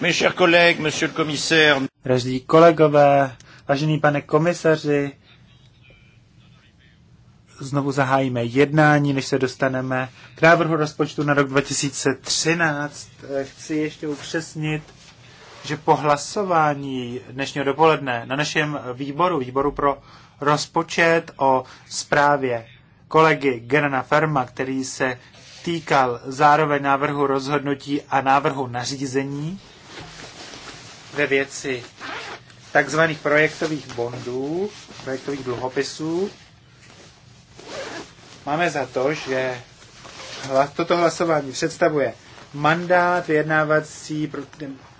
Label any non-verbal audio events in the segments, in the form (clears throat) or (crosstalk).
Mes kolegové, vážený pane komisaři, znovu zahájíme jednání, než se dostaneme k návrhu rozpočtu na rok 2013. Chci ještě upřesnit, že po hlasování dnešního dopoledne na našem výboru, výboru pro rozpočet o zprávě kolegy Gerana Ferma, který se týkal zároveň návrhu rozhodnutí a návrhu nařízení, ve věci takzvaných projektových bondů, projektových dluhopisů. Máme za to, že toto hlasování představuje mandát vyjednávací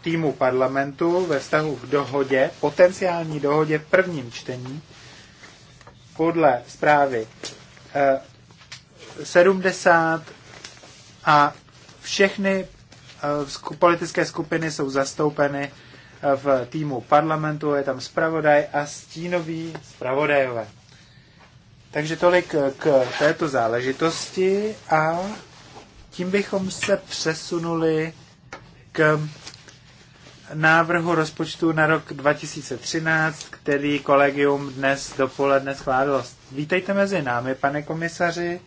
týmu parlamentu ve vztahu k dohodě, potenciální dohodě v prvním čtení podle zprávy 70 eh, a všechny eh, politické skupiny jsou zastoupeny v týmu parlamentu, je tam zpravodaj a stínový zpravodajové. Takže tolik k této záležitosti a tím bychom se přesunuli k návrhu rozpočtu na rok 2013, který kolegium dnes dopoledne schválilo. Vítejte mezi námi, pane komisaři.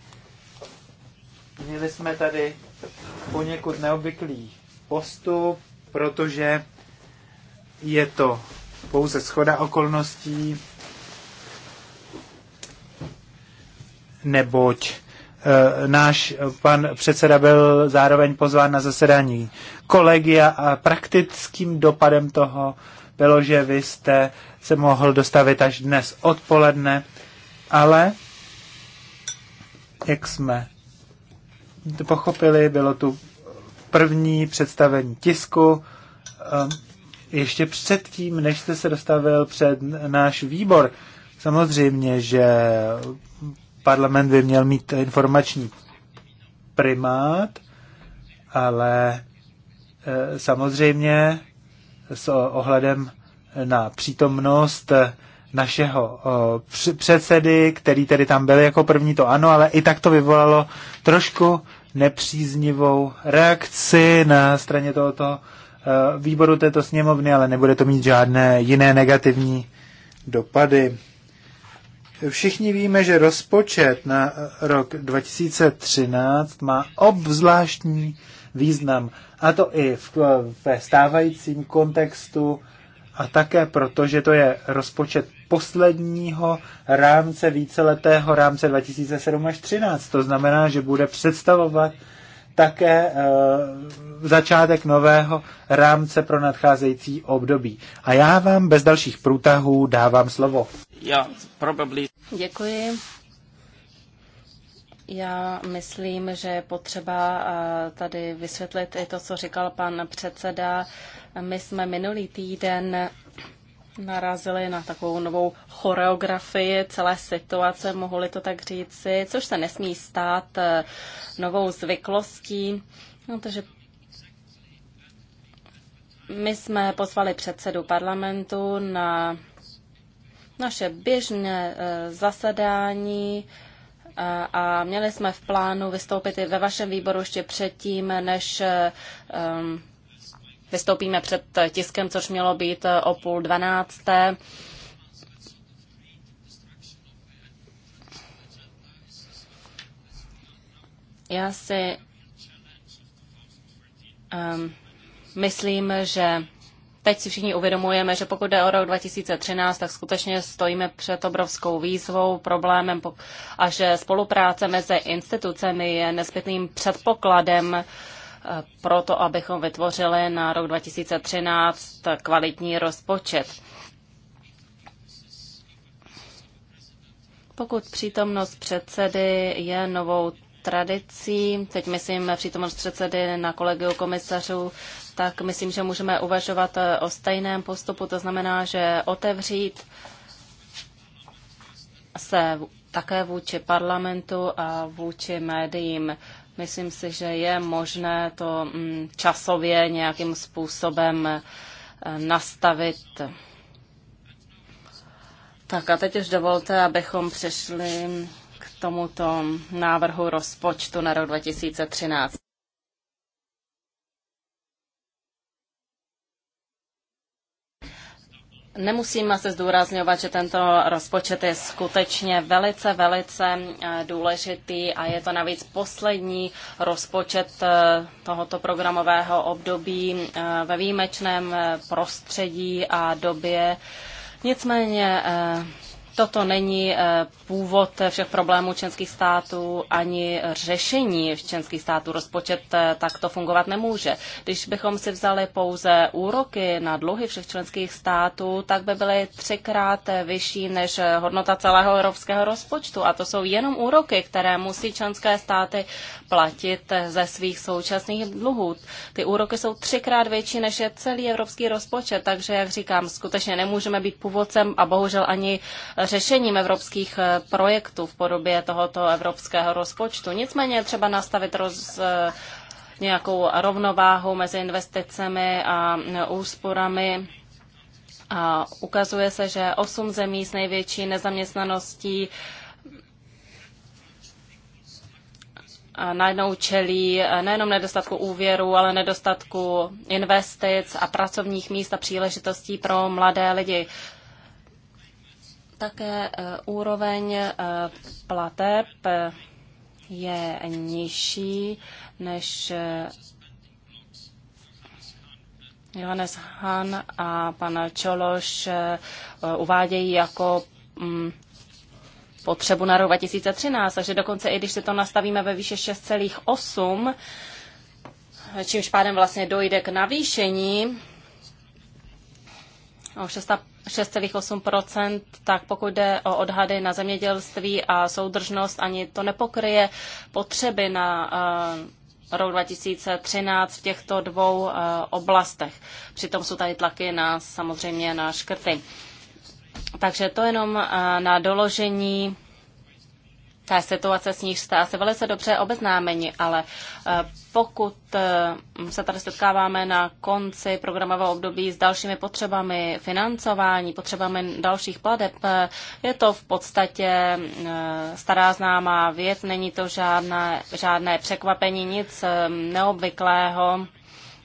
Měli jsme tady poněkud neobvyklý postup, protože je to pouze schoda okolností, neboť e, náš pan předseda byl zároveň pozván na zasedání kolegia a praktickým dopadem toho bylo, že vy jste se mohl dostavit až dnes odpoledne, ale jak jsme pochopili, bylo tu první představení tisku, e, ještě předtím, než jste se dostavil před náš výbor. Samozřejmě, že parlament by měl mít informační primát, ale eh, samozřejmě s ohledem na přítomnost eh, našeho předsedy, který tedy tam byl jako první, to ano, ale i tak to vyvolalo trošku nepříznivou reakci na straně tohoto Eh, výboru této sněmovny, ale nebude to mít žádné jiné negativní dopady. Všichni víme, že rozpočet na rok 2013 má obzvláštní význam, a to i v, ve stávajícím kontextu a také proto, že to je rozpočet posledního rámce víceletého rámce 2007 až 2013. To znamená, že bude představovat také eh, začátek nového rámce pro nadcházející období. A já vám bez dalších průtahů dávám slovo. Yeah, probably. Děkuji. Já myslím, že je potřeba eh, tady vysvětlit i to, co říkal pan předseda. My jsme minulý týden narazili na takovou novou choreografii celé situace, mohli to tak říci, což se nesmí stát eh, novou zvyklostí. No, takže my jsme pozvali předsedu parlamentu na naše běžné eh, zasedání eh, a měli jsme v plánu vystoupit i ve vašem výboru ještě předtím, než vystoupíme před tiskem, což mělo být o půl dvanácté. Já si um, myslím, že teď si všichni uvědomujeme, že pokud jde o rok 2013, tak skutečně stojíme před obrovskou výzvou, problémem a že spolupráce mezi institucemi je nezbytným předpokladem uh, proto, abychom vytvořili na rok 2013 kvalitní rozpočet. Pokud přítomnost předsedy je novou tradicí, teď myslím přítomnost předsedy na kolegiu komisařů, tak myslím, že můžeme uvažovat o stejném postupu, to znamená, že otevřít se také vůči parlamentu a vůči médiím. Myslím si, že je možné to mm, časově nějakým způsobem eh, nastavit. Tak a teď už dovolte, abychom přešli k tomuto návrhu rozpočtu na rok 2013. Nemusíme se zdůrazňovat, že tento rozpočet je skutečně velice, velice eh, důležitý a je to navíc poslední rozpočet eh, tohoto programového období eh, ve výjimečném prostředí a době. Nicméně toto není eh, původ všech problémů členských států ani řešení v členských států. Rozpočet eh, takto fungovat nemůže. Když bychom si vzali pouze úroky na dluhy všech členských států, tak by byly třikrát eh, vyšší než hodnota celého evropského rozpočtu. A to jsou jenom úroky, které musí členské státy platit ze svých současných dluhů. Ty úroky jsou třikrát větší než je celý evropský rozpočet. Takže, jak říkám, skutečně nemůžeme být původcem a bohužel ani řešením evropských eh, projektů v podobě tohoto evropského rozpočtu. Nicméně je třeba nastavit roz, eh, nějakou rovnováhu mezi investicemi a eh, úsporami. A ukazuje se, že osm zemí s největší nezaměstnaností najednou čelí nejenom nedostatku úvěru, ale nedostatku investic a pracovních míst a příležitostí pro mladé lidi. Také e, úroveň e, plateb e, je nižší než Johannes Han a pan Čološ uvádějí jako mm, potřebu na rok 2013, takže dokonce i když se to nastavíme ve výše 6,8, čímž pádem vlastně dojde k navýšení o 6,8%, tak pokud jde o odhady na zemědělství a soudržnost, ani to nepokryje potřeby na eh, rok 2013 v těchto dvou eh, oblastech. Přitom jsou tady tlaky na samozřejmě na škrty. Takže to jenom eh, na doložení té situace, s níž jste asi velice dobře obeznámeni, ale eh, pokud eh, se tady setkáváme na konci programového období s dalšími potřebami financování, potřebami dalších pladeb, eh, je to v podstatě stará známá věc, není to žádné, žádné překvapení, nic neobvyklého.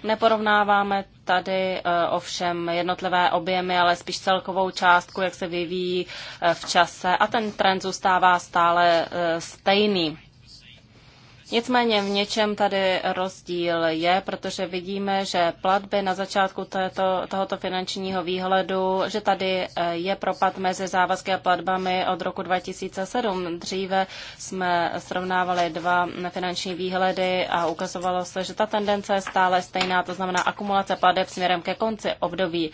Neporovnáváme tady eh, ovšem jednotlivé objemy, ale spíš celkovou částku, jak se vyvíjí eh, v čase a ten trend zůstává stále eh, stejný. Nicméně v něčem tady rozdíl je, protože vidíme, že platby na začátku této, tohoto finančního výhledu, že tady eh, je propad mezi závazky a platbami od roku 2007. Dříve jsme srovnávali dva finanční výhledy a ukazovalo se, že ta tendence je stále stejná, to znamená akumulace plateb směrem ke konci období.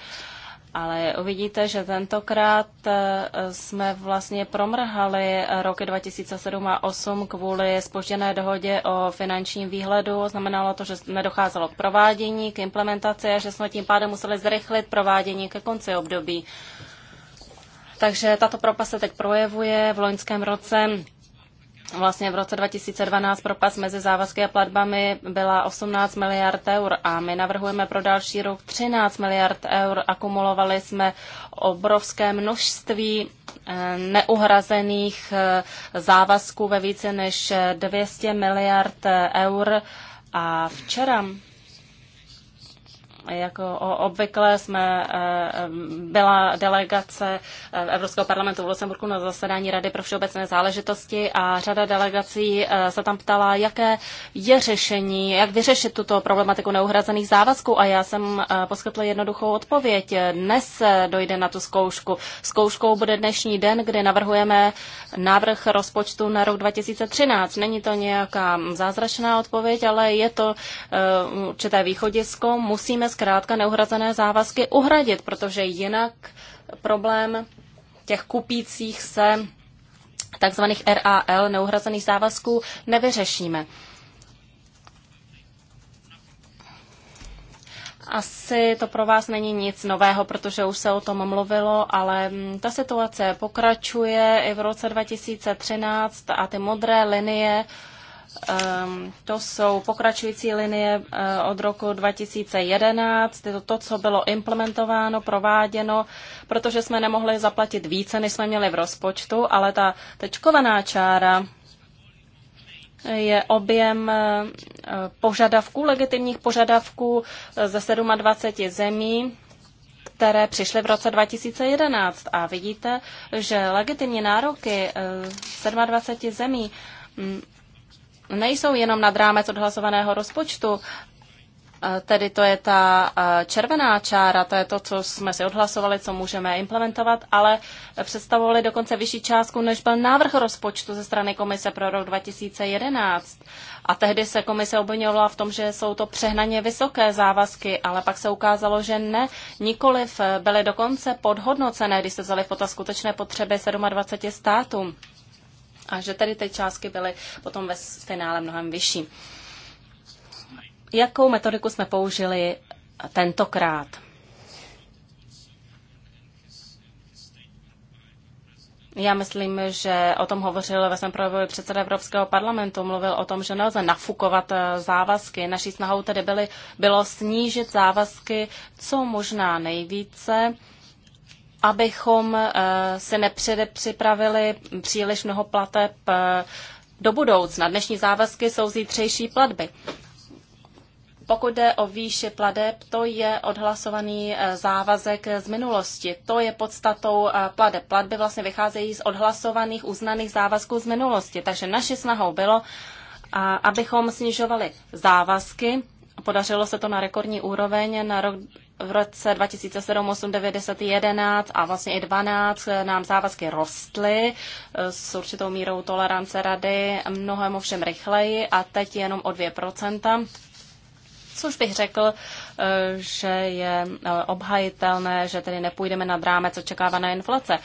Ale uvidíte, že tentokrát eh, jsme vlastně promrhali roky 2007 a 2008 kvůli spožděné dohodě o finančním výhledu. Znamenalo to, že nedocházelo k provádění, k implementaci a že jsme tím pádem museli zrychlit provádění ke konci období. Takže tato propa se teď projevuje v loňském roce. Vlastně v roce 2012 propas mezi závazky a platbami byla 18 miliard eur a my navrhujeme pro další rok 13 miliard eur. Akumulovali jsme obrovské množství eh, neuhrazených eh, závazků ve více než 200 miliard eur. A včera jako obvykle jsme eh, eh, byla delegace eh, Evropského parlamentu v Lucemburku na zasedání Rady pro všeobecné záležitosti a řada delegací se tam ptala, jaké je řešení, jak vyřešit tuto problematiku neuhrazených závazků a já jsem poskytla jednoduchou odpověď. Dnes dojde na tu zkoušku. Zkouškou bude dnešní den, kdy navrhujeme návrh rozpočtu na rok 2013. Není to nějaká zázračná odpověď, ale je to určité východisko. Musíme zkrátka neuhrazené závazky uhradit, protože jinak problém těch kupících se takzvaných RAL, neuhrazených závazků, nevyřešíme. Asi to pro vás není nic nového, protože už se o tom mluvilo, ale ta situace pokračuje i v roce 2013 a ty modré linie Ehm, to jsou pokračující linie eh, od roku 2011, to, to, co bylo implementováno, prováděno, protože jsme nemohli zaplatit více, než jsme měli v rozpočtu, ale ta tečkovaná čára je objem eh, požadavků, legitimních požadavků eh, ze 27 zemí, které přišly v roce 2011. A vidíte, že legitimní nároky 27 zemí mm, nejsou jenom nad rámec odhlasovaného rozpočtu, e, Tedy to je ta e, červená čára, to je to, co jsme si odhlasovali, co můžeme implementovat, ale představovali dokonce vyšší částku, než byl návrh rozpočtu ze strany komise pro rok 2011. A tehdy se komise obvinovala v tom, že jsou to přehnaně vysoké závazky, ale pak se ukázalo, že ne, nikoliv e, byly dokonce podhodnocené, když se vzaly v potaz skutečné potřeby 27 států a že tedy ty částky byly potom ve finále mnohem vyšší. Jakou metodiku jsme použili tentokrát? Já myslím, že o tom hovořil ve svém projevu předseda Evropského parlamentu. Mluvil o tom, že nelze nafukovat eh, závazky. Naší snahou tedy byly, bylo snížit závazky co možná nejvíce abychom eh, se nepředepřipravili příliš mnoho plateb eh, do budoucna. Dnešní závazky jsou zítřejší platby. Pokud jde o výši pladeb, to je odhlasovaný eh, závazek z minulosti. To je podstatou pladeb. Platby vlastně vycházejí z odhlasovaných, uznaných závazků z minulosti. Takže naše snahou bylo, abychom snižovali závazky. Podařilo se to na rekordní úroveň na rok v roce 2007, 8, 9, 10, 11 a vlastně i 12 nám závazky rostly eh, s určitou mírou tolerance rady, mnohem ovšem rychleji a teď jenom o 2%, což bych řekl, eh, že je eh, obhajitelné, že tedy nepůjdeme nad rámec očekávané inflace.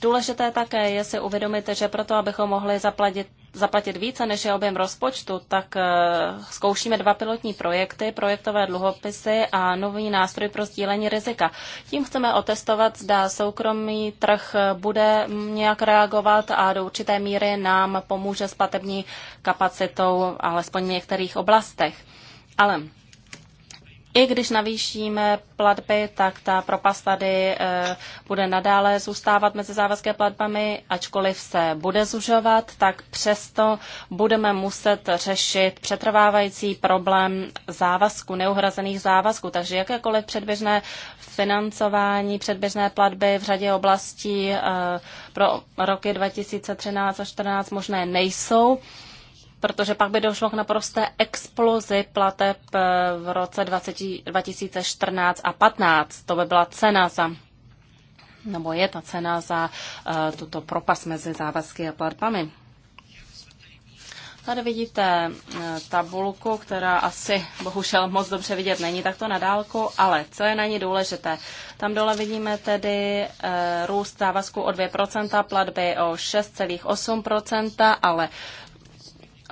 Důležité také je si uvědomit, že proto, abychom mohli zaplatit zaplatit více, než je objem rozpočtu, tak eh, zkoušíme dva pilotní projekty, projektové dluhopisy a nový nástroj pro sdílení rizika. Tím chceme otestovat, zda soukromý trh eh, bude nějak reagovat a do určité míry nám pomůže s platební kapacitou, alespoň v některých oblastech. Ale i když navýšíme platby, tak ta propast tady eh, bude nadále zůstávat mezi závazké platbami, ačkoliv se bude zužovat, tak přesto budeme muset řešit přetrvávající problém závazku, neuhrazených závazků. Takže jakékoliv předběžné financování, předběžné platby v řadě oblastí eh, pro roky 2013 a 2014 možné nejsou protože pak by došlo k naprosté explozi plateb eh, v roce 20, 2014 a 15. To by byla cena za nebo je ta cena za uh, tuto propas mezi závazky a platbami. Tady vidíte eh, tabulku, která asi bohužel moc dobře vidět není takto na dálku, ale co je na ní důležité? Tam dole vidíme tedy růst závazku o 2%, platby o 6,8%, ale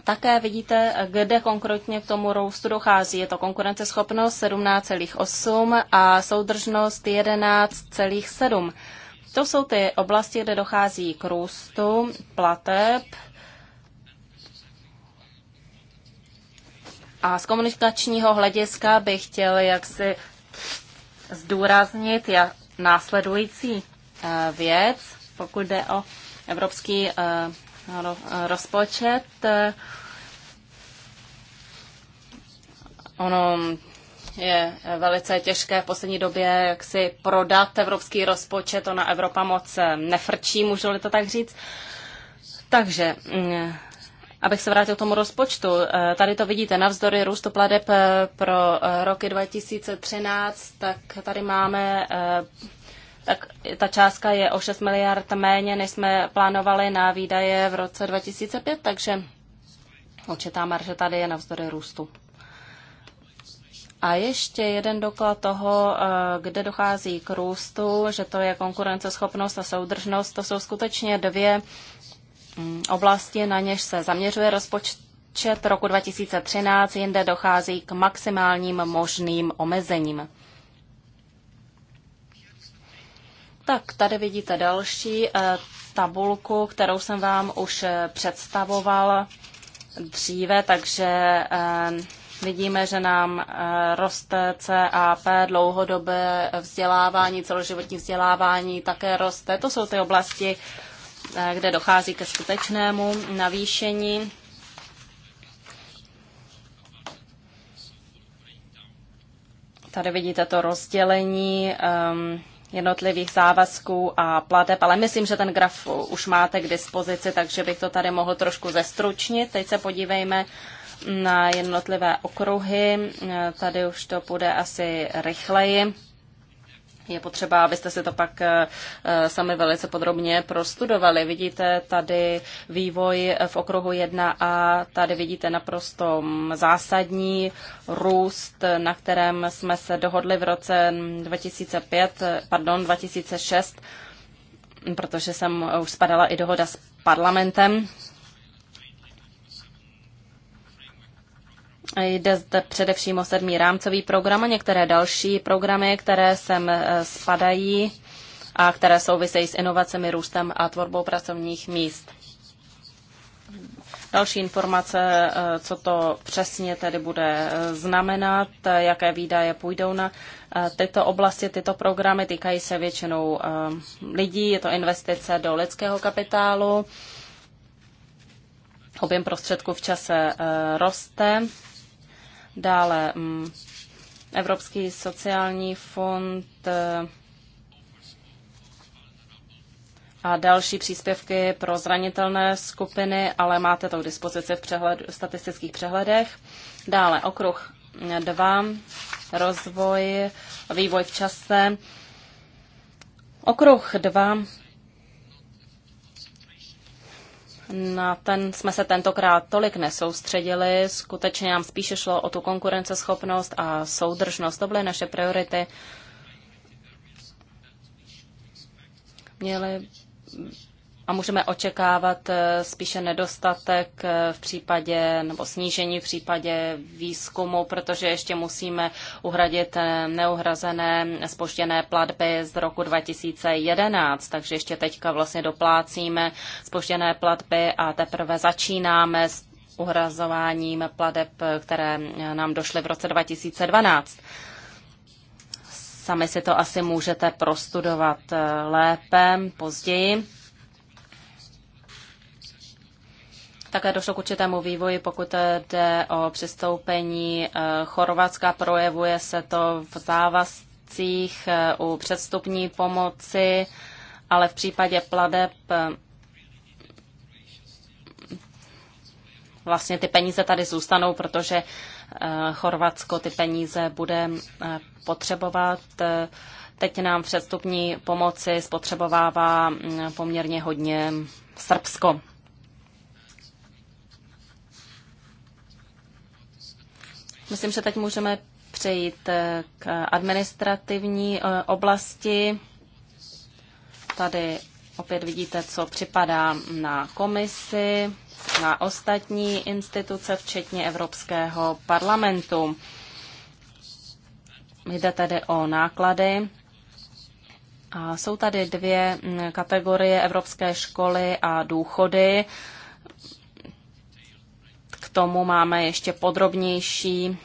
také vidíte, kde konkrétně k tomu růstu dochází. Je to konkurenceschopnost 17,8 a soudržnost 11,7. To jsou ty oblasti, kde dochází k růstu plateb A z komunikačního hlediska bych chtěl jaksi zdůraznit jak následující eh, věc, pokud jde o evropský eh, rozpočet. Ono je velice těžké v poslední době jak si prodat evropský rozpočet. Ona Evropa moc nefrčí, můžu-li to tak říct. Takže mm, Abych se vrátil k tomu rozpočtu, eh, tady to vidíte, navzdory růstu pladeb eh, pro eh, roky 2013, tak tady máme, tak ta částka je o 6 miliard méně, než jsme plánovali na výdaje v roce 2005, takže určitá marže tady je navzdory růstu. A ještě jeden doklad toho, eh, kde dochází k růstu, že to je konkurenceschopnost a soudržnost, to jsou skutečně dvě mm, oblasti, na něž se zaměřuje rozpočet roku 2013, jinde dochází k maximálním možným omezením. Tak tady vidíte další eh, tabulku, kterou jsem vám už eh, představoval dříve, takže Vidíme, že nám eh, roste CAP, dlouhodobé vzdělávání, celoživotní vzdělávání také roste. To jsou ty oblasti, eh, kde dochází ke skutečnému navýšení. Tady vidíte to rozdělení um, jednotlivých závazků a plateb, ale myslím, že ten graf už máte k dispozici, takže bych to tady mohl trošku zestručnit. Teď se podívejme na jednotlivé okruhy. Tady už to půjde asi rychleji. Je potřeba, abyste si to pak eh, eh, sami velice podrobně prostudovali. Vidíte tady vývoj v okruhu 1a, tady vidíte naprosto zásadní růst, na kterém jsme se dohodli v roce 2005, pardon, 2006, protože jsem už spadala i dohoda s parlamentem Jde zde především o sedmý rámcový program a některé další programy, které sem eh, spadají a které souvisejí s inovacemi, růstem a tvorbou pracovních míst. Další informace, eh, co to přesně tedy bude eh, znamenat, jaké výdaje půjdou na tyto oblasti, tyto programy týkají se většinou lidí, je to investice do lidského kapitálu, objem prostředků v čase roste Dále mm, Evropský sociální fond eh, a další příspěvky pro zranitelné skupiny, ale máte to k dispozici v, přehled, v statistických přehledech. Dále okruh 2, mm, rozvoj, vývoj v čase. Okruh 2 na ten jsme se tentokrát tolik nesoustředili, skutečně nám spíše šlo o tu konkurenceschopnost a soudržnost. To byly naše priority. Měli a můžeme očekávat eh, spíše nedostatek eh, v případě nebo snížení v případě výzkumu, protože ještě musíme uhradit eh, neuhrazené spoštěné platby z roku 2011, takže ještě teďka vlastně doplácíme spoštěné platby a teprve začínáme s uhrazováním plateb, které nám došly v roce 2012. Sami si to asi můžete prostudovat lépe později. Také došlo k určitému vývoji, pokud jde o přistoupení eh, Chorvatska. Projevuje se to v závazcích eh, u předstupní pomoci, ale v případě pladeb eh, vlastně ty peníze tady zůstanou, protože Chorvatsko ty peníze bude potřebovat. Teď nám předstupní pomoci spotřebovává mm, poměrně hodně Srbsko. Myslím, že teď můžeme přejít eh, k administrativní eh, oblasti. Tady opět vidíte, co připadá na komisi, na ostatní instituce, včetně Evropského parlamentu. Jde tedy o náklady. A jsou tady dvě mm, kategorie, evropské školy a důchody tomu máme ještě podrobnější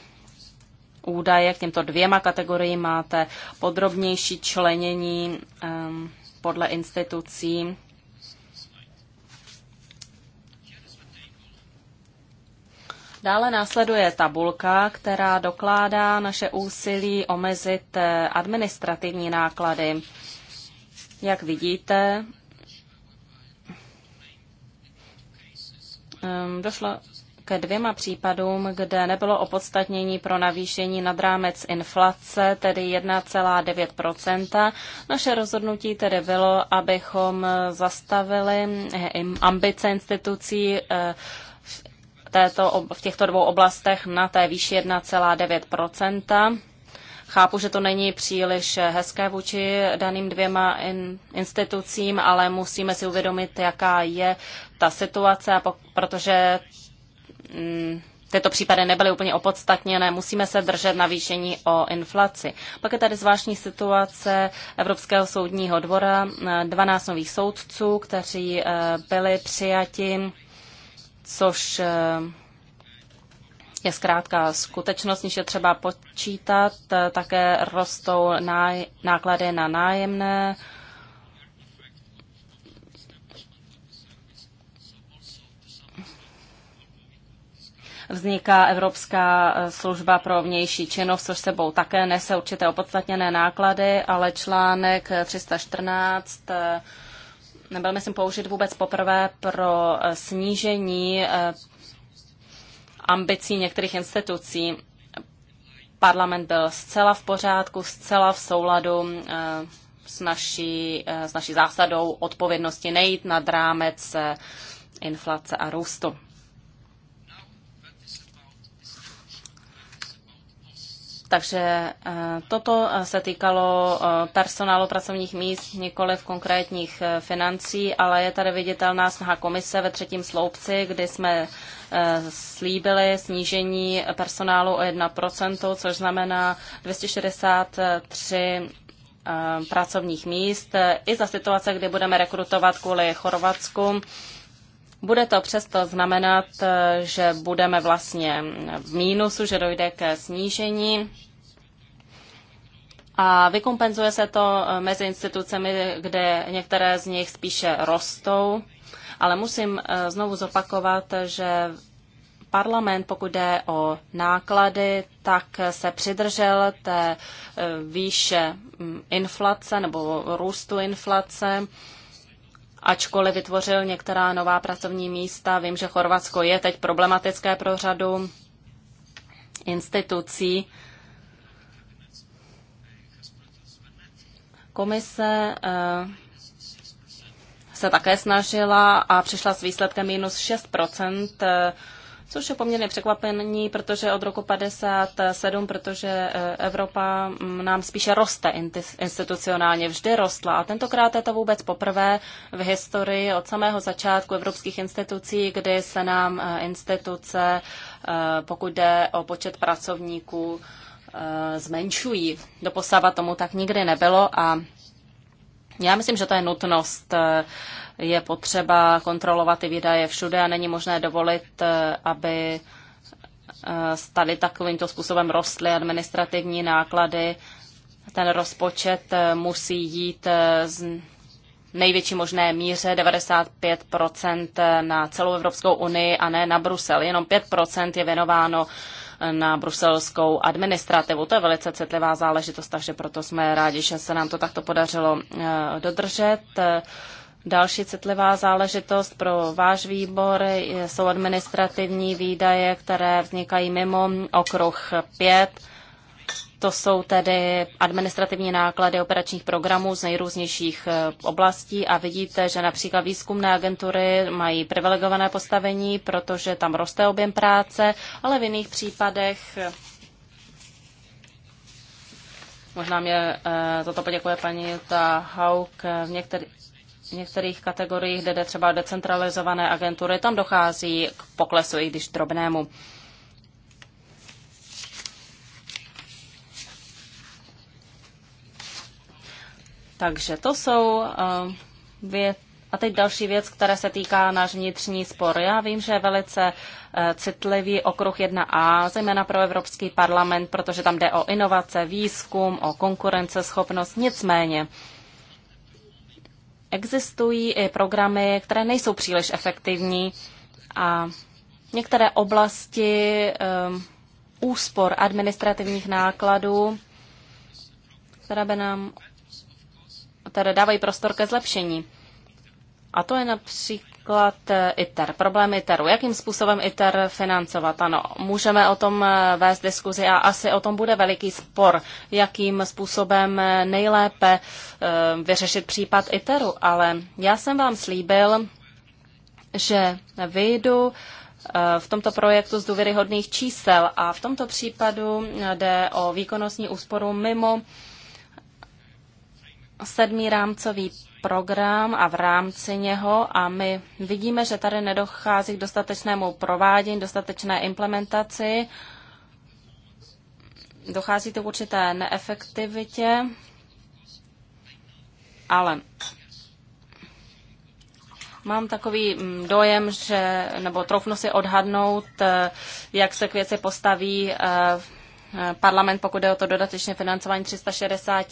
údaje k těmto dvěma kategoriím. Máte podrobnější členění podle institucí. Dále následuje tabulka, která dokládá naše úsilí omezit eh, administrativní náklady. Jak vidíte, došlo ke dvěma případům, kde nebylo opodstatnění pro navýšení nad rámec inflace, tedy 1,9 Naše rozhodnutí tedy bylo, abychom zastavili eh, ambice institucí eh, této, v těchto dvou oblastech na té výši 1,9 Chápu, že to není příliš hezké vůči daným dvěma in, institucím, ale musíme si uvědomit, jaká je ta situace, a po, protože Mm, tyto případy nebyly úplně opodstatněné, musíme se držet navýšení o inflaci. Pak je tady zvláštní situace Evropského soudního dvora, 12 nových soudců, kteří eh, byli přijati, což eh, je zkrátka skutečnost, níž je třeba počítat. Eh, také rostou náj, náklady na nájemné, vzniká Evropská eh, služba pro vnější činnost, což sebou také nese určité opodstatněné náklady, ale článek 314 eh, eh, nebyl, myslím, použit vůbec poprvé pro snížení ambicí některých institucí. Parlament byl zcela v pořádku, zcela v souladu s naší, s naší zásadou odpovědnosti nejít nad rámec inflace a růstu. Takže eh, toto eh, se týkalo eh, personálu pracovních míst, nikoli v konkrétních financí, ale je tady viditelná snaha komise ve třetím sloupci, kdy jsme slíbili snížení personálu o 1%, což znamená 263 pracovních míst. I za situace, kdy budeme rekrutovat kvůli Chorvatsku, bude to přesto znamenat, eh, že budeme vlastně v mínusu, že dojde ke snížení a vykompenzuje se to eh, mezi institucemi, kde některé z nich spíše rostou, ale musím eh, znovu zopakovat, že parlament, pokud jde o náklady, tak se přidržel té výše mm, inflace nebo růstu inflace ačkoliv vytvořil některá nová pracovní místa. Vím, že Chorvatsko je teď problematické pro řadu institucí. Komise eh, se také snažila a přišla s výsledkem minus 6 což je poměrně překvapení, protože od roku 57, protože eh, Evropa mm, nám spíše roste institucionálně, vždy rostla. A tentokrát je to vůbec poprvé v historii od samého začátku evropských institucí, kdy se nám eh, instituce, eh, pokud jde o počet pracovníků, zmenšují. Doposava tomu tak nikdy nebylo a já myslím, že to je nutnost. Je potřeba kontrolovat ty výdaje všude a není možné dovolit, aby eh, tady takovýmto způsobem rostly administrativní náklady. Ten rozpočet eh, musí jít eh, z největší možné míře 95 na celou Evropskou unii a ne na Brusel. Jenom 5 je věnováno na bruselskou administrativu. To je velice citlivá záležitost, takže proto jsme rádi, že se nám to takto podařilo eh, dodržet. Další citlivá záležitost pro váš výbor jsou administrativní výdaje, které vznikají mimo okruh 5 to jsou tedy administrativní náklady operačních programů z nejrůznějších eh, oblastí a vidíte, že například výzkumné agentury mají privilegované postavení, protože tam roste objem práce, ale v jiných případech eh, Možná mě toto eh, poděkuje paní ta Hauk. V, některý, v některých kategoriích, kde jde třeba decentralizované agentury, tam dochází k poklesu, i když drobnému. Takže to jsou eh, věc. A teď další věc, která se týká náš vnitřní spor. Já vím, že je velice eh, citlivý okruh 1A, zejména pro Evropský parlament, protože tam jde o inovace, výzkum, o konkurenceschopnost. Nicméně, existují i programy, které nejsou příliš efektivní a některé oblasti um, úspor administrativních nákladů, které by nám teda dávají prostor ke zlepšení. A to je například e, ITER, problém ITERu. Jakým způsobem ITER financovat? Ano, můžeme o tom e, vést diskuzi a asi o tom bude veliký spor, jakým způsobem e, nejlépe vyřešit případ ITERu. Ale já jsem vám slíbil, že vyjdu v tomto projektu z důvěryhodných čísel a v tomto případu jde o výkonnostní úsporu mimo sedmý rámcový program a v rámci něho a my vidíme, že tady nedochází k dostatečnému provádění, dostatečné implementaci. Dochází to k určité neefektivitě, ale Mám takový mm, dojem, že, nebo troufnu si odhadnout, eh, jak se k věci postaví eh, parlament, pokud jde o to dodatečné financování 360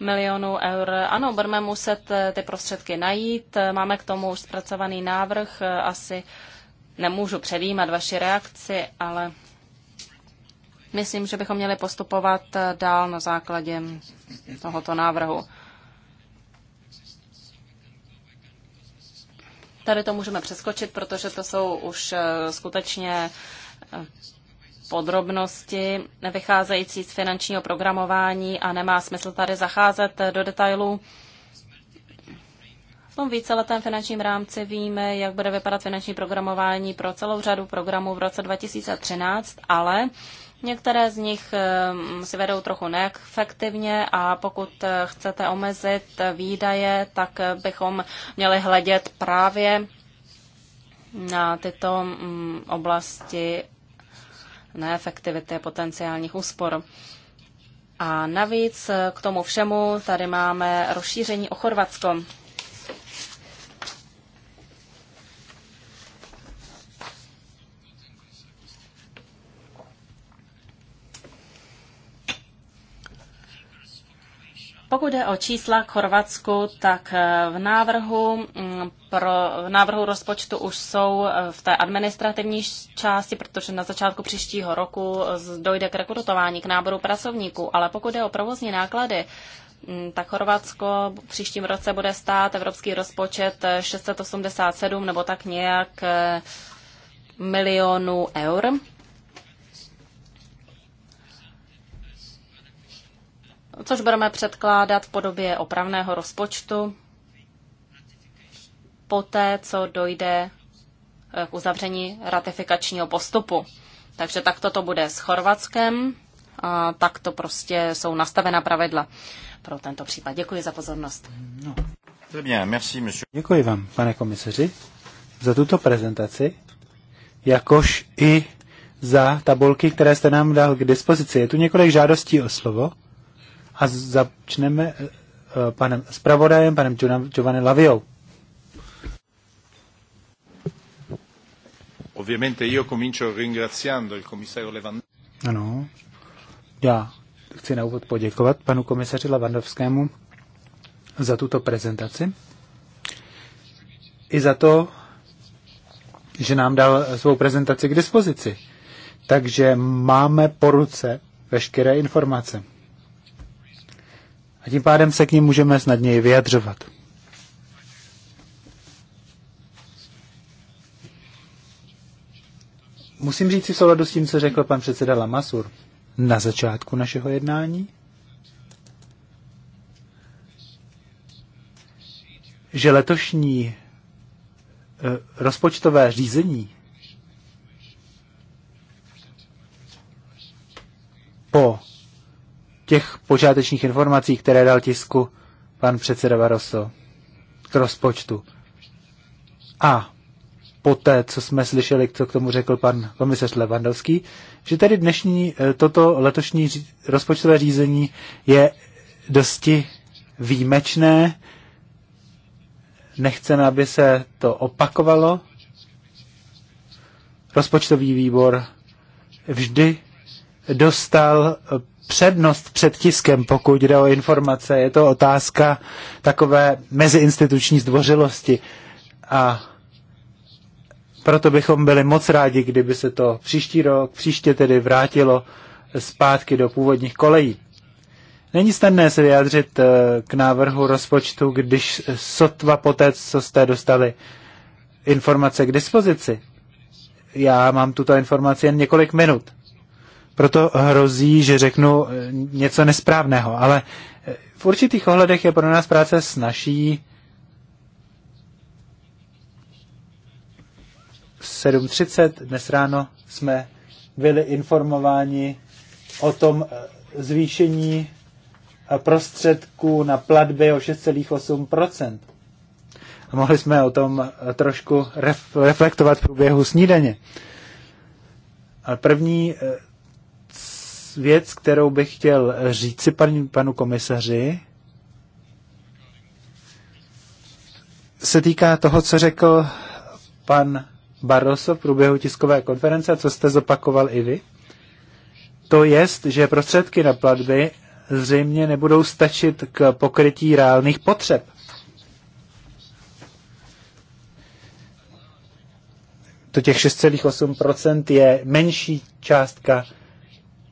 milionů eur. Ano, budeme muset eh, ty prostředky najít. Máme k tomu už zpracovaný návrh. Eh, asi nemůžu předjímat vaši reakci, ale myslím, že bychom měli postupovat eh, dál na základě tohoto návrhu. Tady to můžeme přeskočit, protože to jsou už skutečně podrobnosti vycházející z finančního programování a nemá smysl tady zacházet do detailů. V tom víceletém finančním rámci víme, jak bude vypadat finanční programování pro celou řadu programů v roce 2013, ale některé z nich ehm, si vedou trochu neefektivně a pokud eh, chcete omezit výdaje, tak eh, bychom měli hledět právě na tyto mm, oblasti neefektivity potenciálních úspor. A navíc k tomu všemu tady máme rozšíření o Chorvatsko. Pokud jde o čísla k Chorvatsku, tak eh, v návrhu, mm, pro, v návrhu rozpočtu už jsou eh, v té administrativní části, protože na začátku příštího roku eh, dojde k rekrutování, k náboru pracovníků, ale pokud jde o provozní náklady, mm, tak Chorvatsko v příštím roce bude stát evropský rozpočet 687 nebo tak nějak milionů eur. což budeme předkládat v podobě opravného rozpočtu poté, co dojde eh, k uzavření ratifikačního postupu. Takže takto to bude s Chorvatskem, a tak to prostě jsou nastavena pravidla pro tento případ. Děkuji za pozornost. No. Děkuji vám, pane komisaři, za tuto prezentaci, jakož i za tabulky, které jste nám dal k dispozici. Je tu několik žádostí o slovo. A začneme eh, panem zpravodajem, panem Giovanni Laviou. Ovviamente io comincio ringraziando il commissario Lewandowski. Ano, já chci na úvod poděkovat panu komisaři Lewandowskému za tuto prezentaci i za to, že nám dal svou prezentaci k dispozici. Takže máme po ruce veškeré informace. A tím pádem se k ním můžeme snadněji vyjadřovat. Musím říct si v souladu s tím, co řekl pan předseda Lamasur na začátku našeho jednání, že letošní eh, rozpočtové řízení po těch počátečních informací, které dal tisku pan předseda Varoso k rozpočtu. A poté, co jsme slyšeli, co k tomu řekl pan komisař Levandovský, že tedy dnešní eh, toto letošní rozpočtové řízení je dosti výjimečné. Nechceme, aby se to opakovalo. Rozpočtový výbor vždy dostal eh, přednost před tiskem, pokud jde o informace. Je to otázka takové meziinstituční zdvořilosti. A proto bychom byli moc rádi, kdyby se to příští rok, příště tedy vrátilo zpátky do původních kolejí. Není snadné se vyjádřit eh, k návrhu rozpočtu, když sotva poté, co jste dostali informace k dispozici. Já mám tuto informaci jen několik minut proto hrozí, že řeknu eh, něco nesprávného, ale eh, v určitých ohledech je pro nás práce snaží 7.30 dnes ráno jsme byli informováni o tom eh, zvýšení prostředků na platby o 6,8%. A mohli jsme o tom trošku reflektovat v průběhu snídaně. A první věc, kterou bych chtěl říci panu, panu komisaři, se týká toho, co řekl pan Barroso v průběhu tiskové konference a co jste zopakoval i vy. To je, že prostředky na platby zřejmě nebudou stačit k pokrytí reálných potřeb. To těch 6,8% je menší částka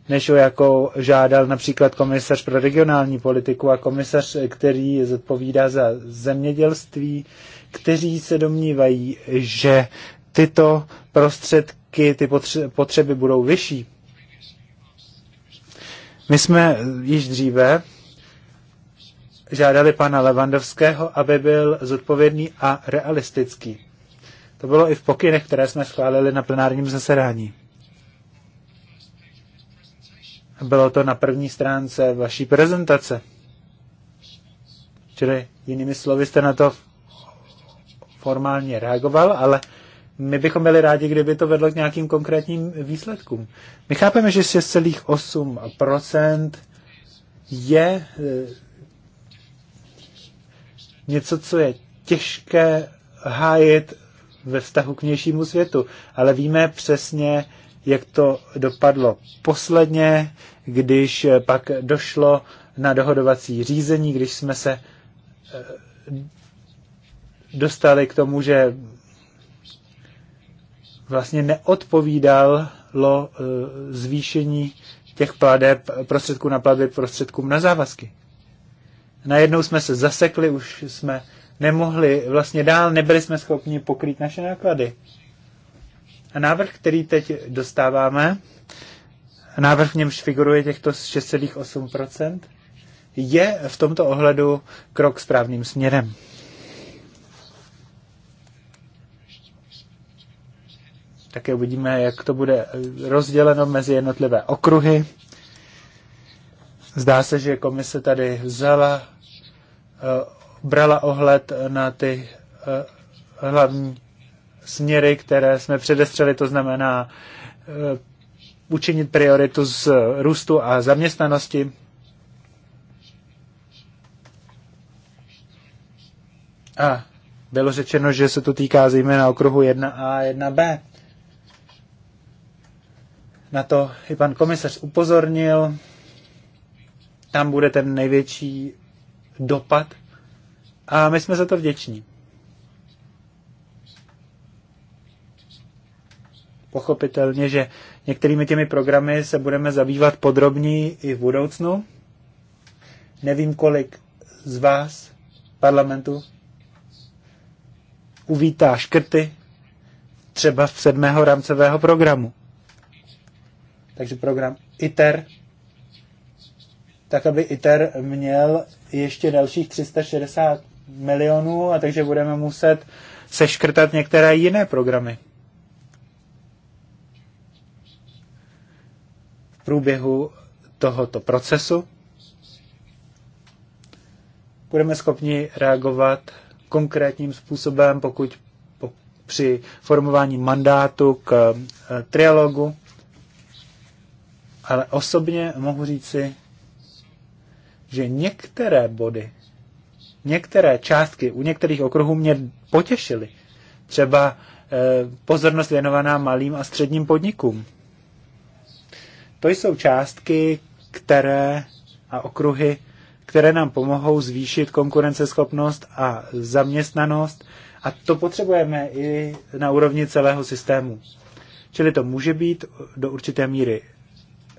než o jakou žádal například komisař pro regionální politiku a komisař, který zodpovídá za zemědělství, kteří se domnívají, že tyto prostředky, ty potřeby budou vyšší. My jsme již dříve žádali pana Levandovského, aby byl zodpovědný a realistický. To bylo i v pokynech, které jsme schválili na plenárním zasedání. Bylo to na první stránce vaší prezentace. Čili jinými slovy jste na to formálně reagoval, ale my bychom byli rádi, kdyby to vedlo k nějakým konkrétním výsledkům. My chápeme, že 6,8% je e, něco, co je těžké hájit ve vztahu k nějšímu světu, ale víme přesně, jak to dopadlo posledně, když eh, pak došlo na dohodovací řízení, když jsme se eh, dostali k tomu, že vlastně neodpovídalo eh, zvýšení těch pladeb, prostředků na platby prostředkům na závazky. Najednou jsme se zasekli, už jsme nemohli vlastně dál, nebyli jsme schopni pokrýt naše náklady. Návrh, který teď dostáváme, návrh v němž figuruje těchto 6,8%, je v tomto ohledu krok správným směrem. Také uvidíme, jak to bude rozděleno mezi jednotlivé okruhy. Zdá se, že komise tady vzala, eh, brala ohled na ty eh, hlavní směry, které jsme předestřeli, to znamená e, učinit prioritu z růstu a zaměstnanosti. A bylo řečeno, že se to týká zejména okruhu 1a a 1b. Na to i pan komisař upozornil. Tam bude ten největší dopad. A my jsme za to vděční. pochopitelně, že některými těmi programy se budeme zabývat podrobněji i v budoucnu. Nevím, kolik z vás parlamentu uvítá škrty třeba v sedmého rámcového programu. Takže program ITER, tak aby ITER měl ještě dalších 360 milionů, a takže budeme muset seškrtat některé jiné programy. průběhu tohoto procesu budeme schopni reagovat konkrétním způsobem, pokud po, při formování mandátu k e, trialogu. Ale osobně mohu říci, že některé body, některé částky u některých okruhů mě potěšily. Třeba e, pozornost věnovaná malým a středním podnikům. To jsou částky, které a okruhy, které nám pomohou zvýšit konkurenceschopnost a zaměstnanost a to potřebujeme i na úrovni celého systému. Čili to může být do určité míry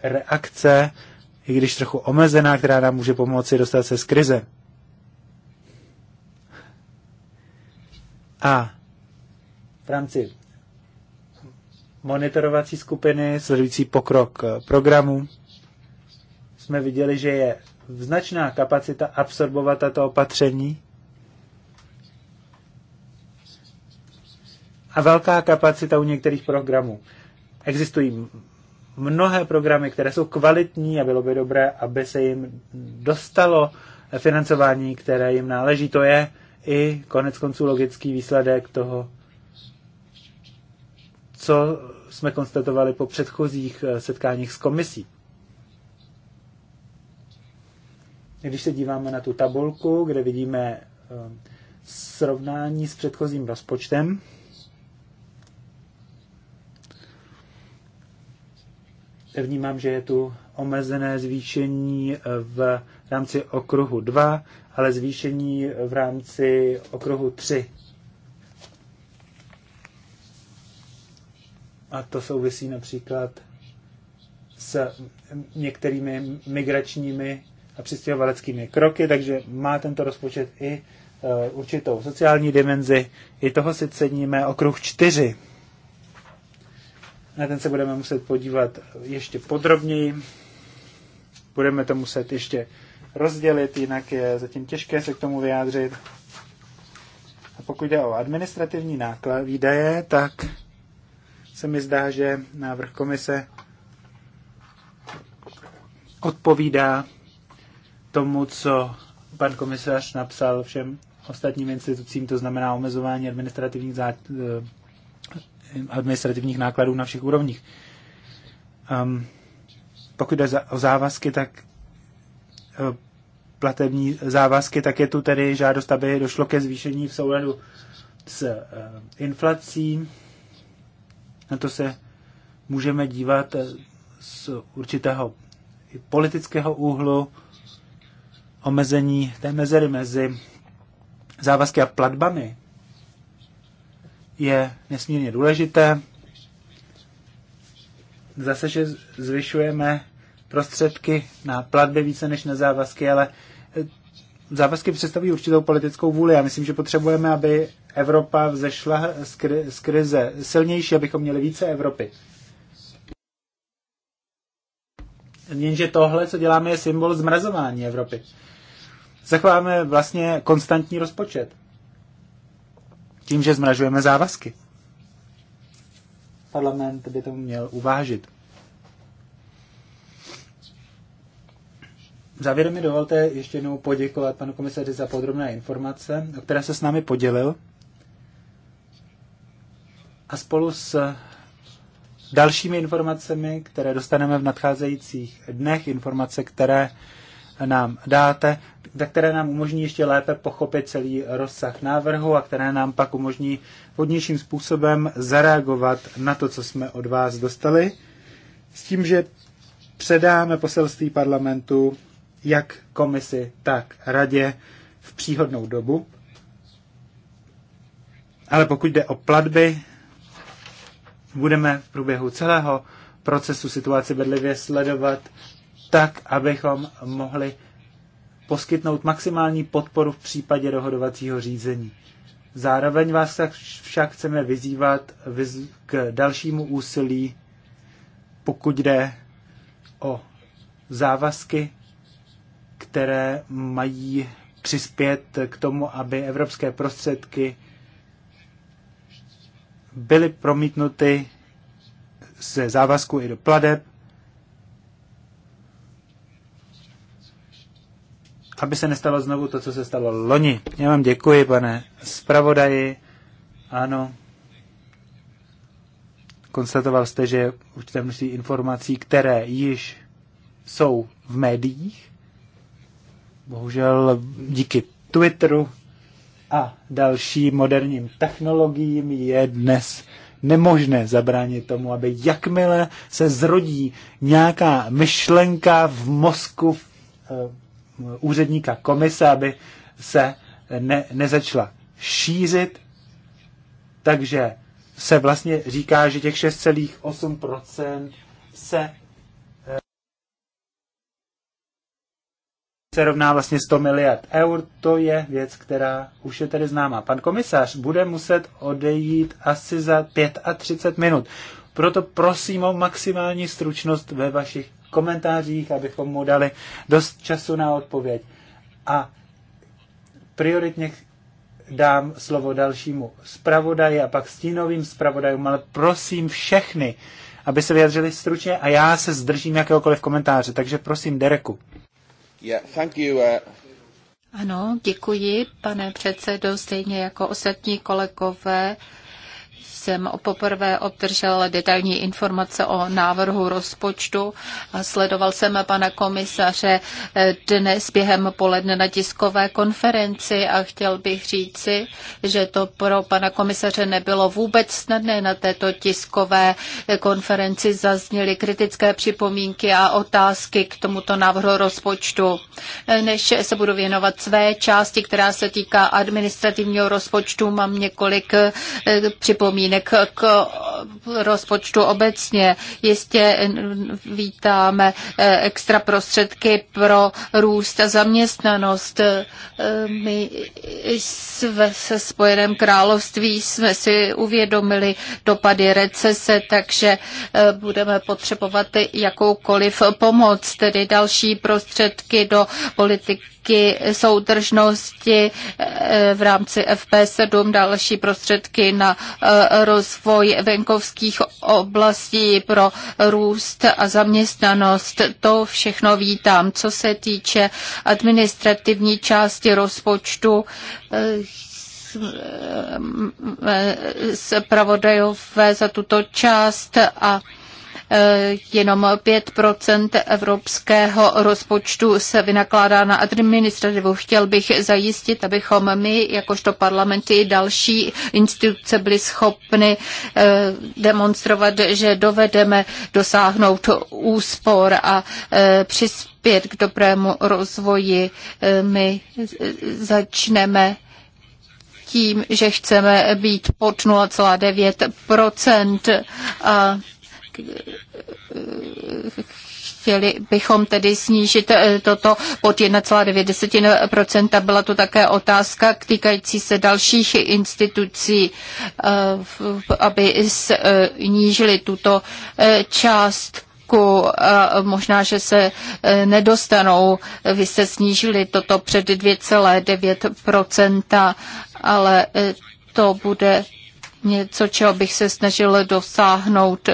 reakce, i když trochu omezená, která nám může pomoci dostat se z krize. A v rámci monitorovací skupiny sledující pokrok programu jsme viděli, že je značná kapacita absorbovat tato opatření a velká kapacita u některých programů. Existují mnohé programy, které jsou kvalitní a bylo by dobré, aby se jim dostalo financování, které jim náleží. To je i konec konců logický výsledek toho, co jsme konstatovali po předchozích eh, setkáních s komisí. Když se díváme na tu tabulku, kde vidíme eh, srovnání s předchozím rozpočtem, vnímám, že je tu omezené zvýšení eh, v rámci okruhu 2, ale zvýšení v rámci okruhu 3. A to souvisí například s některými migračními a přistěhovaleckými kroky, takže má tento rozpočet i e, určitou sociální dimenzi. I toho si ceníme okruh čtyři. Na ten se budeme muset podívat ještě podrobněji. Budeme to muset ještě rozdělit, jinak je zatím těžké se k tomu vyjádřit. A pokud jde o administrativní náklad, výdaje, tak se mi zdá, že návrh komise odpovídá tomu, co pan komisař napsal všem ostatním institucím, to znamená omezování administrativních, zá... Eh, administrativních nákladů na všech úrovních. Um, pokud jde o závazky, tak eh, platební závazky, tak je tu tedy žádost, aby došlo ke zvýšení v souladu s eh, inflací. Na to se můžeme dívat eh, z určitého politického úhlu omezení té mezery mezi závazky a platbami je nesmírně důležité. Zase, že zvyšujeme prostředky na platby více než na závazky, ale závazky představují určitou politickou vůli. Já myslím, že potřebujeme, aby Evropa vzešla z krize silnější, abychom měli více Evropy. Jenže tohle, co děláme, je symbol zmrazování Evropy. Zachováme vlastně konstantní rozpočet. Tím, že zmražujeme závazky. Parlament by to měl uvážit. Závěrem mi dovolte ještě jednou poděkovat panu komisaři za podrobné informace, o které se s námi podělil. A spolu s dalšími informacemi, které dostaneme v nadcházejících dnech, informace, které nám dáte, které nám umožní ještě lépe pochopit celý rozsah návrhu a které nám pak umožní vhodnějším způsobem zareagovat na to, co jsme od vás dostali, s tím, že předáme poselství parlamentu jak komisi, tak radě v příhodnou dobu. Ale pokud jde o platby, budeme v průběhu celého procesu situaci bedlivě sledovat tak, abychom mohli poskytnout maximální podporu v případě dohodovacího řízení. Zároveň vás však chceme vyzývat k dalšímu úsilí, pokud jde o závazky které mají přispět k tomu, aby evropské prostředky byly promítnuty ze závazku i do pladeb, aby se nestalo znovu to, co se stalo loni. Já vám děkuji, pane zpravodaji. Ano, konstatoval jste, že určité množství informací, které již jsou v médiích, bohužel díky Twitteru a dalším moderním technologiím je dnes nemožné zabránit tomu, aby jakmile se zrodí nějaká myšlenka v mozku v, uh, eh, úředníka komise, aby se ne, nezačala šířit. Takže se vlastně říká, že těch 6,8% se se rovná vlastně 100 miliard eur. To je věc, která už je tedy známá. Pan komisař bude muset odejít asi za 35 minut. Proto prosím o maximální stručnost ve vašich komentářích, abychom mu dali dost času na odpověď. A prioritně dám slovo dalšímu zpravodaji a pak stínovým zpravodajům, ale prosím všechny, aby se vyjadřili stručně a já se zdržím jakéhokoliv komentáře. Takže prosím, Dereku. Uh, ano, děkuji, pane předsedo, stejně jako ostatní kolegové jsem poprvé obdržel detailní informace o návrhu rozpočtu sledoval jsem pana komisaře dnes během poledne na tiskové konferenci a chtěl bych říci, že to pro pana komisaře nebylo vůbec snadné. Na této tiskové konferenci zazněly kritické připomínky a otázky k tomuto návrhu rozpočtu. Než se budu věnovat své části, která se týká administrativního rozpočtu, mám několik připomínek připomínek k rozpočtu obecně. Jistě vítáme eh, extra prostředky pro růst a zaměstnanost. Eh, my jsme se Spojeném království jsme si uvědomili dopady recese, takže eh, budeme potřebovat jakoukoliv pomoc, tedy další prostředky do politiky prostředky soudržnosti eh, v rámci FP7, další prostředky na eh, rozvoj venkovských oblastí pro růst a zaměstnanost. To všechno vítám. Co se týče administrativní části rozpočtu, eh, zpravodajové za tuto část a Eh, jenom 5 evropského rozpočtu se vynakládá na administrativu. Chtěl bych zajistit, abychom my, jakožto parlamenty i další instituce, byli schopni eh, demonstrovat, že dovedeme dosáhnout úspor a eh, přispět k dobrému rozvoji. My začneme tím, že chceme být pod 0,9 a chtěli bychom tedy snížit eh, toto pod 1,9%. Byla to také otázka týkající se dalších institucí, eh, aby snížili tuto eh, část možná, že se nedostanou. Vy jste snížili toto před 2,9%, ale to bude něco, čeho bych se snažil dosáhnout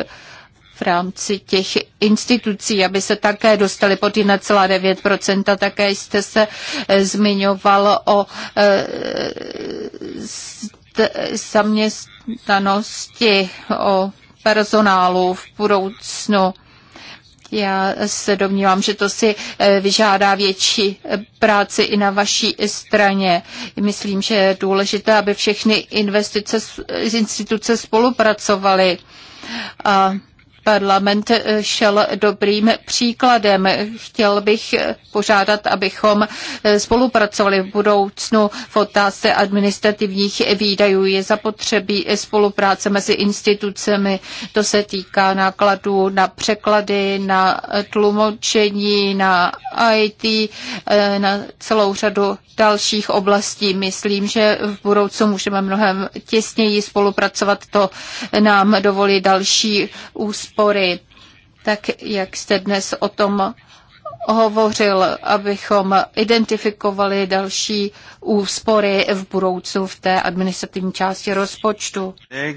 rámci těch institucí, aby se také dostali pod 1,9%. Také jste se eh, zmiňoval o eh, zaměstnanosti, o personálu v budoucnu. Já se domnívám, že to si eh, vyžádá větší práci i na vaší straně. Myslím, že je důležité, aby všechny investice, instituce spolupracovaly. A parlament eh, šel dobrým příkladem. Chtěl bych eh, požádat, abychom eh, spolupracovali v budoucnu v otázce administrativních výdajů. Je zapotřebí spolupráce mezi institucemi. To se týká nákladů na překlady, na tlumočení, na IT, na celou řadu dalších oblastí. Myslím, že v budoucnu můžeme mnohem těsněji spolupracovat. To nám dovolí další úspěch spory, tak jak jste dnes o tom hovořil, abychom identifikovali další úspory v budoucnu v té administrativní části rozpočtu. Eh,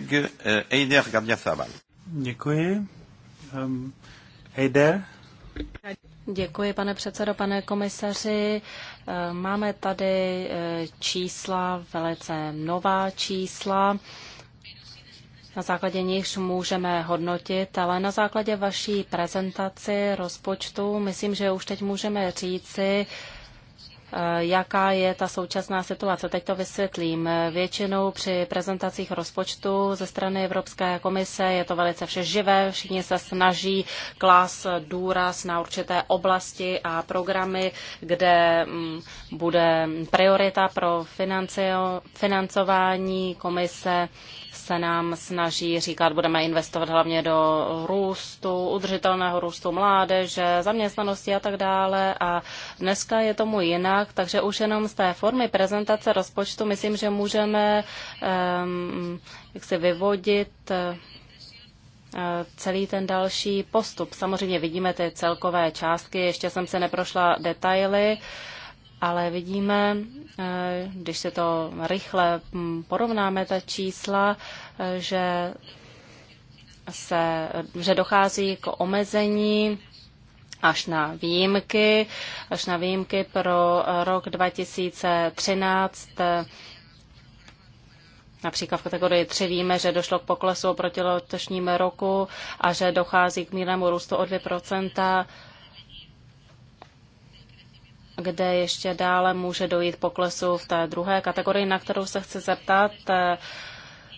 Děkuji. Um, ehm, Heider? Děkuji, pane předsedo, pane komisaři. Ehm, máme tady eh, čísla, velice nová čísla na základě nich můžeme hodnotit, ale na základě vaší prezentaci rozpočtu, myslím, že už teď můžeme říci, eh, jaká je ta současná situace. Teď to vysvětlím. Většinou při prezentacích rozpočtu ze strany Evropské komise je to velice vše živé, všichni se snaží klás důraz na určité oblasti a programy, kde mm, bude priorita pro financování komise se nám snaží říkat, budeme investovat hlavně do růstu, udržitelného růstu mládeže, zaměstnanosti a tak dále. A dneska je tomu jinak, takže už jenom z té formy prezentace rozpočtu myslím, že můžeme um, jak si vyvodit eh, celý ten další postup. Samozřejmě vidíme ty celkové částky, ještě jsem se neprošla detaily. Uh, ale vidíme, eh, když se to rychle hm, porovnáme, ta čísla, eh, že, se, že dochází k omezení až na výjimky, až na výjimky pro eh, rok 2013 Například v kategorii 3 víme, že došlo k poklesu oproti letošním roku a že dochází k mírnému růstu o 2 kde ještě dále může dojít poklesu v té druhé kategorii, na kterou se chci zeptat.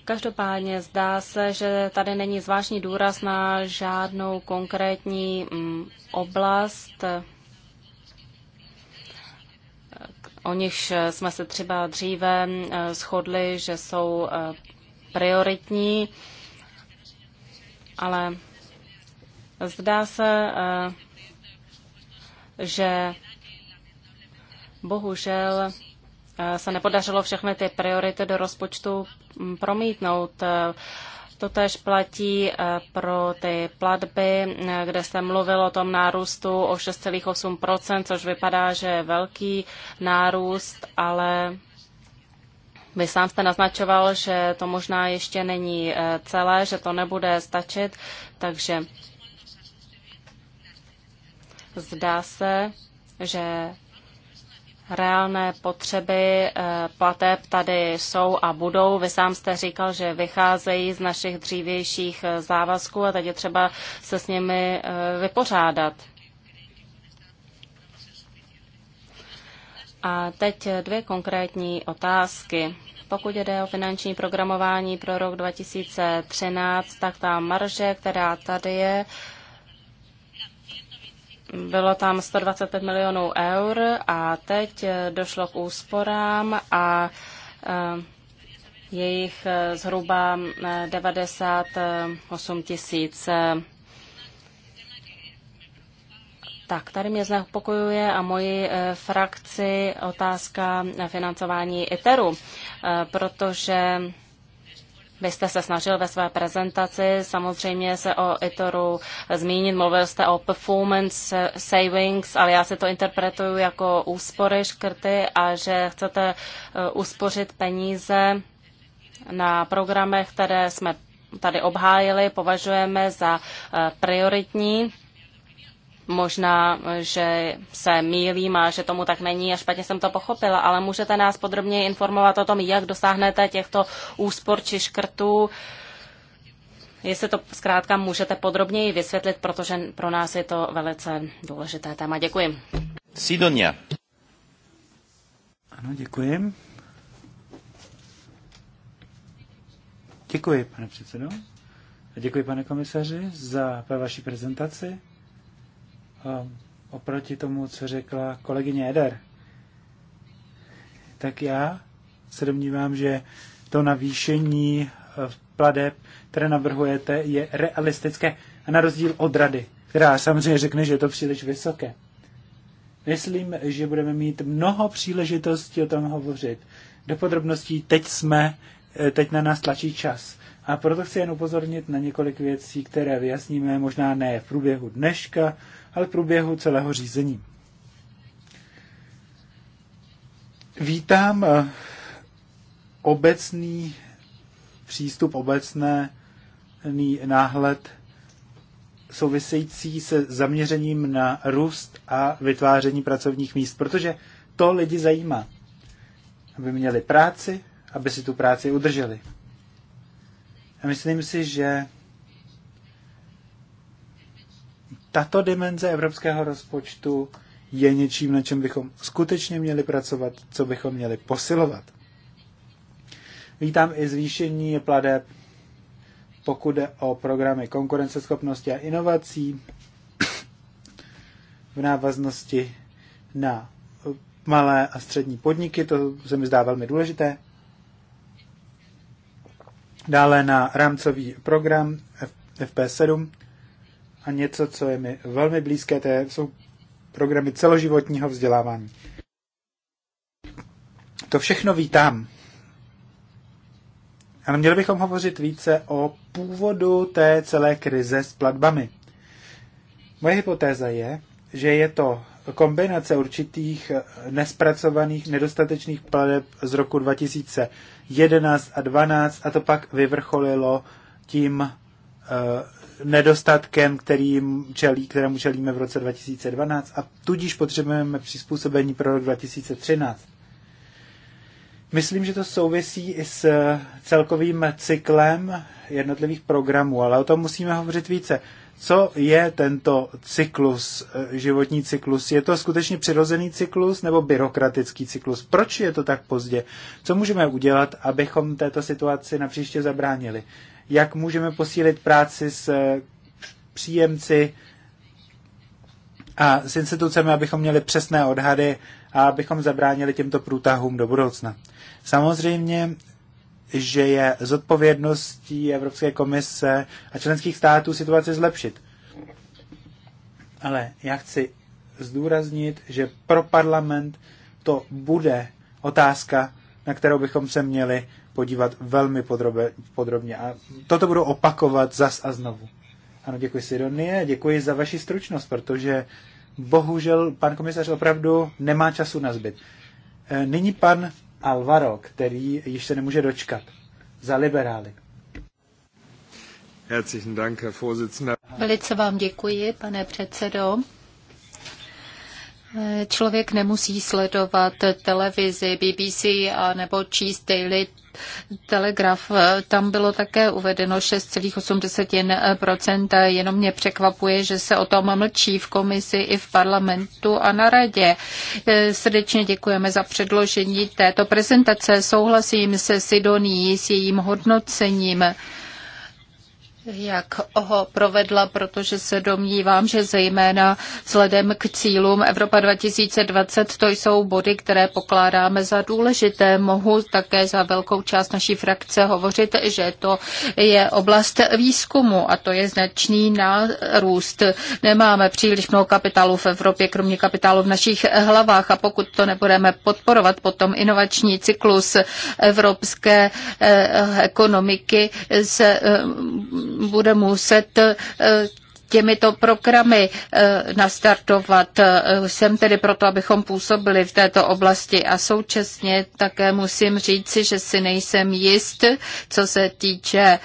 Každopádně zdá se, že tady není zvláštní důraz na žádnou konkrétní mm, oblast, o nichž jsme se třeba dříve mm, shodli, že jsou eh, prioritní, ale zdá se, eh, že Bohužel eh, se nepodařilo všechny ty priority do rozpočtu mm, promítnout. Eh, to tež platí eh, pro ty platby, kde se mluvil o tom nárůstu o 6,8%, což vypadá, že je velký nárůst, ale vy sám jste naznačoval, že to možná ještě není celé, že to nebude stačit, takže zdá se, že reálné potřeby eh, plateb tady jsou a budou. Vy sám jste říkal, že vycházejí z našich dřívějších eh, závazků a teď je třeba se s nimi eh, vypořádat. A teď dvě konkrétní otázky. Pokud jde o finanční programování pro rok 2013, tak ta marže, která tady je, bylo tam 125 milionů eur a teď eh, došlo k úsporám a eh, jejich eh, zhruba 98 tisíc. Tak, tady mě znepokojuje a moji frakci otázka financování ITERu, protože vy jste se snažil ve své prezentaci samozřejmě se o ITORu zmínit, mluvil jste o performance savings, ale já si to interpretuju jako úspory, škrty a že chcete eh, uspořit peníze na programech, které jsme tady obhájili, považujeme za eh, prioritní. Možná, že se mýlím a že tomu tak není a špatně jsem to pochopila, ale můžete nás podrobně informovat o tom, jak dosáhnete těchto úspor či škrtů. Jestli to zkrátka můžete podrobněji vysvětlit, protože pro nás je to velice důležité téma. Děkuji. Sidonia. Ano, děkuji. Děkuji, pane předsedo. A děkuji, pane komisaři, za vaši prezentaci oproti tomu, co řekla kolegyně Eder, tak já se domnívám, že to navýšení eh, pladeb, které navrhujete, je realistické a na rozdíl od rady, která samozřejmě řekne, že je to příliš vysoké. Myslím, že budeme mít mnoho příležitostí o tom hovořit. Do podrobností teď jsme, eh, teď na nás tlačí čas. A proto chci jen upozornit na několik věcí, které vyjasníme, možná ne v průběhu dneška, ale v průběhu celého řízení. Vítám eh, obecný přístup, obecný náhled související se zaměřením na růst a vytváření pracovních míst, protože to lidi zajímá. Aby měli práci, aby si tu práci udrželi. A myslím si, že tato dimenze evropského rozpočtu je něčím, na čem bychom skutečně měli pracovat, co bychom měli posilovat. Vítám i zvýšení pladeb, pokud jde o programy konkurenceschopnosti a inovací v návaznosti na malé a střední podniky, to se mi zdá velmi důležité. Dále na rámcový program FP7 a něco, co je mi velmi blízké, to jsou programy celoživotního vzdělávání. To všechno vítám. Ale měli bychom hovořit více o původu té celé krize s platbami. Moje hypotéza je, že je to kombinace určitých nespracovaných, nedostatečných pladeb z roku 2011 a 12 a to pak vyvrcholilo tím eh, nedostatkem, kterým čelí, kterému čelíme v roce 2012 a tudíž potřebujeme přizpůsobení pro rok 2013. Myslím, že to souvisí i s celkovým cyklem jednotlivých programů, ale o tom musíme hovořit více. Co je tento cyklus, eh, životní cyklus? Je to skutečně přirozený cyklus nebo byrokratický cyklus? Proč je to tak pozdě? Co můžeme udělat, abychom této situaci napříště zabránili? jak můžeme posílit práci s eh, příjemci a s institucemi, abychom měli přesné odhady a abychom zabránili těmto průtahům do budoucna. Samozřejmě, že je zodpovědností Evropské komise a členských států situaci zlepšit. Ale já chci zdůraznit, že pro parlament to bude otázka, na kterou bychom se měli podívat velmi podrobe, podrobně. A toto budu opakovat zas a znovu. Ano, děkuji Sidonie, děkuji za vaši stručnost, protože bohužel pan komisař opravdu nemá času na zbyt. E, nyní pan Alvaro, který již se nemůže dočkat. Za liberály. Herzlichen Dank, Herr Vorsitzender. Velice vám děkuji, pane předsedo. Člověk nemusí sledovat televizi BBC a nebo číst Daily Telegraf. Tam bylo také uvedeno 6,8%. Jenom mě překvapuje, že se o tom mlčí v komisi i v parlamentu a na radě. Srdečně děkujeme za předložení této prezentace. Souhlasím se Sidoní s jejím hodnocením jak ho provedla, protože se domnívám, že zejména vzhledem k cílům Evropa 2020 to jsou body, které pokládáme za důležité. Mohu také za velkou část naší frakce hovořit, že to je oblast výzkumu a to je značný nárůst. Nemáme příliš mnoho kapitálu v Evropě, kromě kapitálu v našich hlavách a pokud to nebudeme podporovat, potom inovační cyklus evropské eh, ekonomiky se eh, bude muset eh, těmito programy eh, nastartovat. Eh, jsem tedy proto, abychom působili v této oblasti a současně také musím říci, že si nejsem jist, co se týče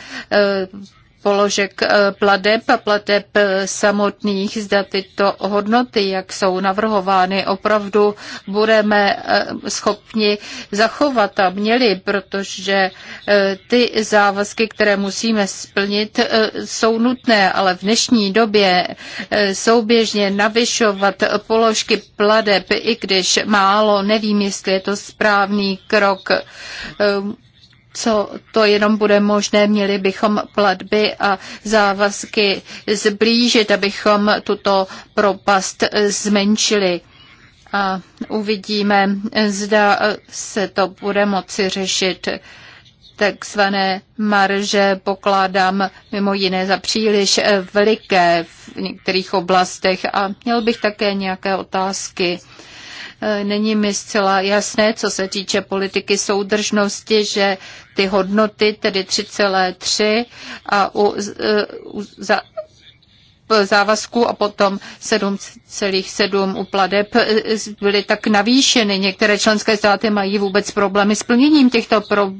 položek eh, plateb a plateb eh, samotných, zda tyto hodnoty, jak jsou navrhovány, opravdu budeme eh, schopni zachovat a měli, protože ty závazky, které musíme splnit, jsou nutné, ale v dnešní době souběžně navyšovat položky plateb, i když málo, nevím, jestli je to správný krok co to jenom bude možné, měli bychom platby a závazky zblížit, abychom tuto propast zmenšili. A uvidíme, zda se to bude moci řešit. Takzvané marže pokládám mimo jiné za příliš veliké v některých oblastech a měl bych také nějaké otázky. Eh, není mi zcela jasné, co se týče politiky soudržnosti, že ty hodnoty, tedy 3,3 a u, eh, u za, závazků a potom 7,7 u pladeb eh, byly tak navýšeny. Některé členské státy mají vůbec problémy s plněním těchto pro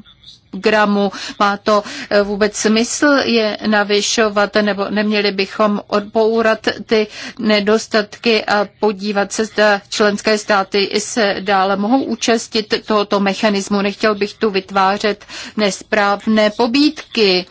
gramů. Má to eh, vůbec smysl je navyšovat, nebo neměli bychom odbourat ty nedostatky a podívat se, zda členské státy se dále mohou účastnit tohoto mechanismu. Nechtěl bych tu vytvářet nesprávné pobídky.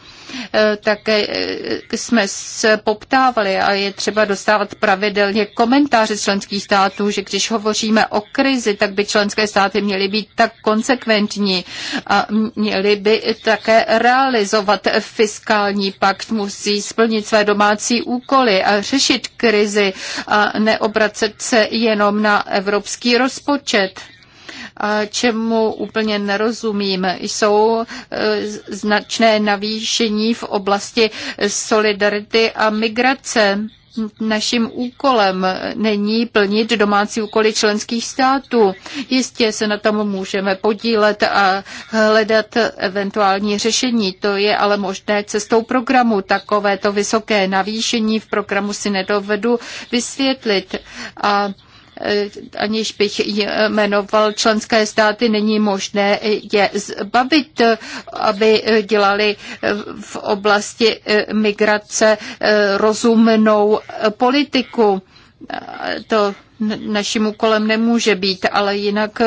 Eh, také eh, jsme se poptávali a je třeba dostávat pravidelně komentáře členských států, že když hovoříme o krizi, tak by členské státy měly být tak konsekventní a měly by také realizovat fiskální pakt, musí splnit své domácí úkoly a řešit krizi a neobracet se jenom na evropský rozpočet čemu úplně nerozumím, jsou eh, značné navýšení v oblasti solidarity a migrace. Naším úkolem není plnit domácí úkoly členských států. Jistě se na tom můžeme podílet a hledat eventuální řešení. To je ale možné cestou programu. Takovéto vysoké navýšení v programu si nedovedu vysvětlit. A aniž bych jmenoval členské státy, není možné je zbavit, aby dělali v oblasti migrace rozumnou politiku. To naším úkolem nemůže být, ale jinak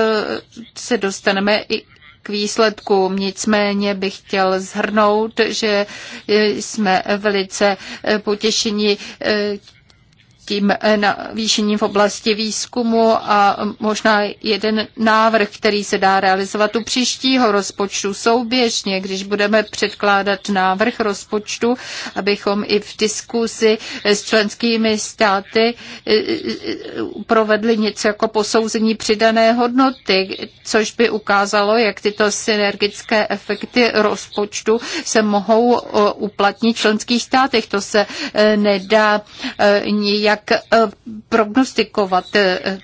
se dostaneme i k výsledku. Nicméně bych chtěl zhrnout, že jsme velice potěšeni tím eh, navýšením v oblasti výzkumu a možná jeden návrh, který se dá realizovat u příštího rozpočtu souběžně, když budeme předkládat návrh rozpočtu, abychom i v diskuzi s členskými státy eh, eh, provedli něco jako posouzení přidané hodnoty, což by ukázalo, jak tyto synergické efekty rozpočtu se mohou uplatnit v členských státech. To se nedá nijak jak eh, prognostikovat. Eh,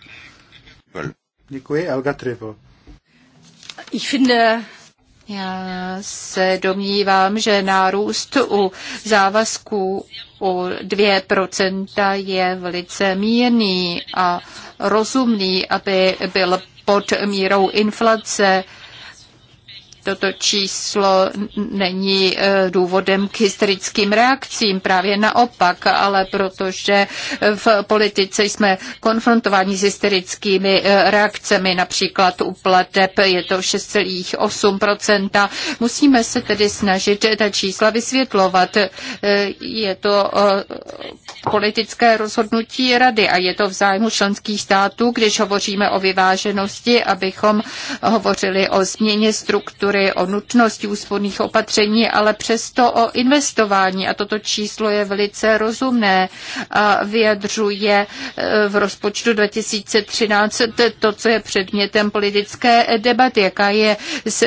Děkuji, Elga Trivo. Ich finde, já se domnívám, že nárůst u závazků o 2% je velice mírný a rozumný, aby byl pod mírou inflace toto číslo není e, důvodem k hysterickým reakcím, právě naopak, ale protože v politice jsme konfrontováni s hysterickými e, reakcemi, například u plateb je to 6,8%. Musíme se tedy snažit ta čísla vysvětlovat. E, je to politické rozhodnutí rady a je to v zájmu členských států, když hovoříme o vyváženosti, abychom hovořili o změně struktury hovořili o nutnosti úsporných opatření, ale přesto o investování. A toto číslo je velice rozumné a vyjadřuje eh, v rozpočtu 2013 to, co je předmětem politické debaty, jaká je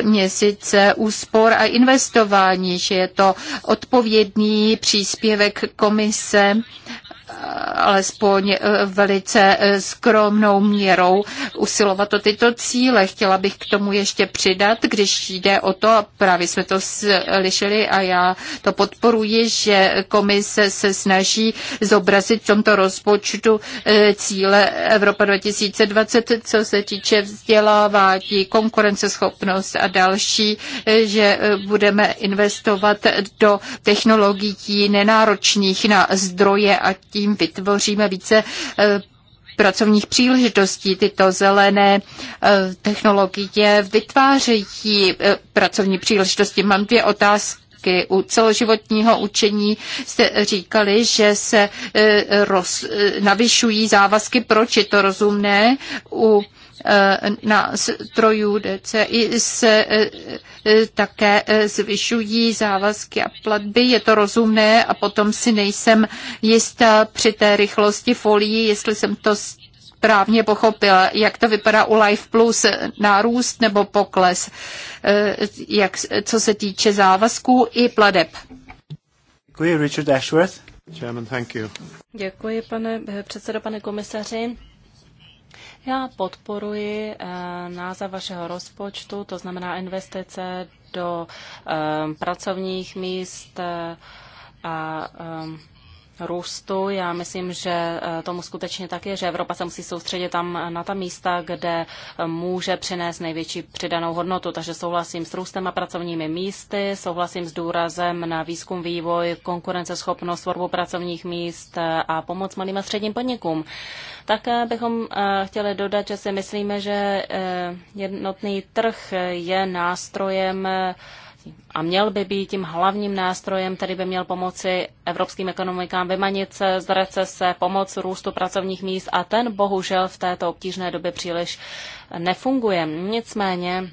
měsíce úspor a investování, že je to odpovědný příspěvek komise alespoň eh, velice eh, skromnou měrou usilovat o tyto cíle. Chtěla bych k tomu ještě přidat, když jde o to, a právě jsme to slyšeli a já to podporuji, že komise se snaží zobrazit v tomto rozpočtu eh, cíle Evropa 2020, co se týče vzdělávání, konkurenceschopnost a další, že budeme investovat do technologií nenáročných na zdroje a tím vytvoříme více eh, pracovních příležitostí. Tyto zelené eh, technologie vytvářejí eh, pracovní příležitosti. Mám dvě otázky u celoživotního učení jste říkali, že se roz, navyšují závazky, proč je to rozumné u Eh, nástrojů DCI se eh, eh, také zvyšují závazky a platby. Je to rozumné a potom si nejsem jistá při té rychlosti folii, jestli jsem to správně pochopila. jak to vypadá u Life Plus, nárůst nebo pokles, jak, co se týče závazků i pladeb. Děkuji, Richard Ashworth. Chairman, thank you. Děkuji, pane předsedo, pane komisaři. Já podporuji eh, název vašeho rozpočtu, to znamená investice do eh, pracovních míst eh, a ehm, růstu. Já myslím, že eh, tomu skutečně tak je, že Evropa se musí soustředit tam eh, na ta místa, kde eh, může přinést největší přidanou hodnotu. Takže souhlasím s růstem a pracovními místy, souhlasím s důrazem na výzkum, vývoj, konkurenceschopnost, tvorbu pracovních míst a pomoc malým a středním podnikům. Také bychom chtěli dodat, že si myslíme, že jednotný trh je nástrojem a měl by být tím hlavním nástrojem, který by měl pomoci evropským ekonomikám vymanit se z recese, pomoc růstu pracovních míst a ten bohužel v této obtížné době příliš nefunguje. Nicméně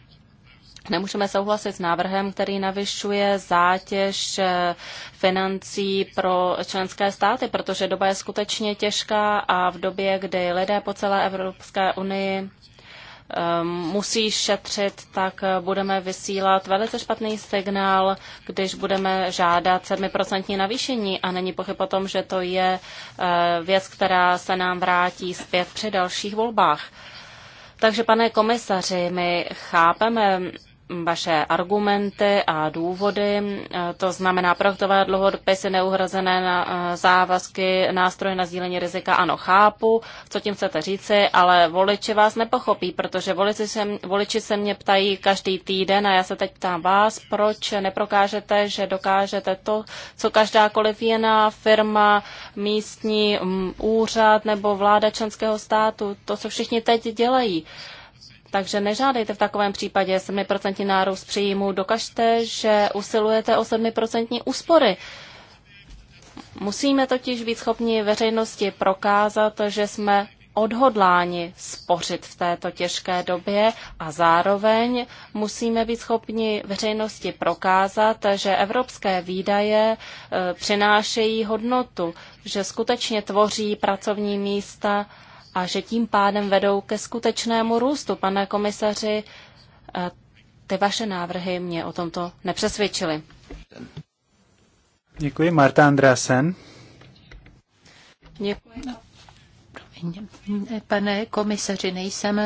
Nemůžeme souhlasit s návrhem, který navyšuje zátěž eh, financí pro členské státy, protože doba je skutečně těžká a v době, kdy lidé po celé Evropské unii Ehm, musí šetřit, tak eh, budeme vysílat velice špatný signál, když budeme žádat 7% navýšení a není pochyb o tom, že to je eh, věc, která se nám vrátí zpět při dalších volbách. Takže, pane komisaři, my chápeme vaše argumenty a důvody, to znamená projektové dluhopisy, neuhrazené eh, závazky, nástroje na sdílení rizika, ano, chápu, co tím chcete říci, ale voliči vás nepochopí, protože voliči se, voliči se mě ptají každý týden a já se teď ptám vás, proč neprokážete, že dokážete to, co každákoliv jiná firma, místní mm, úřad nebo vláda členského státu, to, co všichni teď dělají. Takže nežádejte v takovém případě 7% nárůst příjmu. Dokažte, že usilujete o 7% úspory. Musíme totiž být schopni veřejnosti prokázat, že jsme odhodláni spořit v této těžké době a zároveň musíme být schopni veřejnosti prokázat, že evropské výdaje e, přinášejí hodnotu, že skutečně tvoří pracovní místa a že tím pádem vedou ke skutečnému růstu. Pane komisaři, eh, ty vaše návrhy mě o tomto nepřesvědčily. Děkuji, Marta Andrásen. Děkuji. Pane komisaři, nejsem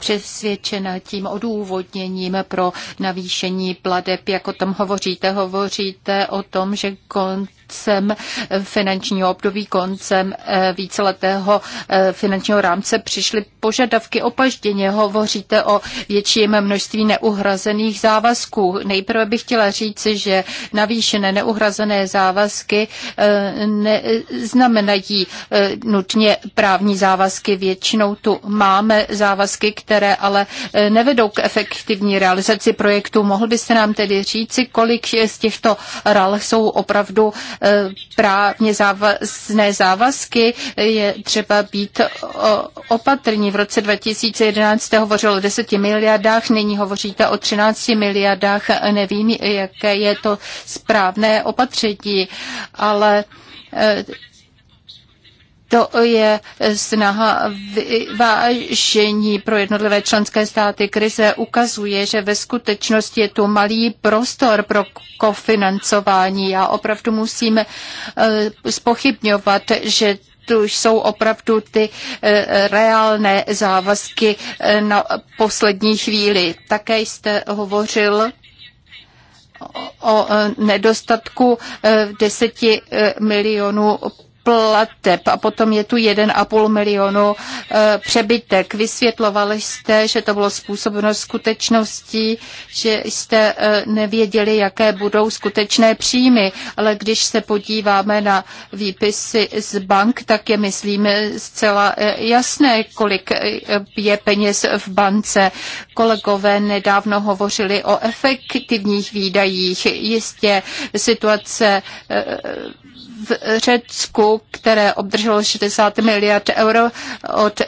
přesvědčena tím odůvodněním pro navýšení pladeb, jako tam hovoříte. Hovoříte o tom, že kont koncem finančního období, koncem eh, víceletého eh, finančního rámce přišly požadavky opažděně. Hovoříte o větším množství neuhrazených závazků. Nejprve bych chtěla říci, že navýšené neuhrazené závazky eh, neznamenají nutně právní závazky. Většinou tu máme závazky, které ale nevedou k efektivní realizaci projektu. Mohl byste nám tedy říci, kolik z těchto RAL jsou opravdu právně závazné závazky, je třeba být opatrní. V roce 2011 hovořilo hovořil o 10 miliardách, nyní hovoříte o 13 miliardách. Nevím, jaké je to správné opatření, ale eh, to je snaha vyvážení pro jednotlivé členské státy. Krize ukazuje, že ve skutečnosti je tu malý prostor pro kofinancování a opravdu musíme eh, spochybňovat, že tu jsou opravdu ty eh, reálné závazky eh, na poslední chvíli. Také jste hovořil o nedostatku 10 milionů plateb a potom je tu 1,5 milionu eh, přebytek. Vysvětlovali jste, že to bylo způsobeno skutečností, že jste eh, nevěděli, jaké budou skutečné příjmy, ale když se podíváme na výpisy z bank, tak je, myslím, zcela eh, jasné, kolik je peněz v bance. Kolegové nedávno hovořili o efektivních výdajích. Jistě situace v Řecku, které obdrželo 60 miliard euro od e,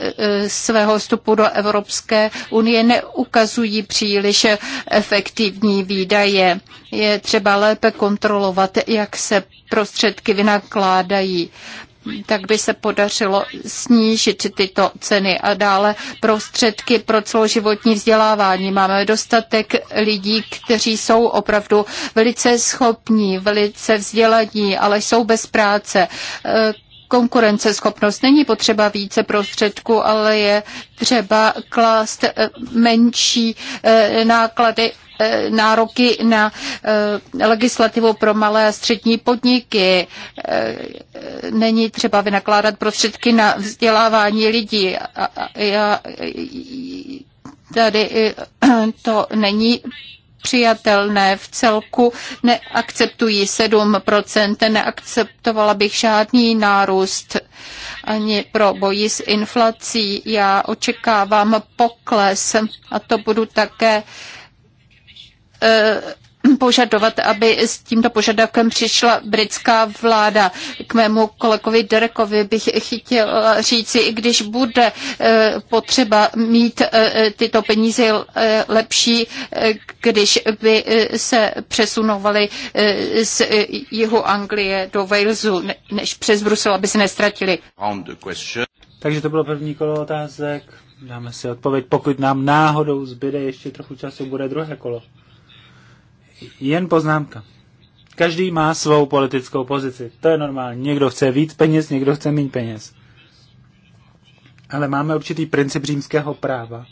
svého vstupu do Evropské unie, neukazují příliš efektivní výdaje. Je třeba lépe kontrolovat, jak se prostředky vynakládají tak by se podařilo snížit tyto ceny a dále prostředky pro celoživotní vzdělávání. Máme dostatek lidí, kteří jsou opravdu velice schopní, velice vzdělaní, ale jsou bez práce eh, konkurenceschopnost. Není potřeba více prostředků, ale je třeba klást eh, menší eh, náklady Eh, nároky na eh, legislativu pro malé a střední podniky. Eh, není třeba vynakládat prostředky na vzdělávání lidí. Já, tady to není přijatelné. V celku neakceptují 7%, neakceptovala bych žádný nárůst ani pro boji s inflací. Já očekávám pokles a to budu také uh, Eh, požadovat, aby s tímto požadavkem přišla britská vláda. K mému kolegovi Derekovi bych chtěl říci, i když bude eh, potřeba mít eh, tyto peníze lepší, když by se přesunovaly z jihu Anglie do Walesu, než přes Brusel, aby se nestratili. Takže to bylo první kolo otázek. Dáme si odpověď, pokud nám náhodou zbyde ještě trochu času, bude druhé kolo jen poznámka. Každý má svou politickou pozici. To je normální. Někdo chce víc peněz, někdo chce méně peněz. Ale máme určitý princip římského práva,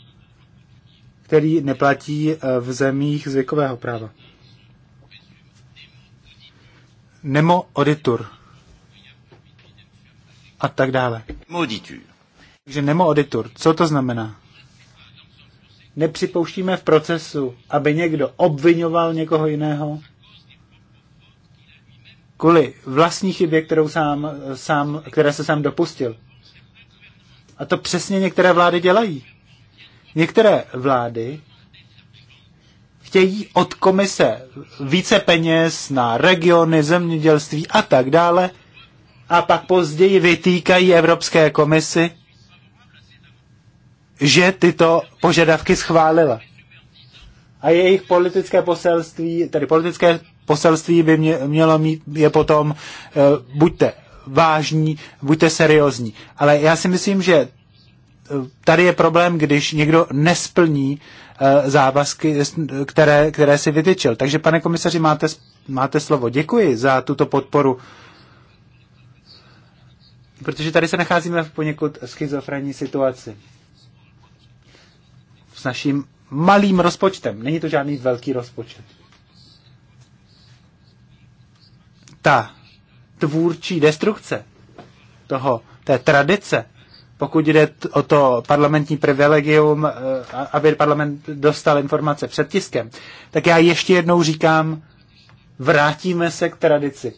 který neplatí eh, v zemích zvykového práva. Nemo auditur. A tak dále. Moditur. Takže nemo auditur. Co to znamená? nepřipouštíme v procesu, aby někdo obvinoval někoho jiného kvůli vlastní chybě, kterou sám, sám, které se sám dopustil. A to přesně některé vlády dělají. Některé vlády chtějí od komise více peněz na regiony, zemědělství a tak dále, a pak později vytýkají Evropské komisi, že tyto požadavky schválila. A jejich politické poselství, tedy politické poselství by mě, mělo mít, je potom, uh, buďte vážní, buďte seriózní. Ale já si myslím, že eh, tady je problém, když někdo nesplní uh, závazky, které, které si vytyčil. Takže, pane komisaři, máte, máte slovo. Děkuji za tuto podporu. Protože tady se nacházíme v poněkud schizofrenní situaci s naším malým rozpočtem. Není to žádný velký rozpočet. Ta tvůrčí destrukce toho, té tradice, pokud jde o to parlamentní privilegium, eh, aby parlament dostal informace před tiskem, tak já ještě jednou říkám, vrátíme se k tradici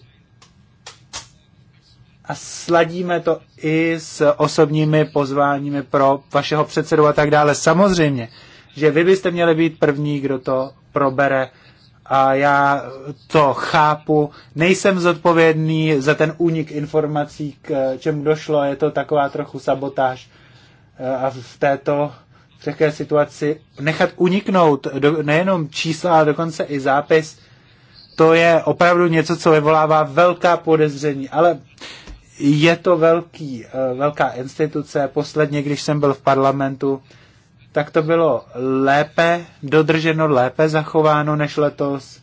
a sladíme to i s osobními pozváními pro vašeho předsedu a tak dále. Samozřejmě, že vy byste měli být první, kdo to probere a já to chápu. Nejsem zodpovědný za ten únik informací, k čemu došlo, je to taková trochu sabotáž eh, a v této křehké situaci nechat uniknout do, nejenom čísla, ale dokonce i zápis, to je opravdu něco, co vyvolává velká podezření. Ale je to velký, eh, velká instituce. Posledně, když jsem byl v parlamentu, tak to bylo lépe dodrženo, lépe zachováno než letos,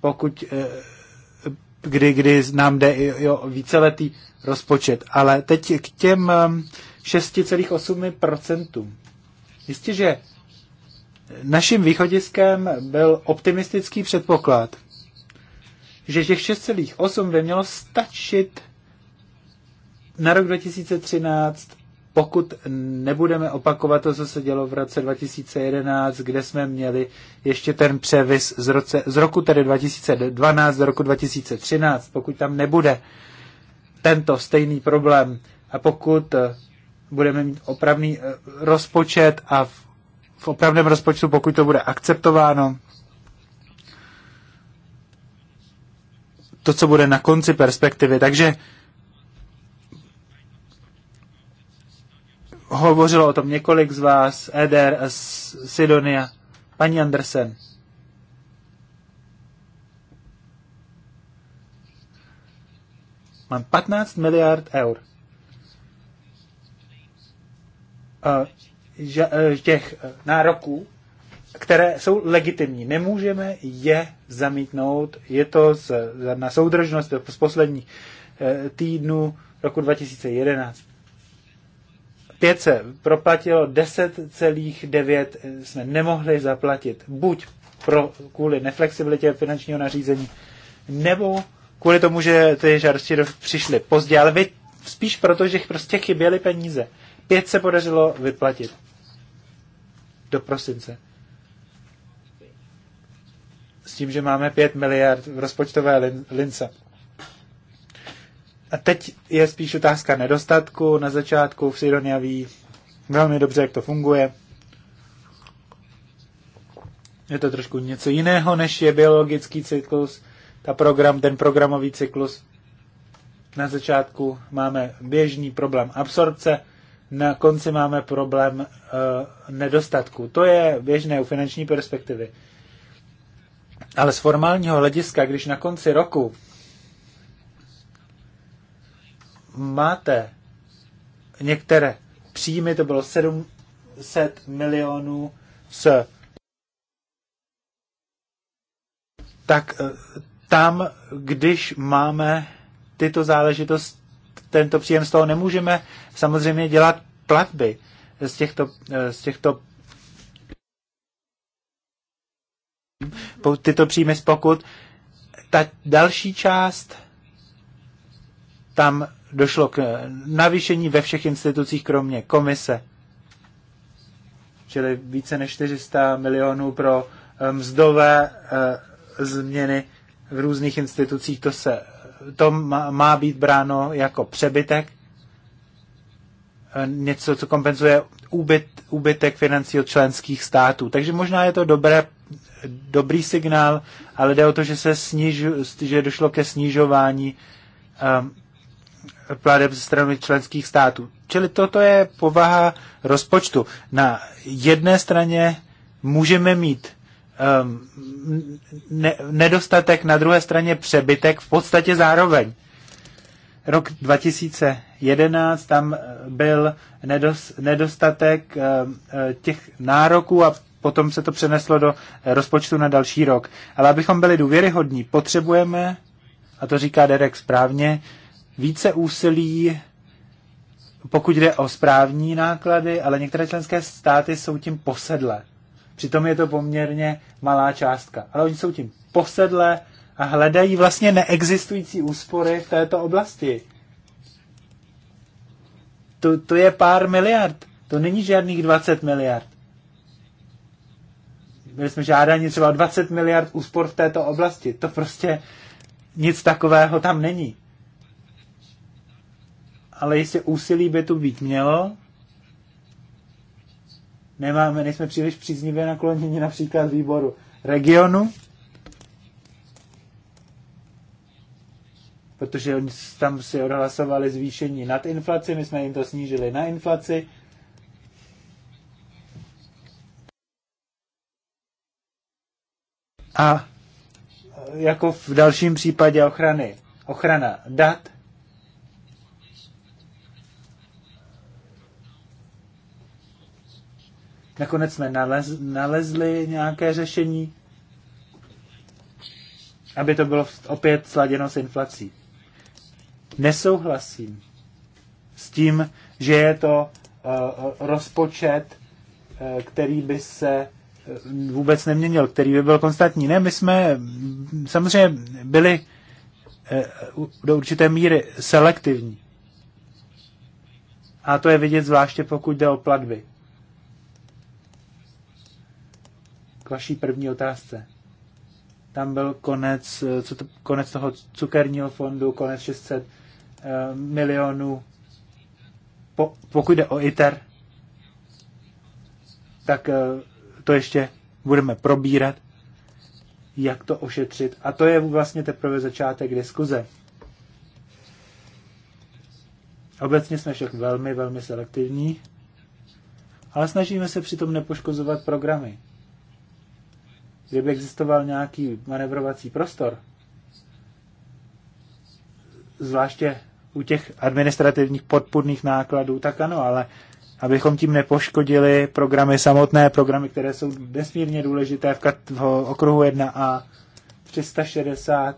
pokud, eh, kdy, kdy nám jde i o víceletý rozpočet. Ale teď k těm 6,8%. Eh, Jistě, že naším východiskem byl optimistický předpoklad, že těch 6,8 by mělo stačit na rok 2013, pokud nebudeme opakovat to, co se dělo v roce 2011, kde jsme měli ještě ten převis z, roce, z roku tedy 2012 do roku 2013, pokud tam nebude tento stejný problém a pokud eh, budeme mít opravný eh, rozpočet a v, v opravném rozpočtu, pokud to bude akceptováno, to, co bude na konci perspektivy. Takže hovořilo o tom několik z vás, Eder a Sidonia. Paní Andersen. Mám 15 miliard eur. E, těch e, nároků, které jsou legitimní. Nemůžeme je zamítnout. Je to na soudržnost z posledních e, týdnů roku 2011. Pět se proplatilo, 10,9 jsme nemohli zaplatit. Buď pro, kvůli neflexibilitě finančního nařízení, nebo kvůli tomu, že ty žádosti přišly pozdě, ale vy, spíš proto, že prostě chyběly peníze. Pět se podařilo vyplatit do prosince. S tím, že máme 5 miliard v rozpočtové lince. A teď je spíš otázka nedostatku. Na začátku v Sidonia ví velmi dobře, jak to funguje. Je to trošku něco jiného, než je biologický cyklus, ta program, ten programový cyklus. Na začátku máme běžný problém absorpce, na konci máme problém e, nedostatku. To je běžné u finanční perspektivy. Ale z formálního hlediska, když na konci roku máte některé příjmy, to bylo 700 milionů s tak e, tam, když máme tyto záležitost, tento příjem z toho nemůžeme samozřejmě dělat platby z těchto, e, z těchto tyto příjmy z pokud. Ta další část tam došlo k navýšení ve všech institucích, kromě komise. Čili více než 400 milionů pro eh, mzdové eh, změny v různých institucích. To, se, to má být bráno jako přebytek. Eh, něco, co kompenzuje úbyt, úbytek financí od členských států. Takže možná je to dobré, dobrý signál, ale jde o to, že se sniž, že došlo ke snižování um, pládem ze strany členských států. Čili toto je povaha rozpočtu. Na jedné straně můžeme mít um, ne, nedostatek, na druhé straně přebytek v podstatě zároveň. Rok 2011 tam uh, byl nedos, nedostatek um, uh, těch nároků a potom se to přeneslo do rozpočtu na další rok. Ale abychom byli důvěryhodní, potřebujeme, a to říká Derek správně, více úsilí, pokud jde o správní náklady, ale některé členské státy jsou tím posedle. Přitom je to poměrně malá částka. Ale oni jsou tím posedle a hledají vlastně neexistující úspory v této oblasti. To, to je pár miliard. To není žádných 20 miliard. Byli jsme žádáni třeba 20 miliard úspor v této oblasti. To prostě nic takového tam není ale jestli úsilí by tu být mělo. Nemáme, nejsme příliš příznivě naklonění například výboru regionu, protože oni tam si odhlasovali zvýšení nad inflaci, my jsme jim to snížili na inflaci. A jako v dalším případě ochrany, ochrana dat, Nakonec jsme nalez, nalezli nějaké řešení, aby to bylo opět sladěno s inflací. Nesouhlasím s tím, že je to eh, rozpočet, eh, který by se eh, vůbec neměnil, který by byl konstantní. Ne, my jsme samozřejmě byli do určité míry selektivní. A to je vidět zvláště pokud jde o platby. vaší první otázce. Tam byl konec, eh, co to, konec toho cukerního fondu, konec 600 eh, milionů. Po, pokud jde o ITER, tak eh, to ještě budeme probírat, jak to ošetřit. A to je vlastně teprve začátek diskuze. Obecně jsme však velmi, velmi selektivní, ale snažíme se přitom nepoškozovat programy kdyby existoval nějaký manevrovací prostor, zvláště u těch administrativních podpůrných nákladů, tak ano, ale abychom tím nepoškodili programy samotné, programy, které jsou nesmírně důležité v, kat- v okruhu 1a 360.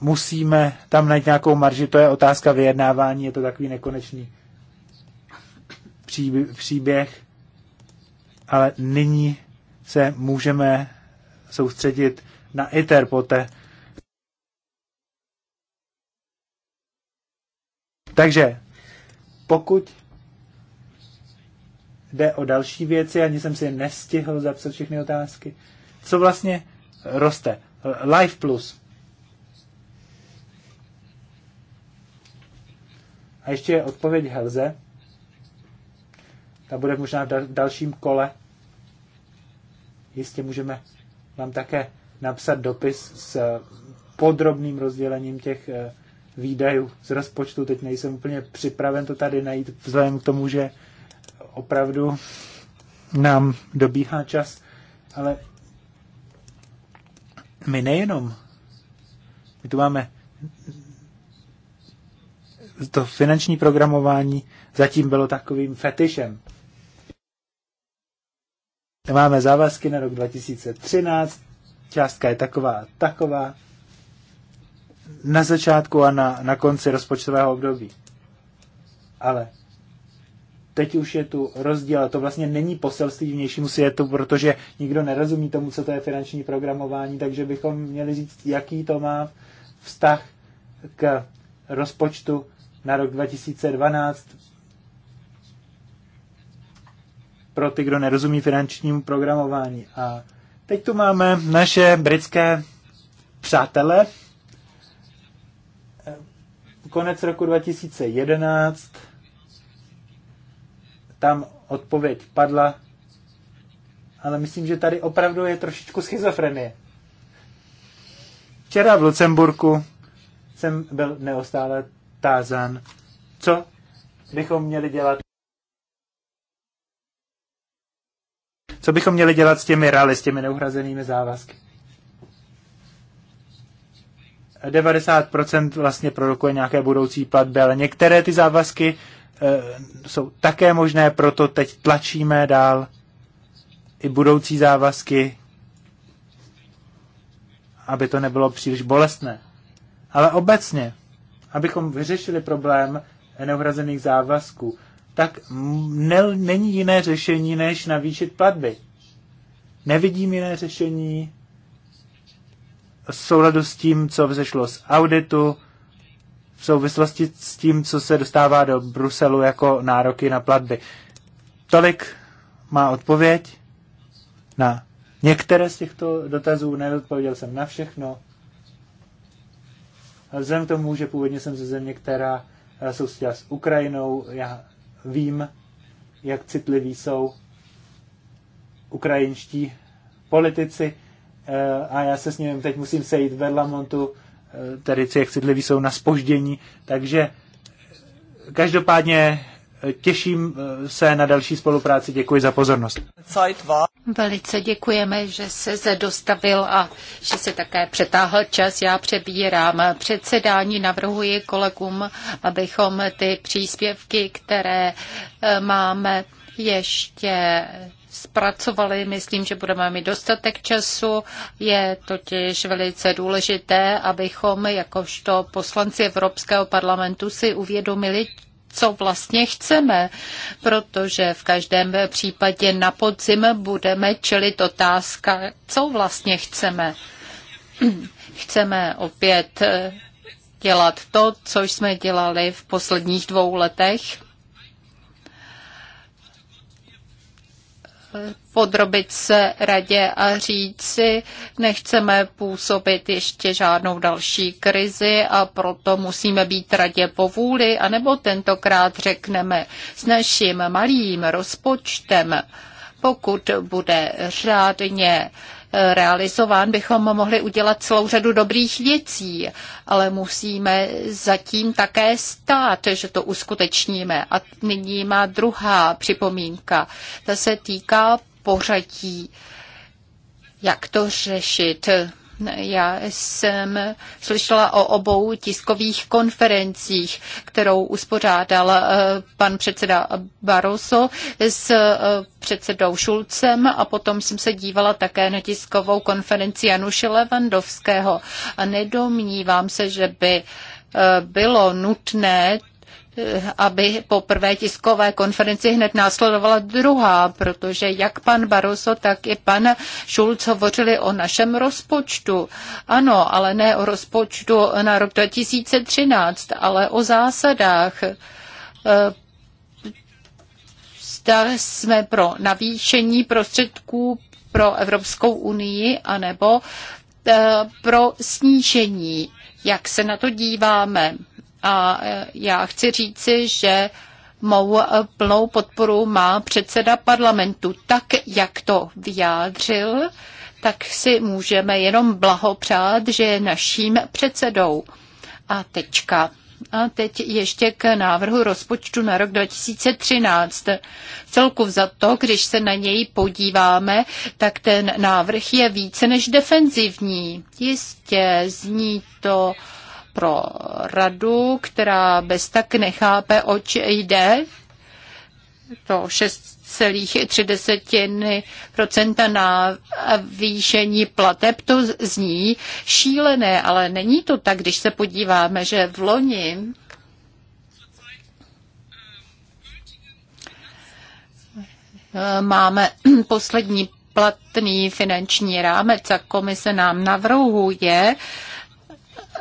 Musíme tam najít nějakou marži, to je otázka vyjednávání, je to takový nekonečný příběh ale nyní se můžeme soustředit na ITER poté. Takže pokud jde o další věci, ani jsem si nestihl zapsat všechny otázky, co vlastně roste? Life Plus. A ještě odpověď Helze ta bude možná v dalším kole. Jistě můžeme vám také napsat dopis s eh, podrobným rozdělením těch eh, výdajů z rozpočtu. Teď nejsem úplně připraven to tady najít, vzhledem k tomu, že opravdu nám dobíhá čas, ale my nejenom, my tu máme to finanční programování zatím bylo takovým fetišem. Máme závazky na rok 2013, částka je taková taková na začátku a na, na konci rozpočtového období. Ale teď už je tu rozdíl, a to vlastně není poselství vnějšímu světu, protože nikdo nerozumí tomu, co to je finanční programování, takže bychom měli říct, jaký to má vztah k rozpočtu na rok 2012 pro ty, kdo nerozumí finančnímu programování. A teď tu máme naše britské přátele. Konec roku 2011 tam odpověď padla, ale myslím, že tady opravdu je trošičku schizofrenie. Včera v Lucemburku jsem byl neostále tázan, co bychom měli dělat Co bychom měli dělat s těmi rally, s těmi neuhrazenými závazky? 90% vlastně produkuje nějaké budoucí platby, ale některé ty závazky e, jsou také možné, proto teď tlačíme dál i budoucí závazky, aby to nebylo příliš bolestné. Ale obecně, abychom vyřešili problém neuhrazených závazků, tak ne, není jiné řešení, než navýšit platby. Nevidím jiné řešení v souladu s tím, co vzešlo z auditu, v souvislosti s tím, co se dostává do Bruselu jako nároky na platby. Tolik má odpověď na některé z těchto dotazů. Neodpověděl jsem na všechno. Vzhledem k tomu, že původně jsem ze země, která eh, sousedila s Ukrajinou, já vím, jak citliví jsou ukrajinští politici eh, a já se s ním teď musím sejít v Berlamontu, eh, tedy jak citliví jsou na spoždění, takže eh, každopádně těším se na další spolupráci. Děkuji za pozornost. Velice děkujeme, že se se dostavil a že se také přetáhl čas. Já přebírám předsedání, navrhuji kolegům, abychom ty příspěvky, které eh, máme, ještě zpracovali. Myslím, že budeme mít dostatek času. Je totiž velice důležité, abychom jakožto poslanci Evropského parlamentu si uvědomili, co vlastně chceme, protože v každém případě na podzim budeme čelit otázka, co vlastně chceme. (clears throat) Chceme opět eh, dělat to, co jsme dělali v posledních dvou letech podrobit se radě a říci, nechceme působit ještě žádnou další krizi a proto musíme být radě po vůli, anebo tentokrát řekneme s naším malým rozpočtem, pokud bude řádně eh, realizován, bychom mohli udělat celou řadu dobrých věcí, ale musíme zatím také stát, že to uskutečníme. A nyní má druhá připomínka. Ta se týká pořadí, jak to řešit. Já jsem slyšela o obou tiskových konferencích, kterou uspořádal eh, pan předseda Barroso s eh, předsedou Šulcem a potom jsem se dívala také na tiskovou konferenci Januše Levandovského. A nedomnívám se, že by eh, bylo nutné aby po prvé tiskové konferenci hned následovala druhá, protože jak pan Baroso, tak i pan Šulc hovořili o našem rozpočtu. Ano, ale ne o rozpočtu na rok 2013, ale o zásadách eh, zda jsme pro navýšení prostředků pro Evropskou unii anebo eh, pro snížení. Jak se na to díváme? A e, já chci říci, že mou e, plnou podporu má předseda parlamentu. Tak, jak to vyjádřil, tak si můžeme jenom blahopřát, že je naším předsedou. A tečka. A teď ještě k návrhu rozpočtu na rok 2013. Celku za to, když se na něj podíváme, tak ten návrh je více než defenzivní. Jistě zní to pro radu, která bez tak nechápe, oč jde. To 6,3% na výšení plateb, to zní šílené, ale není to tak, když se podíváme, že v loni máme (clears throat) poslední platný finanční rámec a komise nám navrhuje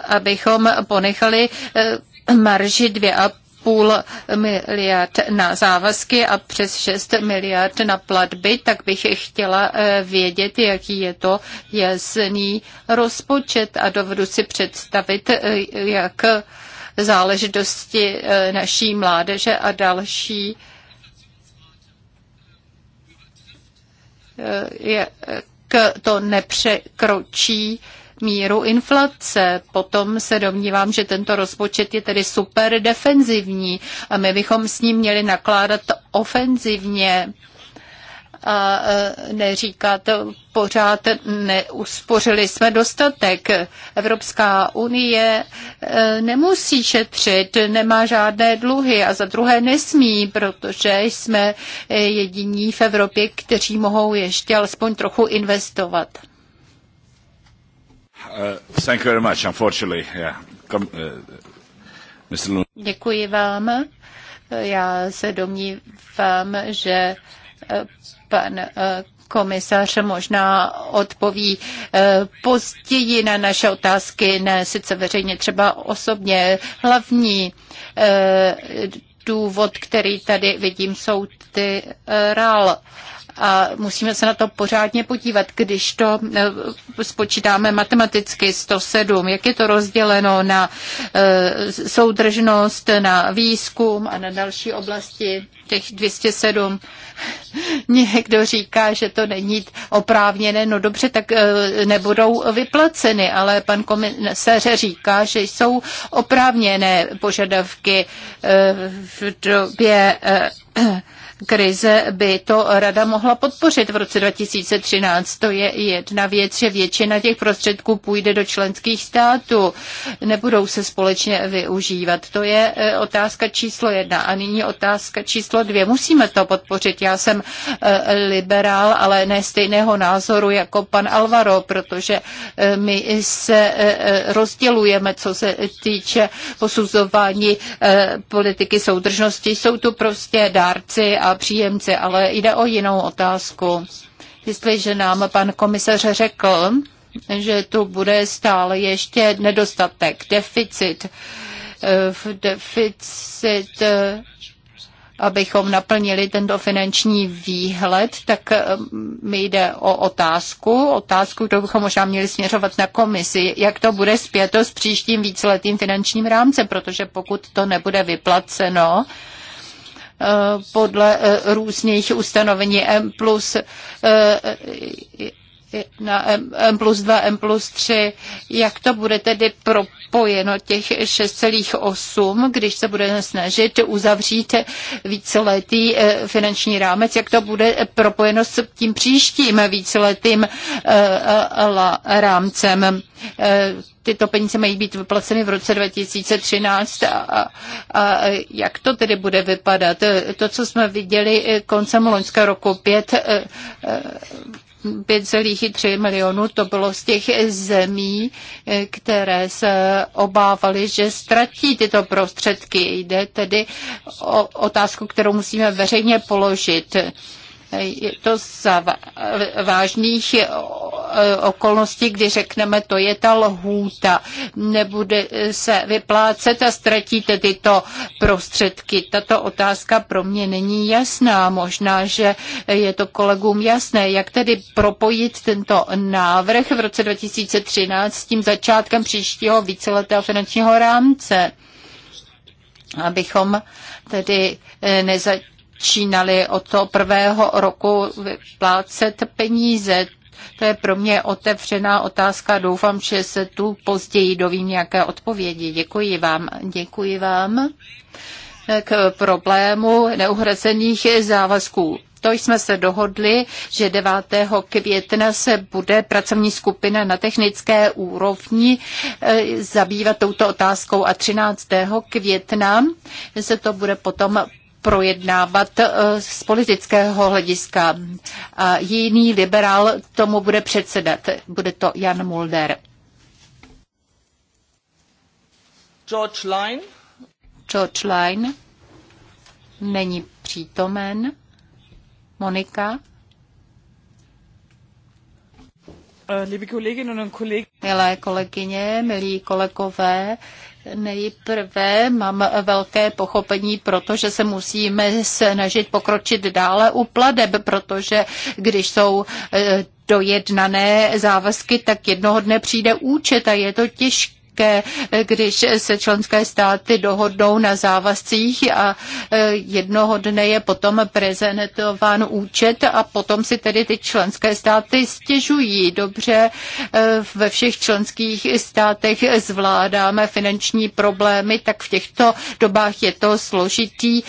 abychom ponechali eh, marži 2,5 půl miliard na závazky a přes 6 miliard na platby, tak bych chtěla eh, vědět, jaký je to jasný rozpočet a dovedu si představit, eh, jak záležitosti naší mládeže a další jak to nepřekročí míru inflace. Potom se domnívám, že tento rozpočet je tedy super defenzivní a my bychom s ním měli nakládat ofenzivně a e, neříkat pořád neuspořili jsme dostatek. Evropská unie e, nemusí šetřit, nemá žádné dluhy a za druhé nesmí, protože jsme jediní v Evropě, kteří mohou ještě alespoň trochu investovat. Uh, thank you very much, unfortunately. Yeah. Come, uh, Děkuji vám. Já se domnívám, že uh, pan uh, komisař možná odpoví později na naše otázky, ne sice veřejně, třeba osobně. Hlavní důvod, který tady vidím, jsou ty RAL a musíme se na to pořádně podívat. Když to eh, spočítáme matematicky 107, jak je to rozděleno na eh, soudržnost, na výzkum a na další oblasti těch 207. (laughs) Někdo říká, že to není oprávněné, no dobře, tak eh, nebudou vyplaceny, ale pan komisař říká, že jsou oprávněné požadavky v době krize by to rada mohla podpořit v roce 2013. To je jedna věc, že většina těch prostředků půjde do členských států. Nebudou se společně využívat. To je eh, otázka číslo jedna. A nyní otázka číslo dvě. Musíme to podpořit. Já jsem eh, liberál, ale ne stejného názoru jako pan Alvaro, protože eh, my se rozdělujeme, co se týče posuzování politiky soudržnosti. Jsou tu prostě dárci a příjemci, ale jde o jinou otázku. Jestliže nám pan komisař řekl, že tu bude stále ještě nedostatek, deficit, eh, v deficit eh, abychom naplnili tento finanční výhled, tak eh, mi jde o otázku, otázku, kterou bychom možná měli směřovat na komisi, jak to bude zpěto s příštím víceletým finančním rámcem, protože pokud to nebude vyplaceno, podle eh, různých ustanovení M plus eh, na M plus 2, M plus 3, jak to bude tedy propojeno těch 6,8, když se budeme snažit uzavřít víceletý eh, finanční rámec, jak to bude propojeno s tím příštím víceletým eh, eh, rámcem. Tyto peníze mají být vyplaceny v roce 2013 a, a jak to tedy bude vypadat? To, co jsme viděli koncem loňského roku, pět 5,3 milionů to bylo z těch zemí, eh, které se obávaly, že ztratí tyto prostředky. Jde tedy o otázku, kterou musíme veřejně položit. Je to za vážných eh, okolností, kdy řekneme, to je ta lhůta, nebude se vyplácet a ztratíte tyto prostředky. Tato otázka pro mě není jasná. Možná, že je to kolegům jasné, jak tedy propojit tento návrh v roce 2013 s tím začátkem příštího víceletého finančního rámce abychom tedy eh, nezačali začínali od toho prvého roku vyplácet peníze. To je pro mě otevřená otázka. Doufám, že se tu později dovím nějaké odpovědi. Děkuji vám. Děkuji vám k problému neuhrazených závazků. To jsme se dohodli, že 9. května se bude pracovní skupina na technické úrovni eh, zabývat touto otázkou a 13. května se to bude potom projednávat eh, z politického hlediska. A jiný liberál tomu bude předsedat. Bude to Jan Mulder. George Line. George Line není přítomen. Monika. Eh, Milé kolegyně, milí kolegové, Nejprve mám velké pochopení, protože se musíme snažit pokročit dále u pladeb, protože když jsou eh, dojednané závazky, tak jednoho dne přijde účet a je to těžké také, když se členské státy dohodnou na závazcích a e, jednoho dne je potom prezentován účet a potom si tedy ty členské státy stěžují. Dobře, e, ve všech členských státech zvládáme finanční problémy, tak v těchto dobách je to složitý e,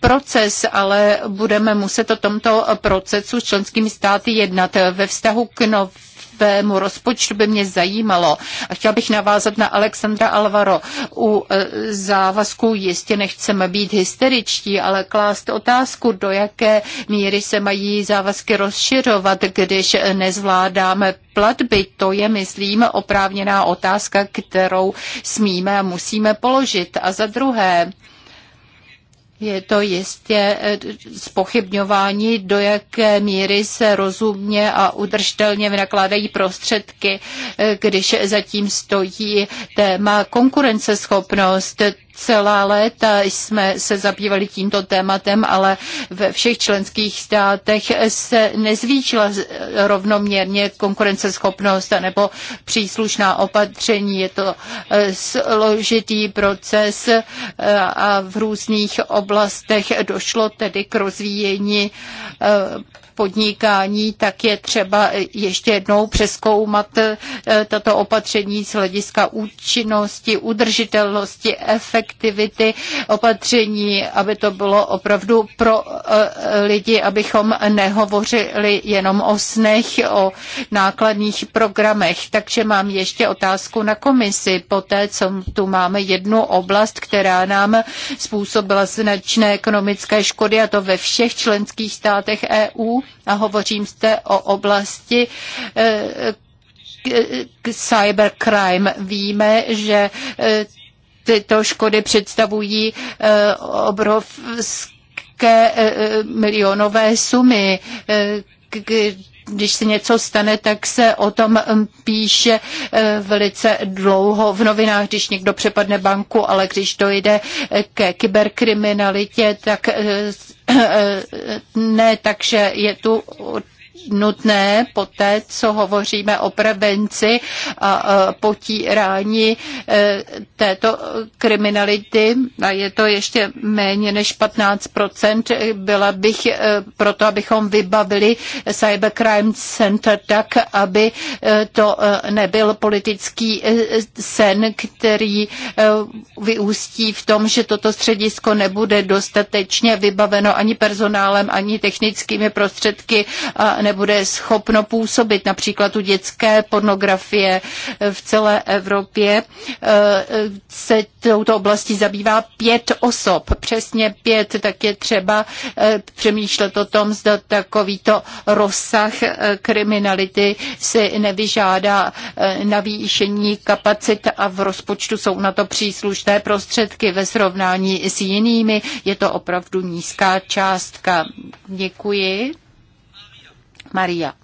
proces, ale budeme muset o tomto procesu s členskými státy jednat ve vztahu k novým svému rozpočtu by mě zajímalo. A chtěl bych navázat na Alexandra Alvaro. U e, závazků jistě nechceme být hysteričtí, ale klást otázku, do jaké míry se mají závazky rozšiřovat, když nezvládáme platby. To je, myslím, oprávněná otázka, kterou smíme a musíme položit. A za druhé, je to jistě spochybňování, eh, do jaké míry se rozumně a udržitelně vynakládají prostředky, eh, když zatím stojí téma konkurenceschopnost celá léta jsme se zabývali tímto tématem, ale ve všech členských státech se nezvýšila rovnoměrně konkurenceschopnost nebo příslušná opatření. Je to eh, složitý proces eh, a v různých oblastech došlo tedy k rozvíjení eh, podnikání, tak je třeba ještě jednou přeskoumat eh, tato opatření z hlediska účinnosti, udržitelnosti, efektivity opatření, aby to bylo opravdu pro eh, lidi, abychom nehovořili jenom o snech, o nákladných programech. Takže mám ještě otázku na komisi. Poté, co tu máme jednu oblast, která nám způsobila značné ekonomické škody, a to ve všech členských státech EU, a hovořím zde o oblasti eh, cybercrime. Víme, že eh, tyto škody představují eh, obrovské milionové sumy, když se něco stane, tak se o tom um, píše uh, velice dlouho v novinách, když někdo přepadne banku, ale když dojde uh, ke kyberkriminalitě, tak uh, (coughs) ne, takže je tu nutné po té, co hovoříme o prevenci a potírání e, této kriminality, a je to ještě méně než 15%, byla bych e, proto, abychom vybavili Cybercrime Center tak, aby e, to nebyl politický sen, který vyústí v tom, že toto středisko nebude dostatečně vybaveno ani personálem, ani technickými prostředky a nebude schopno působit, například u dětské pornografie v celé Evropě eh, se touto oblastí zabývá pět osob, přesně pět, tak je třeba eh, přemýšlet o tom, zda takovýto rozsah eh, kriminality si nevyžádá navýšení kapacit a v rozpočtu jsou na to příslušné prostředky ve srovnání s jinými. Je to opravdu nízká částka. Děkuji. Maria.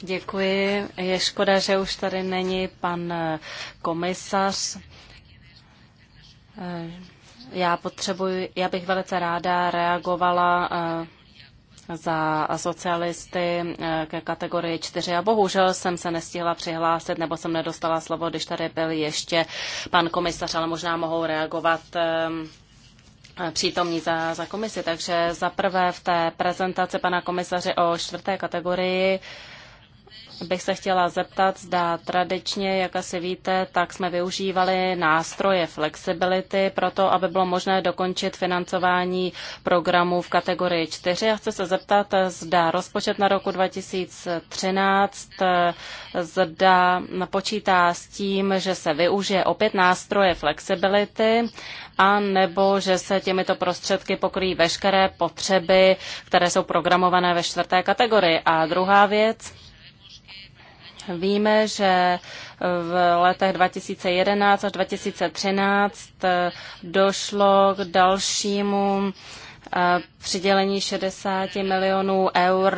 Děkuji. Je škoda, že už tady není pan eh, komisař. Eh, já potřebuji, já bych velice ráda reagovala eh, za socialisty eh, ke kategorii 4 a bohužel jsem se nestihla přihlásit nebo jsem nedostala slovo, když tady byl ještě pan komisař, ale možná mohou reagovat eh, přítomní za, za komisi. Takže zaprvé v té prezentaci pana komisaře o čtvrté kategorii bych se chtěla zeptat, zda tradičně, jak asi víte, tak jsme využívali nástroje flexibility pro to, aby bylo možné dokončit financování programů v kategorii 4. A chci se zeptat, zda rozpočet na roku 2013, zda počítá s tím, že se využije opět nástroje flexibility, a nebo že se těmito prostředky pokryjí veškeré potřeby, které jsou programované ve čtvrté kategorii. A druhá věc, Víme, že v letech 2011 až 2013 eh, došlo k dalšímu eh, přidělení 60 milionů eur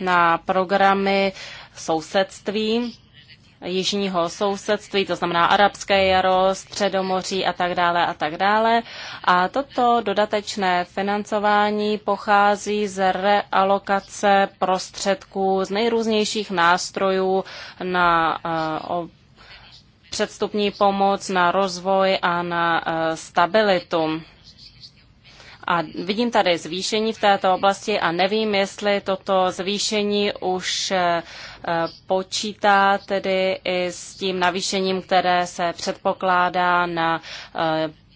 na programy sousedství jižního sousedství, to znamená arabské jaro, středomoří a tak dále a tak dále. A toto dodatečné financování pochází z realokace prostředků z nejrůznějších nástrojů na eh, předstupní pomoc, na rozvoj a na eh, stabilitu a vidím tady zvýšení v této oblasti a nevím, jestli toto zvýšení už eh, počítá tedy i s tím navýšením, které se předpokládá na eh,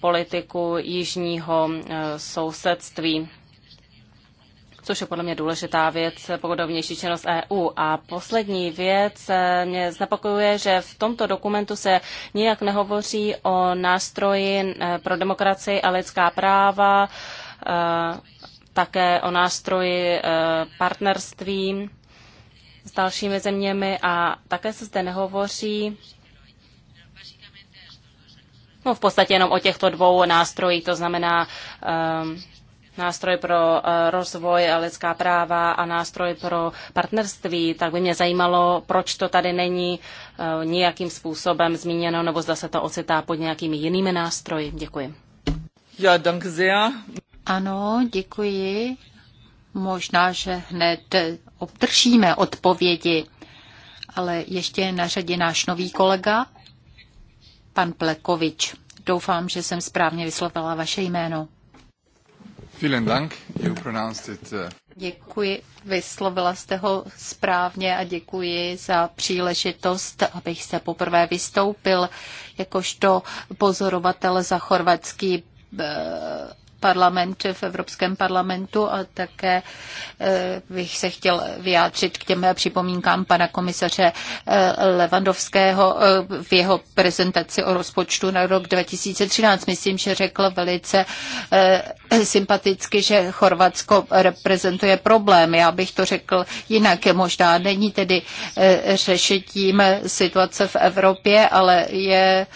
politiku jižního eh, sousedství což je podle mě důležitá věc, pokud o vnější činnost EU. A poslední věc mě znepokojuje, že v tomto dokumentu se nijak nehovoří o nástroji pro demokracii a lidská práva, Eh, také o nástroji eh, partnerství s dalšími zeměmi a také se zde nehovoří no, v podstatě jenom o těchto dvou nástrojích, to znamená ehm, nástroj pro eh, rozvoj a lidská práva a nástroj pro partnerství, tak by mě zajímalo, proč to tady není nějakým způsobem zmíněno, nebo zda se to ocitá pod nějakými jinými nástroji. Děkuji. Ja, danke sehr. Ano, děkuji. Možná, že hned obdržíme odpovědi, ale ještě je na řadě náš nový kolega, pan Plekovič. Doufám, že jsem správně vyslovila vaše jméno. Eh, děkuji, vyslovila jste ho správně a děkuji za příležitost, abych se poprvé vystoupil jakožto pozorovatel za chorvatský eh, parlament v Evropském parlamentu a také eh, bych se chtěl vyjádřit k těm připomínkám pana komisaře eh, Levandovského eh, v jeho prezentaci o rozpočtu na rok 2013. Myslím, že řekl velice sympaticky, že Chorvatsko reprezentuje problém. Já bych to řekl jinak. Možná není tedy řešitím situace v Evropě, ale je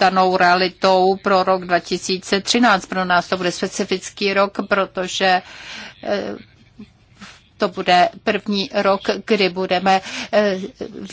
danou realitou pro rok 2013. 2013. Pro nás to bude specifický rok, protože eh, to bude první rok, kdy budeme eh,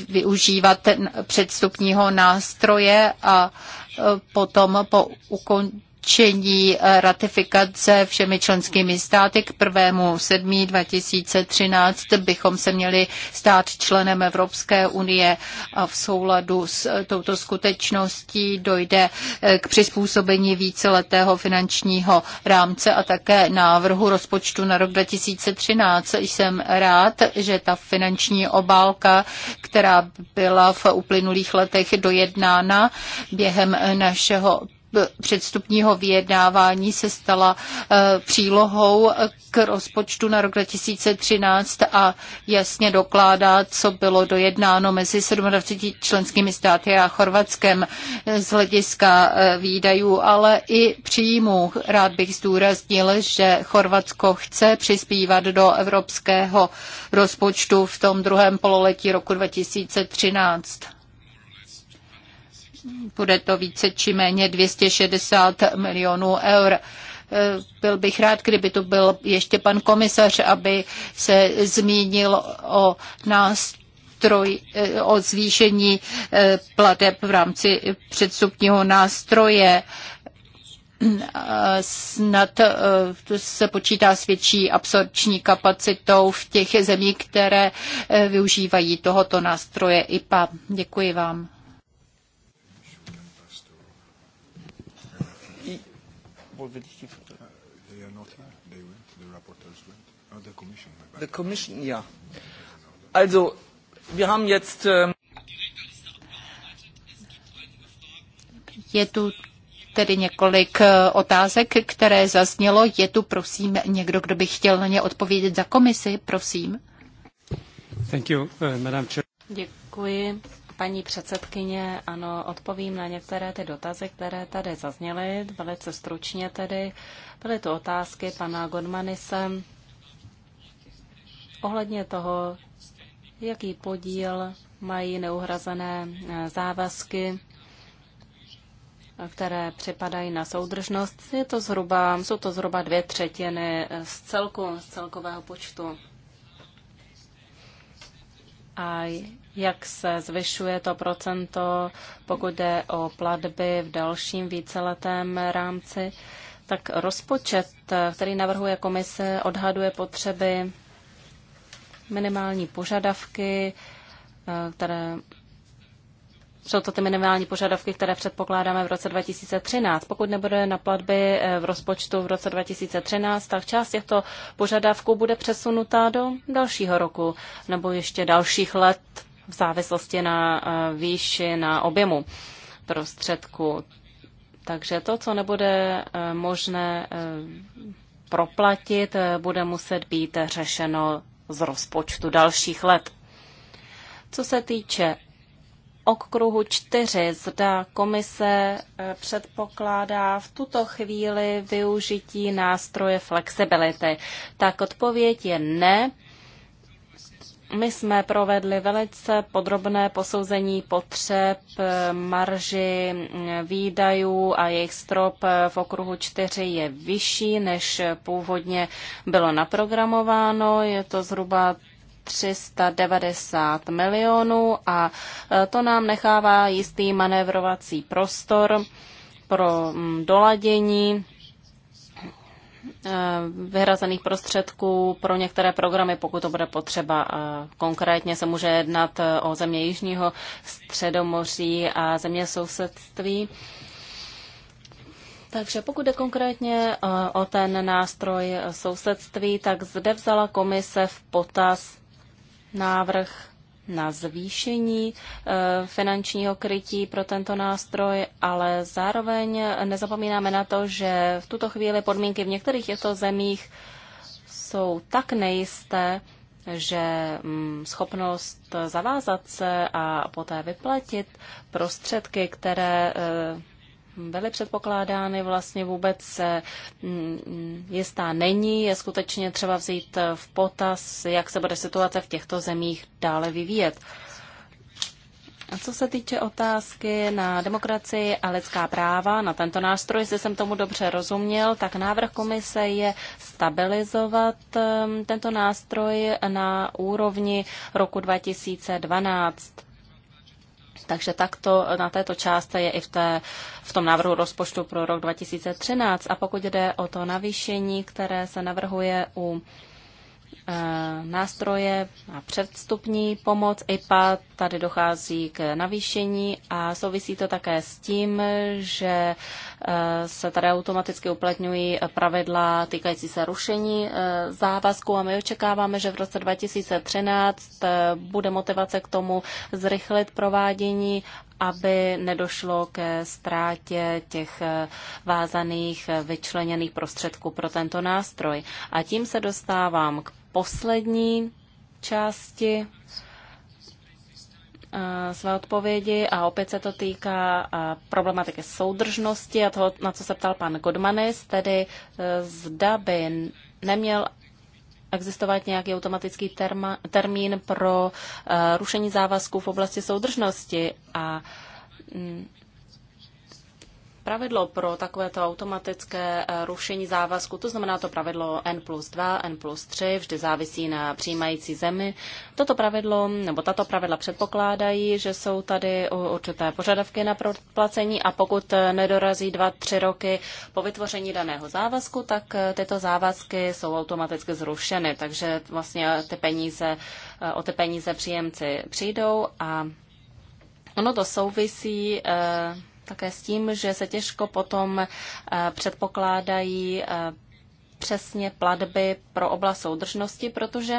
využívat předstupního nástroje a eh, potom po ukončení ukončení eh, ratifikace všemi členskými státy k 1. 7. 2013 bychom se měli stát členem Evropské unie a v souladu s eh, touto skutečností dojde eh, k přizpůsobení víceletého finančního rámce a také návrhu rozpočtu na rok 2013. Jsem rád, že ta finanční obálka, která byla v uplynulých letech dojednána během našeho předstupního vyjednávání se stala eh, přílohou k rozpočtu na rok 2013 a jasně dokládá, co bylo dojednáno mezi 27 členskými státy a Chorvatskem eh, z hlediska eh, výdajů, ale i příjmů. Rád bych zdůraznil, že Chorvatsko chce přispívat do evropského rozpočtu v tom druhém pololetí roku 2013. Bude to více či méně 260 milionů eur e, byl bych rád, kdyby to byl ještě pan komisař, aby se zmínil o nástroj, e, o zvýšení e, plateb v rámci předstupního nástroje. Snad se počítá s větší absorpční kapacitou v těch zemích, které využívají tohoto nástroje IPA. Děkuji vám. or did he? They are not here. They went. The rapporteurs went. Oh, the commission. The commission, yeah. Also, wir haben jetzt... Ähm Je tu tedy několik eh, otázek, které zaznělo. Je tu, prosím, někdo, kdo by chtěl na ně odpovědět za komisi, prosím. Thank you, uh, madam chair. Děkuji, paní předsedkyně, ano, odpovím na některé ty dotazy, které tady zazněly, velice stručně tedy. Byly to otázky pana Godmanise ohledně toho, jaký podíl mají neuhrazené eh, závazky, které připadají na soudržnost. Je to zhruba, jsou to zhruba dvě třetiny eh, z, celku, z celkového počtu. A jak se zvyšuje to procento, pokud jde o platby v dalším víceletém rámci, tak rozpočet, který navrhuje komise, odhaduje potřeby minimální požadavky, eh, které jsou to ty minimální požadavky, které předpokládáme v roce 2013. Pokud nebude na platby eh, v rozpočtu v roce 2013, tak část těchto požadavků bude přesunuta do dalšího roku nebo ještě dalších let v závislosti na eh, výši, na objemu prostředku. Takže to, co nebude eh, možné eh, proplatit, bude muset být řešeno z rozpočtu dalších let. Co se týče okruhu 4, zda komise předpokládá v tuto chvíli využití nástroje flexibility, tak odpověď je ne, my jsme provedli velice podrobné posouzení potřeb, marži výdajů a jejich strop v okruhu 4 je vyšší, než původně bylo naprogramováno. Je to zhruba 390 milionů a e, to nám nechává jistý manévrovací prostor pro mm, doladění Eh, vyhrazených prostředků pro některé programy, pokud to bude potřeba. A konkrétně se může jednat eh, o země Jižního středomoří a země sousedství. Takže pokud jde konkrétně eh, o ten nástroj sousedství, tak zde vzala komise v potaz návrh na zvýšení eh, finančního krytí pro tento nástroj, ale zároveň nezapomínáme na to, že v tuto chvíli podmínky v některých těchto zemích jsou tak nejisté, že mm, schopnost zavázat se a poté vyplatit prostředky, které eh, byly předpokládány, vlastně vůbec mm, mm, jistá není. Je skutečně třeba vzít v potaz, jak se bude situace v těchto zemích dále vyvíjet. A co se týče otázky na demokracii a lidská práva, na tento nástroj, jestli jsem tomu dobře rozuměl, tak návrh komise je stabilizovat ehm, tento nástroj na úrovni roku 2012. Takže takto na této části je i v, té, v tom návrhu rozpočtu pro rok 2013. A pokud jde o to navýšení, které se navrhuje u eh, nástroje a předstupní pomoc IPA. Tady dochází k navýšení a souvisí to také s tím, že Eh, se tady automaticky uplatňují pravidla týkající se rušení eh, závazku a my očekáváme, že v roce 2013 eh, bude motivace k tomu zrychlit provádění aby nedošlo ke ztrátě těch vázaných vyčleněných prostředků pro tento nástroj. A tím se dostávám k poslední části Eh, své odpovědi a opět se to týká eh, problematiky soudržnosti a toho, na co se ptal pan Godmanis, tedy eh, zda by neměl existovat nějaký automatický terma, termín pro rušení závazků v oblasti soudržnosti a mm, pravidlo pro takovéto automatické eh, rušení závazku, to znamená to pravidlo N plus 2, N plus 3, vždy závisí na přijímající zemi. Toto pravidlo, nebo tato pravidla předpokládají, že jsou tady určité požadavky na proplacení a pokud eh, nedorazí 2-3 roky po vytvoření daného závazku, tak eh, tyto závazky jsou automaticky zrušeny, takže vlastně ty peníze, o ty peníze příjemci přijdou a Ono to souvisí také s tím, že se těžko potom eh, předpokládají eh, přesně platby pro oblast soudržnosti, protože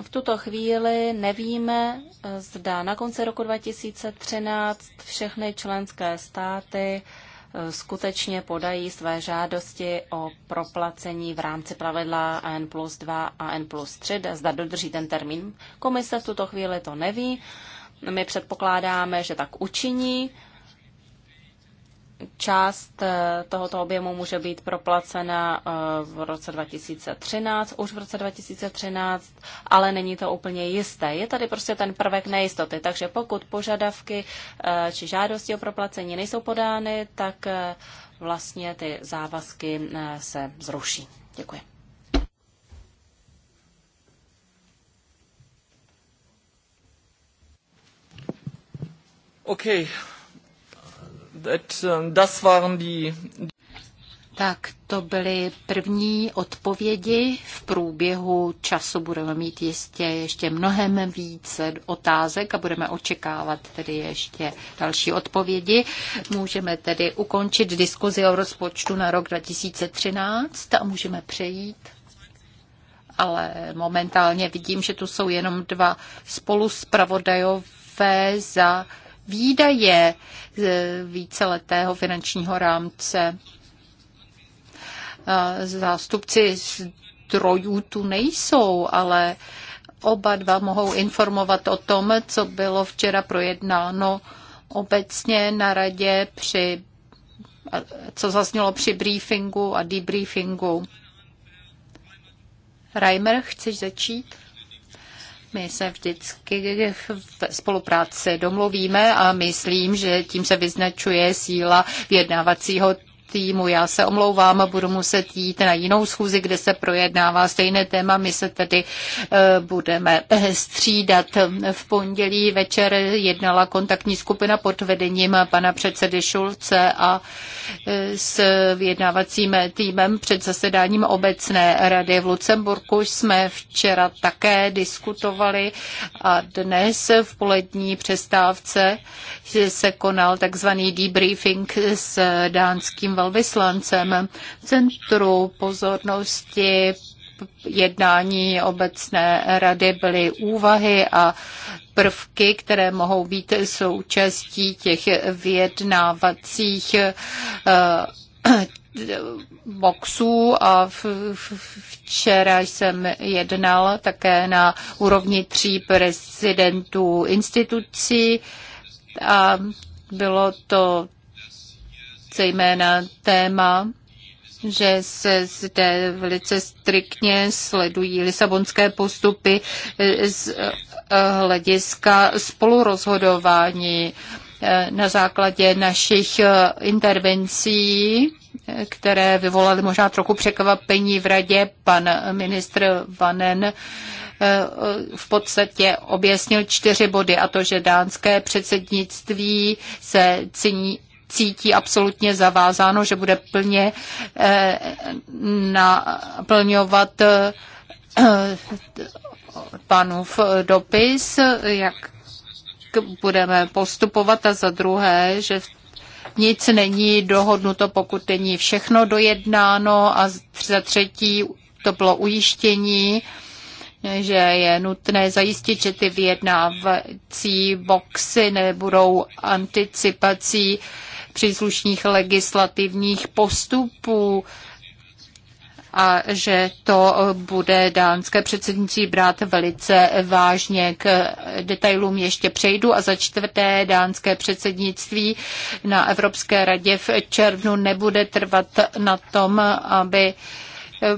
v tuto chvíli nevíme, eh, zda na konci roku 2013 všechny členské státy skutečně podají své žádosti o proplacení v rámci pravidla AN plus 2 a N plus 3, zda dodrží ten termín. Komise v tuto chvíli to neví. My předpokládáme, že tak učiní, Část eh, tohoto objemu může být proplacena eh, v roce 2013, už v roce 2013, ale není to úplně jisté. Je tady prostě ten prvek nejistoty, takže pokud požadavky eh, či žádosti o proplacení nejsou podány, tak vlastně ty závazky se zruší. Děkuji. Okay, Eh, das waren die... Tak to byly první odpovědi. V průběhu času budeme mít jistě ještě mnohem více otázek a budeme očekávat tedy ještě další odpovědi. Můžeme tedy ukončit diskuzi o rozpočtu na rok 2013 a můžeme přejít ale momentálně vidím, že tu jsou jenom dva spoluspravodajové za výdaje z víceletého finančního rámce. Zástupci zdrojů tu nejsou, ale oba dva mohou informovat o tom, co bylo včera projednáno obecně na radě při co zaznělo při briefingu a debriefingu. Reimer, chceš začít? My se vždycky v spolupráci domluvíme a myslím, že tím se vyznačuje síla vyjednávacího týmu. Já se omlouvám, budu muset jít na jinou schůzi, kde se projednává stejné téma. My se tedy eh, budeme eh, střídat. V pondělí večer jednala kontaktní skupina pod vedením pana předsedy Šulce a eh, s vyjednávacím týmem před zasedáním obecné rady v Lucemburku jsme včera také diskutovali a dnes v polední přestávce se konal takzvaný debriefing s dánským velvyslancem. V centru pozornosti jednání obecné rady byly úvahy a prvky, které mohou být součástí těch vyjednávacích eh, (clears throat) boxů a včera jsem jednal také na úrovni tří prezidentů institucí a bylo to zejména téma, že se zde velice striktně sledují lisabonské postupy eh, z eh, hlediska spolurozhodování eh, na základě našich intervencí, které vyvolaly možná trochu překvapení v radě. Pan ministr Vanen v podstatě objasnil čtyři body a to, že dánské předsednictví se cení cítí absolutně zavázáno, že bude plně eh, naplňovat eh, panův dopis, jak budeme postupovat a za druhé, že nic není dohodnuto, pokud není všechno dojednáno a za třetí to bylo ujištění, že je nutné zajistit, že ty vyjednávací boxy nebudou anticipací eh, příslušných legislativních postupů a že to bude dánské předsednictví brát velice vážně. K detailům ještě přejdu a za čtvrté dánské předsednictví na Evropské radě v červnu nebude trvat na tom, aby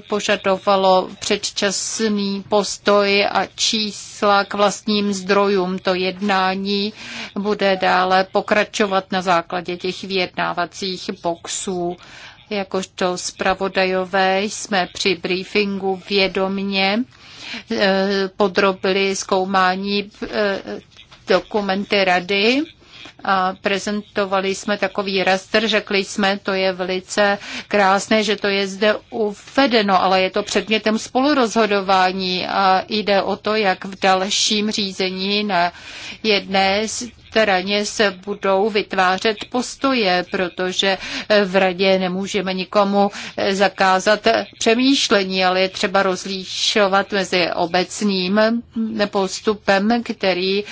požadovalo předčasný postoj a čísla k vlastním zdrojům. To jednání bude dále pokračovat na základě těch vyjednávacích boxů. Jakožto zpravodajové jsme při briefingu vědomně e, podrobili zkoumání e, dokumenty rady a prezentovali jsme takový rastr, řekli jsme, to je velice krásné, že to je zde uvedeno, ale je to předmětem spolurozhodování a jde o to, jak v dalším řízení na jedné z straně se budou vytvářet postoje, protože v radě nemůžeme nikomu zakázat přemýšlení, ale je třeba rozlišovat mezi obecným postupem, který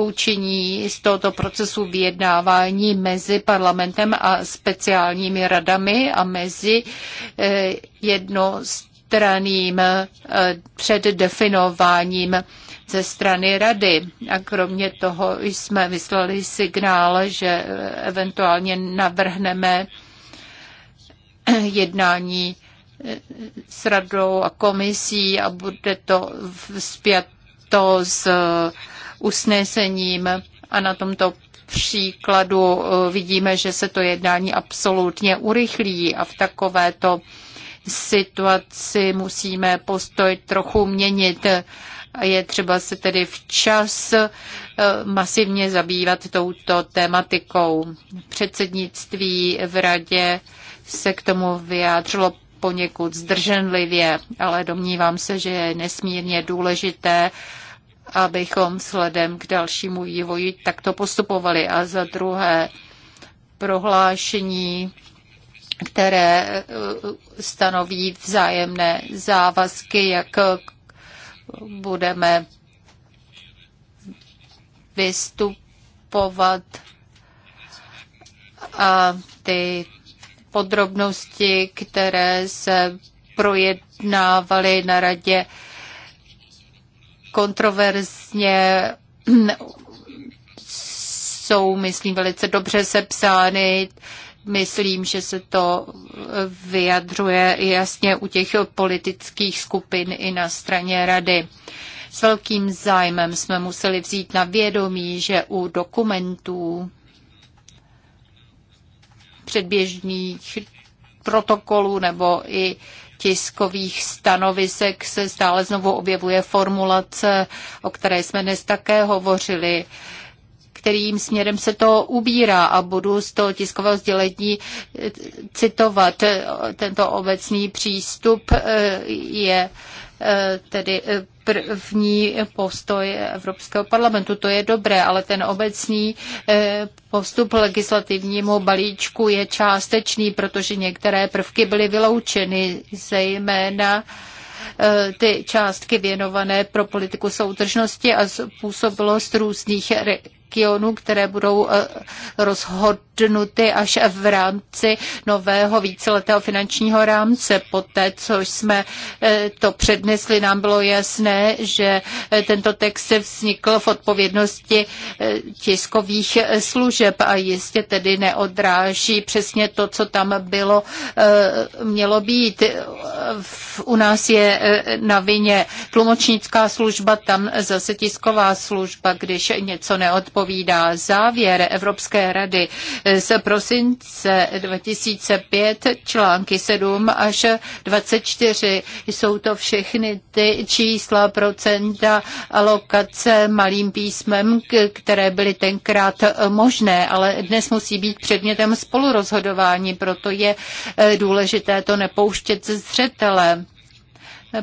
učiní z tohoto procesu vyjednávání mezi parlamentem a speciálními radami a mezi eh, jednostranným eh, předdefinováním ze strany rady. A kromě toho jsme vyslali signál, že eventuálně navrhneme jednání s radou a komisí a bude to vzpěto s usnesením a na tomto příkladu eh, vidíme, že se to jednání absolutně urychlí a v takovéto situaci musíme postoj trochu měnit a je třeba se tedy včas eh, masivně zabývat touto tématikou. Předsednictví v radě se k tomu vyjádřilo poněkud zdrženlivě, ale domnívám se, že je nesmírně důležité, abychom vzhledem k dalšímu vývoji takto postupovali. A za druhé prohlášení, které eh, stanoví vzájemné závazky jak budeme vystupovat a ty podrobnosti, které se projednávaly na radě kontroverzně, jsou, myslím, velice dobře sepsány. Myslím, že se to vyjadřuje jasně u těch politických skupin i na straně rady. S velkým zájmem jsme museli vzít na vědomí, že u dokumentů předběžných protokolů nebo i tiskových stanovisek se stále znovu objevuje formulace, o které jsme dnes také hovořili kterým směrem se to ubírá a budu z toho tiskového sdělení eh, citovat. Tento obecný přístup eh, je eh, tedy první postoj Evropského parlamentu. To je dobré, ale ten obecný postup legislativnímu balíčku je částečný, protože některé prvky byly vyloučeny, zejména ty částky věnované pro politiku soudržnosti a způsobilost různých regionů, které budou eh, rozhodnuty až v rámci nového víceletého finančního rámce. Poté, co jsme eh, to přednesli, nám bylo jasné, že eh, tento text vznikl v odpovědnosti tiskových služeb a jistě tedy neodráží přesně to, co tam bylo, mělo být. U nás je na vině tlumočnická služba, tam zase tisková služba, když něco neodpovídá odpovídá. Závěr Evropské rady z prosince 2005 články 7 až 24. Jsou to všechny ty čísla procenta alokace malým písmem, které byly tenkrát možné, ale dnes musí být předmětem spolurozhodování, proto je eh, důležité to nepouštět ze zřetele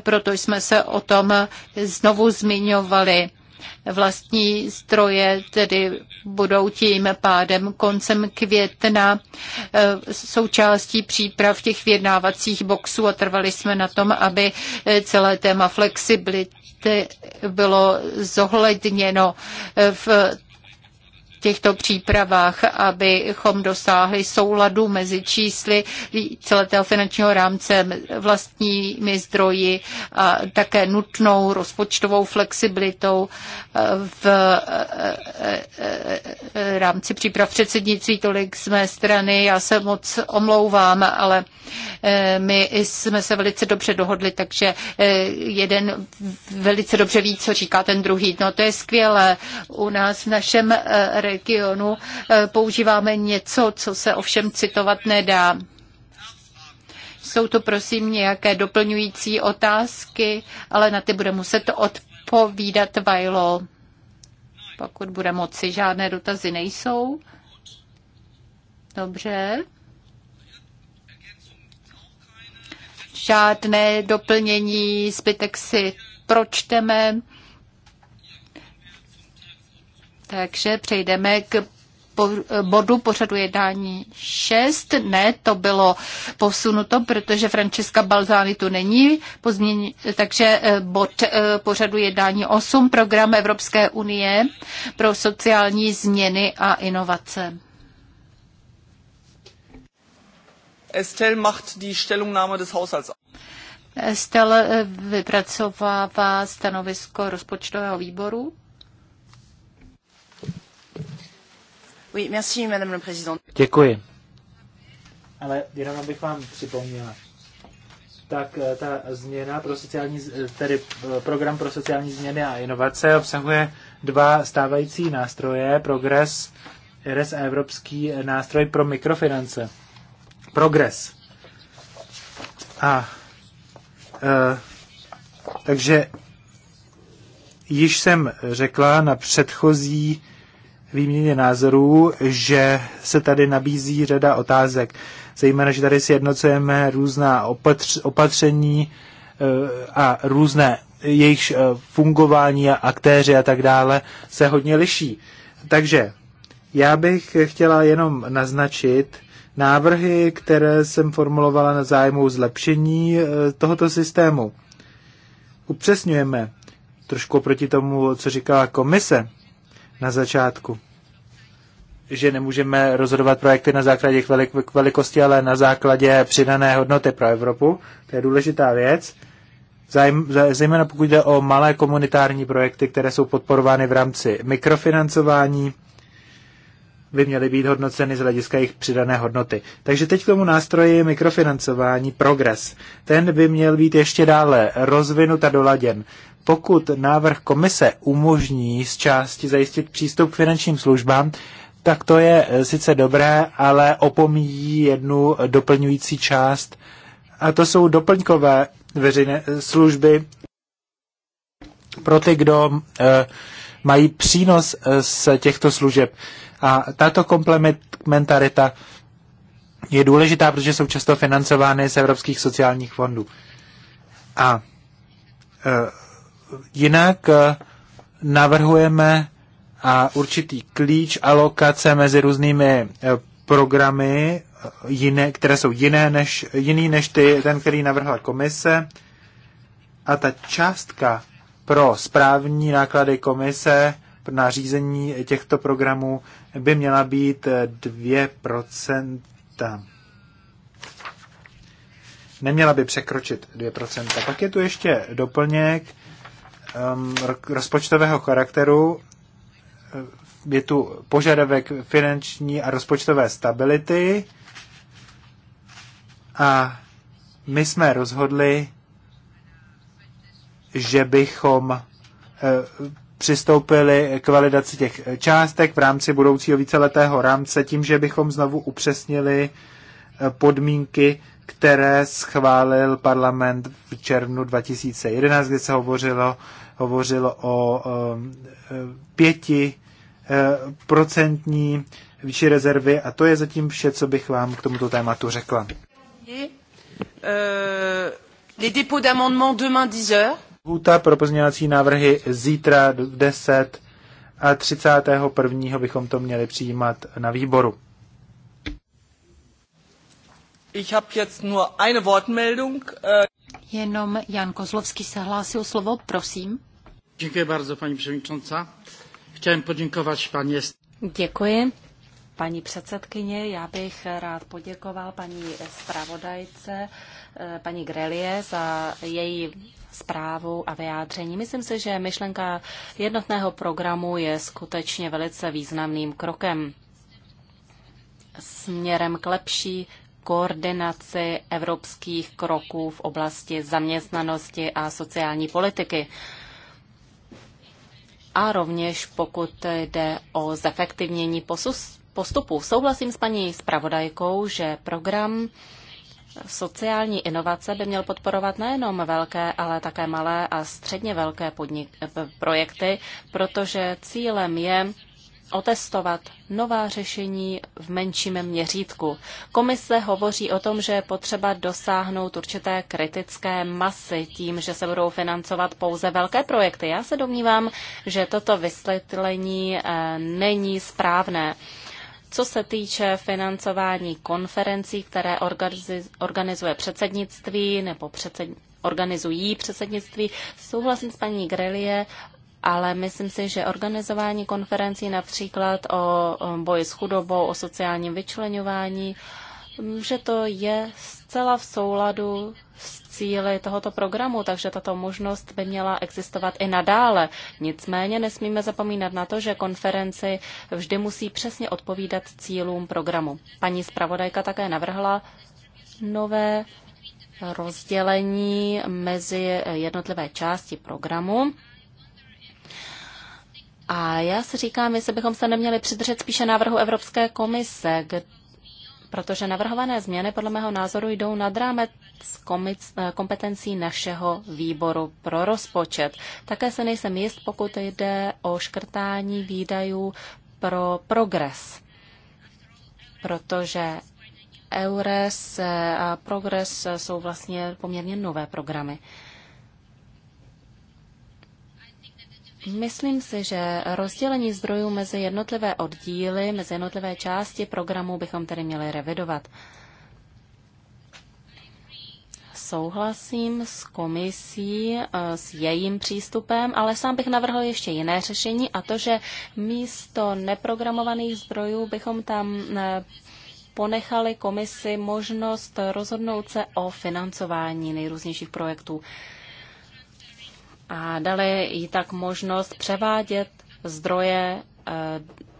proto jsme se o tom znovu zmiňovali vlastní stroje, tedy budou tím pádem koncem května eh, součástí příprav těch vyjednávacích boxů a trvali jsme na tom, aby eh, celé téma flexibility bylo zohledněno eh, v těchto přípravách, abychom dosáhli souladu mezi čísly celého finančního rámce vlastními zdroji a také nutnou rozpočtovou flexibilitou v e, e, e, rámci příprav předsednictví. Tolik z mé strany. Já se moc omlouvám, ale my jsme se velice dobře dohodli, takže jeden velice dobře ví, co říká ten druhý. No to je skvělé. U nás v našem regionu eh, používáme něco, co se ovšem citovat nedá. Jsou to prosím nějaké doplňující otázky, ale na ty bude muset odpovídat Vajlo. Pokud bude moci, žádné dotazy nejsou. Dobře. Žádné doplnění, zbytek si pročteme. Takže přejdeme k bodu pořadu jednání 6. Ne, to bylo posunuto, protože Francesca Balzány tu není. Pozměň, takže eh, bod eh, pořadu jednání 8. Program Evropské unie pro sociální změny a inovace. Estelle macht die Stellungnahme des Haushalts. Estelle eh, vypracovává stanovisko rozpočtového výboru. Děkuji. Ale jenom bych vám připomněla, tak eh, ta změna pro sociální, eh, tedy eh, program pro sociální změny a inovace obsahuje dva stávající nástroje, Progress, RS a Evropský nástroj pro mikrofinance. Progress. A e, takže již jsem řekla na předchozí výměně názorů, že se tady nabízí řada otázek. Zejména, že tady sjednocujeme různá opatř, opatření eh, a různé jejich eh, fungování a aktéři a tak dále se hodně liší. Takže já bych chtěla jenom naznačit návrhy, které jsem formulovala na zájmu zlepšení eh, tohoto systému. Upřesňujeme trošku proti tomu, co říkala komise na začátku že nemůžeme rozhodovat projekty na základě jejich velikosti, ale na základě přidané hodnoty pro Evropu. To je důležitá věc. Zejména pokud jde o malé komunitární projekty, které jsou podporovány v rámci mikrofinancování, by měly být hodnoceny z hlediska jejich přidané hodnoty. Takže teď k tomu nástroji mikrofinancování Progress. Ten by měl být ještě dále rozvinut a doladěn. Pokud návrh komise umožní z části zajistit přístup k finančním službám, tak to je eh, sice dobré, ale opomíjí jednu doplňující část. A to jsou doplňkové veřejné eh, služby pro ty, kdo eh, mají přínos z těchto služeb. A tato komplementarita je důležitá, protože jsou často financovány z evropských sociálních fondů. A jinak navrhujeme a určitý klíč alokace mezi různými eh, programy, eh, jiné, které jsou jiné než, jiný než ty, ten, který navrhla komise. A ta částka pro správní náklady komise na řízení těchto programů by měla být 2%. Eh, Neměla by překročit 2%. Pak je tu ještě doplněk um, rozpočtového charakteru je tu požadavek finanční a rozpočtové stability a my jsme rozhodli, že bychom eh, přistoupili k validaci těch částek v rámci budoucího víceletého rámce tím, že bychom znovu upřesnili eh, podmínky, které schválil parlament v červnu 2011, kdy se hovořilo hovořil o pěti e, procentní výši rezervy a to je zatím vše, co bych vám k tomuto tématu řekla. E, les dépôts d'amendements demain 10 heures. Lhůta pro pozměňovací návrhy zítra v 10 a 31. bychom to měli přijímat na výboru. Ich habe jetzt nur eine Wortmeldung. Äh, Jenom Jan Kozlovský se hlásil slovo, prosím. Děkuji bardzo, paní předsedkyně. Chtěl poděkovat paní. Děkuji. Paní předsedkyně, já bych rád poděkoval paní zpravodajce, eh, paní Grelie za její zprávu a vyjádření. Myslím si, že myšlenka jednotného programu je skutečně velice významným krokem směrem k lepší koordinaci evropských kroků v oblasti zaměstnanosti a sociální politiky a rovněž pokud jde o zefektivnění postupů, Souhlasím s paní zpravodajkou, že program sociální inovace by měl podporovat nejenom velké, ale také malé a středně velké podnik, eh, projekty, protože cílem je otestovat nová řešení v menším měřítku. Komise hovoří o tom, že je potřeba dosáhnout určité kritické masy tím, že se budou financovat pouze velké projekty. Já se domnívám, že toto vysvětlení eh, není správné. Co se týče financování konferencí, které organizuje předsednictví nebo předsednictví, organizují předsednictví, souhlasím s paní Grelie ale myslím si, že organizování konferencí například o boji s chudobou, o sociálním vyčlenování, že to je zcela v souladu s cíly tohoto programu, takže tato možnost by měla existovat i nadále. Nicméně nesmíme zapomínat na to, že konferenci vždy musí přesně odpovídat cílům programu. Paní zpravodajka také navrhla nové rozdělení mezi jednotlivé části programu. A já si říkám, jestli bychom se neměli přidržet spíše návrhu Evropské komise, protože navrhované změny podle mého názoru jdou nad rámec eh, kompetencí našeho výboru pro rozpočet. Také se nejsem jist, pokud jde o škrtání výdajů pro progres, protože EURES eh, a progres jsou vlastně poměrně nové programy. Myslím si, že rozdělení zdrojů mezi jednotlivé oddíly, mezi jednotlivé části programu bychom tedy měli revidovat. Souhlasím s komisí, eh, s jejím přístupem, ale sám bych navrhl ještě jiné řešení a to, že místo neprogramovaných zdrojů bychom tam eh, ponechali komisi možnost rozhodnout se o financování nejrůznějších projektů a dali jí tak možnost převádět zdroje eh,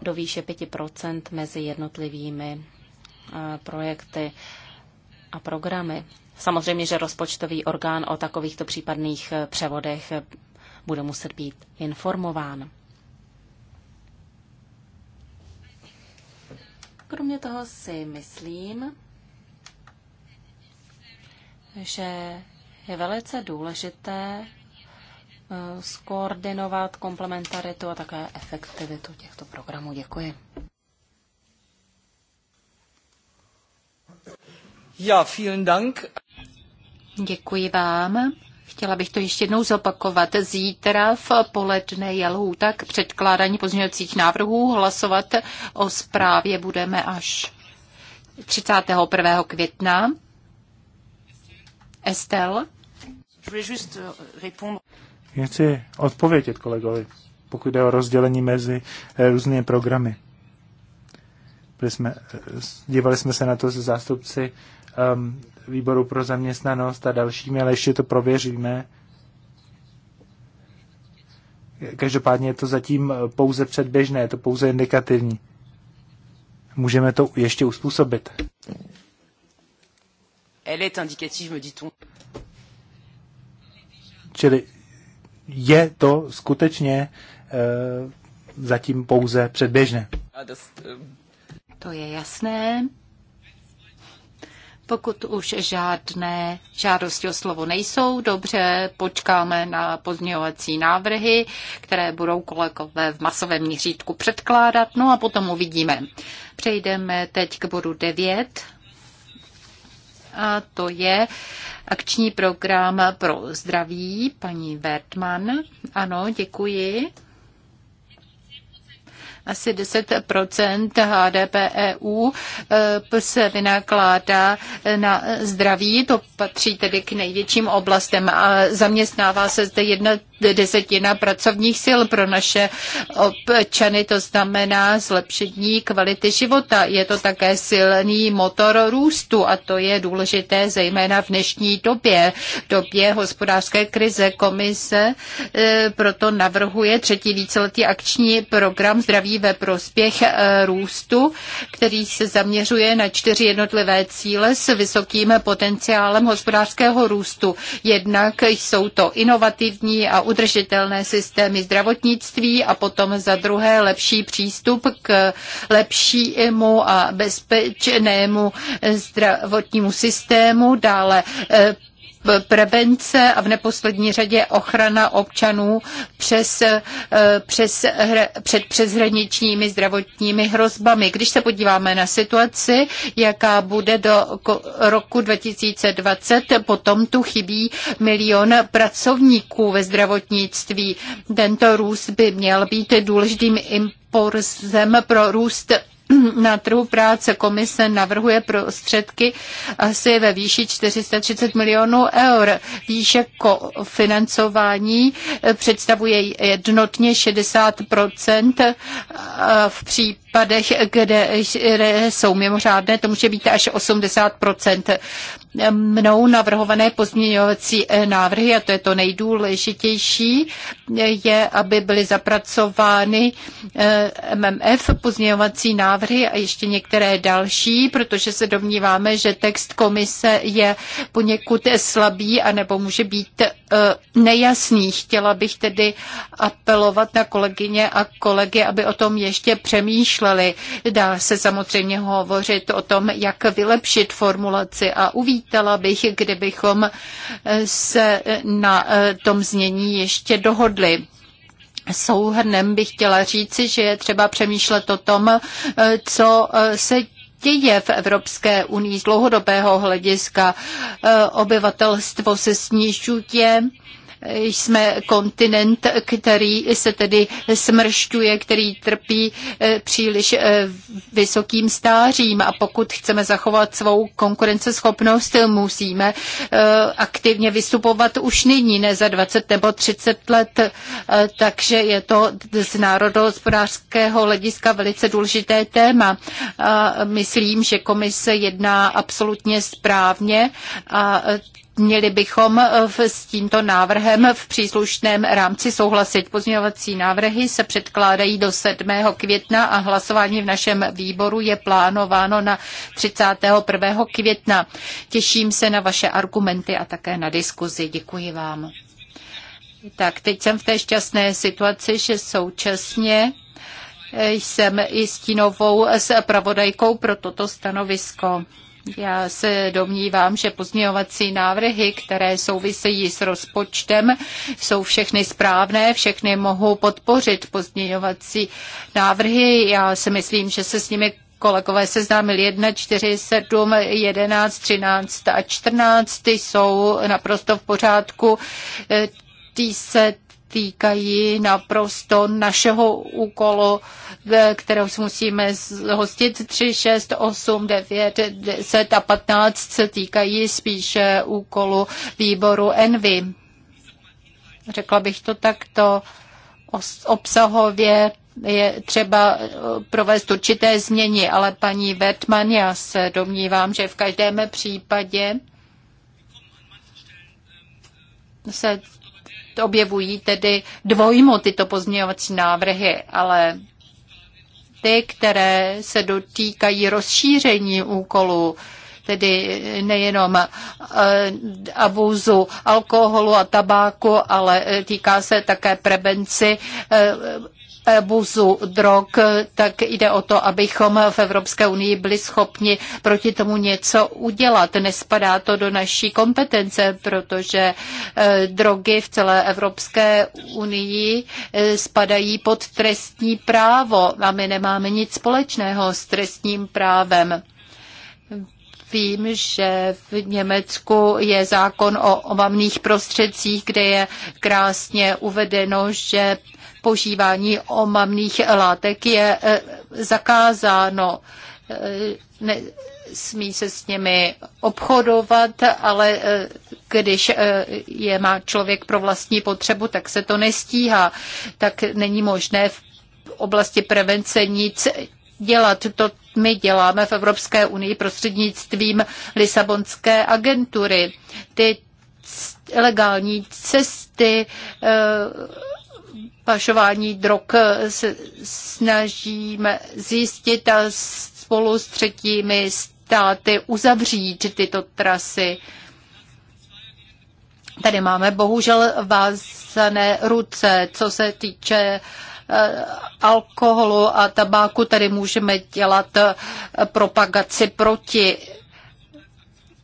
do výše 5% mezi jednotlivými eh, projekty a programy. Samozřejmě, že rozpočtový orgán o takovýchto případných eh, převodech bude muset být informován. Kromě toho si myslím, že je velice důležité Eh, skoordinovat komplementaritu a také efektivitu těchto programů. Děkuji. Ja, vielen Dank. Děkuji vám. Chtěla bych to ještě jednou zopakovat. Zítra v poledne je lhůta k předkládání pozměňovacích návrhů. Hlasovat o zprávě budeme až 31. května. Estelle? chci odpovědět kolegovi, pokud jde o rozdělení mezi eh, různými programy. Byli jsme, eh, dívali jsme se na to se zástupci um, výboru pro zaměstnanost a dalšími, ale ještě to prověříme. Každopádně je to zatím eh, pouze předběžné, je to pouze indikativní. Můžeme to ještě uspůsobit. Elle est indicative, me dit-on. Čili je to skutečně eh, zatím pouze předběžné. To je jasné. Pokud už žádné žádosti o slovo nejsou, dobře, počkáme na pozměňovací návrhy, které budou kolegové v masovém měřítku předkládat, no a potom uvidíme. Přejdeme teď k bodu 9 a to je akční program pro zdraví, paní Bertman. Ano, děkuji. Asi 10 HDP EU se vynakládá na zdraví, to patří tedy k největším oblastem a zaměstnává se zde desetina pracovních sil pro naše občany. To znamená zlepšení kvality života. Je to také silný motor růstu a to je důležité zejména v dnešní době, v době hospodářské krize. Komise eh, proto navrhuje třetí víceletý akční program Zdraví ve prospěch eh, růstu, který se zaměřuje na čtyři jednotlivé cíle s vysokým potenciálem hospodářského růstu. Jednak jsou to inovativní a udržitelné systémy zdravotnictví a potom za druhé lepší přístup k lepšímu a bezpečnému zdravotnímu systému, dále eh, prevence a v neposlední řadě ochrana občanů přes, eh, přes, před přeshraničními zdravotními hrozbami. Když se podíváme na situaci, jaká bude do roku 2020, potom tu chybí milion pracovníků ve zdravotnictví. Tento růst by měl být důležitým impulsem pro růst (clears throat) na trhu práce komise navrhuje prostředky asi ve výši 430 milionů eur. Výše financování představuje jednotně 60 v případech, kde jsou mimořádné, to může být až 80 mnou navrhované pozměňovací eh, návrhy, a to je to nejdůležitější, je, aby byly zapracovány eh, MMF pozměňovací návrhy návrhy a ještě některé další, protože se domníváme, že text komise je poněkud slabý a nebo může být eh, nejasný. Chtěla bych tedy apelovat na kolegyně a kolegy, aby o tom ještě přemýšleli. Dá se samozřejmě hovořit o tom, jak vylepšit formulaci a uvítala bych, kdybychom eh, se na eh, tom znění ještě dohodli souhrnem bych chtěla říci, že je třeba přemýšlet o tom, eh, co eh, se děje v Evropské unii z dlouhodobého hlediska. Eh, obyvatelstvo se snižuje, jsme kontinent, který se tedy smršťuje, který trpí eh, příliš eh, vysokým stářím a pokud chceme zachovat svou konkurenceschopnost, musíme eh, aktivně vystupovat už nyní, ne za 20 nebo 30 let, takže je to z národohospodářského hlediska velice důležité téma. Myslím, že komise jedná absolutně správně a měli bychom eh, s tímto návrhem v příslušném rámci souhlasit. Pozměňovací návrhy se předkládají do 7. května a hlasování v našem výboru je plánováno na 31. května. Těším se na vaše argumenty a také na diskuzi. Děkuji vám. Tak, teď jsem v té šťastné situaci, že současně eh, jsem i stínovou s pravodajkou pro toto stanovisko. Já se domnívám, že pozměňovací návrhy, které souvisejí s rozpočtem, jsou všechny správné, všechny mohou podpořit pozměňovací návrhy. Já si myslím, že se s nimi kolegové seznámili 1, 4, 7, 11, 13 a 14 jsou naprosto v pořádku. Ty se týkají naprosto našeho úkolu, e, kterou si musíme zhostit 3, 6, 8, 9, 10 a 15 se týkají spíše úkolu výboru Envy. Řekla bych to takto obsahově je třeba e, provést určité změny, ale paní Wertmann, já se domnívám, že v každém případě se objevují tedy dvojmo tyto pozměňovací návrhy, ale ty, které se dotýkají rozšíření úkolů, tedy nejenom eh, abuzu alkoholu a tabáku, ale eh, týká se také prevenci eh, Buzu drog, tak jde o to, abychom v Evropské unii byli schopni proti tomu něco udělat. Nespadá to do naší kompetence, protože eh, drogy v celé Evropské unii eh, spadají pod trestní právo a my nemáme nic společného s trestním právem vím, že v Německu je zákon o omamných prostředcích, kde je krásně uvedeno, že požívání omamných látek je eh, zakázáno. Eh, Nesmí se s nimi obchodovat, ale eh, když je má člověk pro vlastní potřebu, tak se to nestíhá. Tak není možné v oblasti prevence nic dělat. To my děláme v Evropské unii prostřednictvím Lisabonské agentury. Ty legální cesty pašování drog se snažíme zjistit a spolu s třetími státy uzavřít tyto trasy. Tady máme bohužel vázané ruce, co se týče eh, alkoholu a tabáku, tady můžeme dělat eh, propagaci proti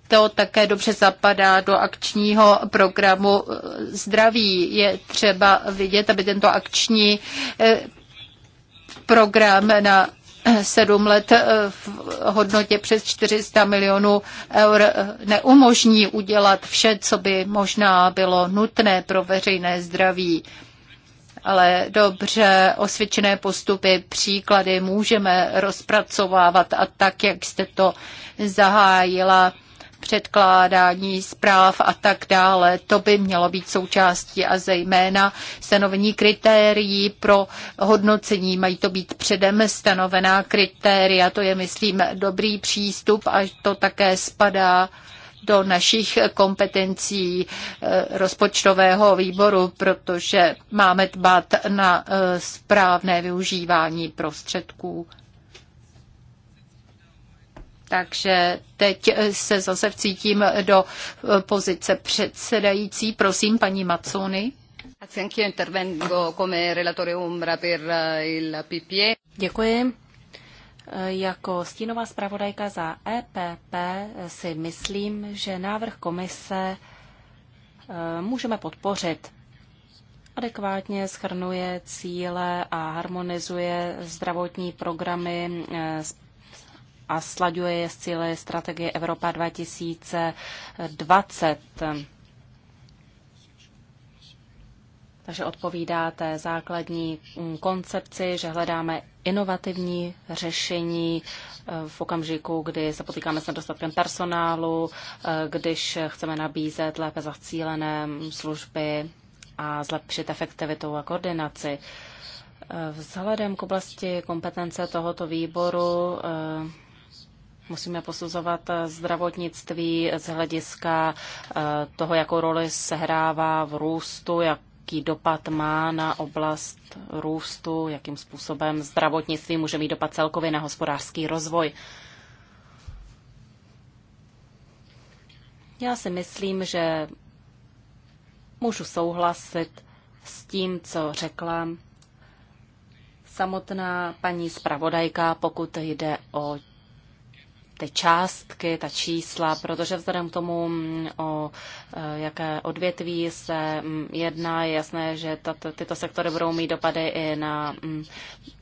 to také dobře zapadá do akčního programu eh, zdraví. Je třeba vidět, aby tento akční eh, program na eh, sedm let v hodnotě přes 400 milionů eur neumožní udělat vše, co by možná bylo nutné pro veřejné zdraví. Ale dobře osvědčené postupy, příklady můžeme rozpracovávat a tak, jak jste to zahájila, předkládání zpráv a tak dále. To by mělo být součástí a zejména stanovení kritérií pro hodnocení. Mají to být předem stanovená kritéria. To je, myslím, dobrý přístup a to také spadá do našich kompetencí eh, rozpočtového výboru, protože máme dbát na eh, správné využívání prostředků. Takže teď se zase cítím do pozice předsedající. Prosím, paní Macony. Děkuji. Jako stínová zpravodajka za EPP si myslím, že návrh komise eh, můžeme podpořit. Adekvátně schrnuje cíle a harmonizuje zdravotní programy s eh, a slaďuje je s cíly strategie Evropa 2020. Takže odpovídá té základní mm, koncepci, že hledáme inovativní řešení eh, v okamžiku, kdy se potýkáme s nedostatkem personálu, eh, když chceme nabízet lépe zacílené mm, služby a zlepšit efektivitu a koordinaci. Eh, vzhledem k oblasti kompetence tohoto výboru Musíme posuzovat eh, zdravotnictví z hlediska eh, toho, jakou roli sehrává v růstu, jak jaký dopad má na oblast růstu, jakým způsobem zdravotnictví může mít dopad celkově na hospodářský rozvoj. Já si myslím, že můžu souhlasit s tím, co řekla samotná paní zpravodajka, pokud jde o ty částky, ta čísla, protože vzhledem k tomu, mm, o e, jaké odvětví se mm, jedná, je jasné, že tato, tyto sektory budou mít dopady i na, mm,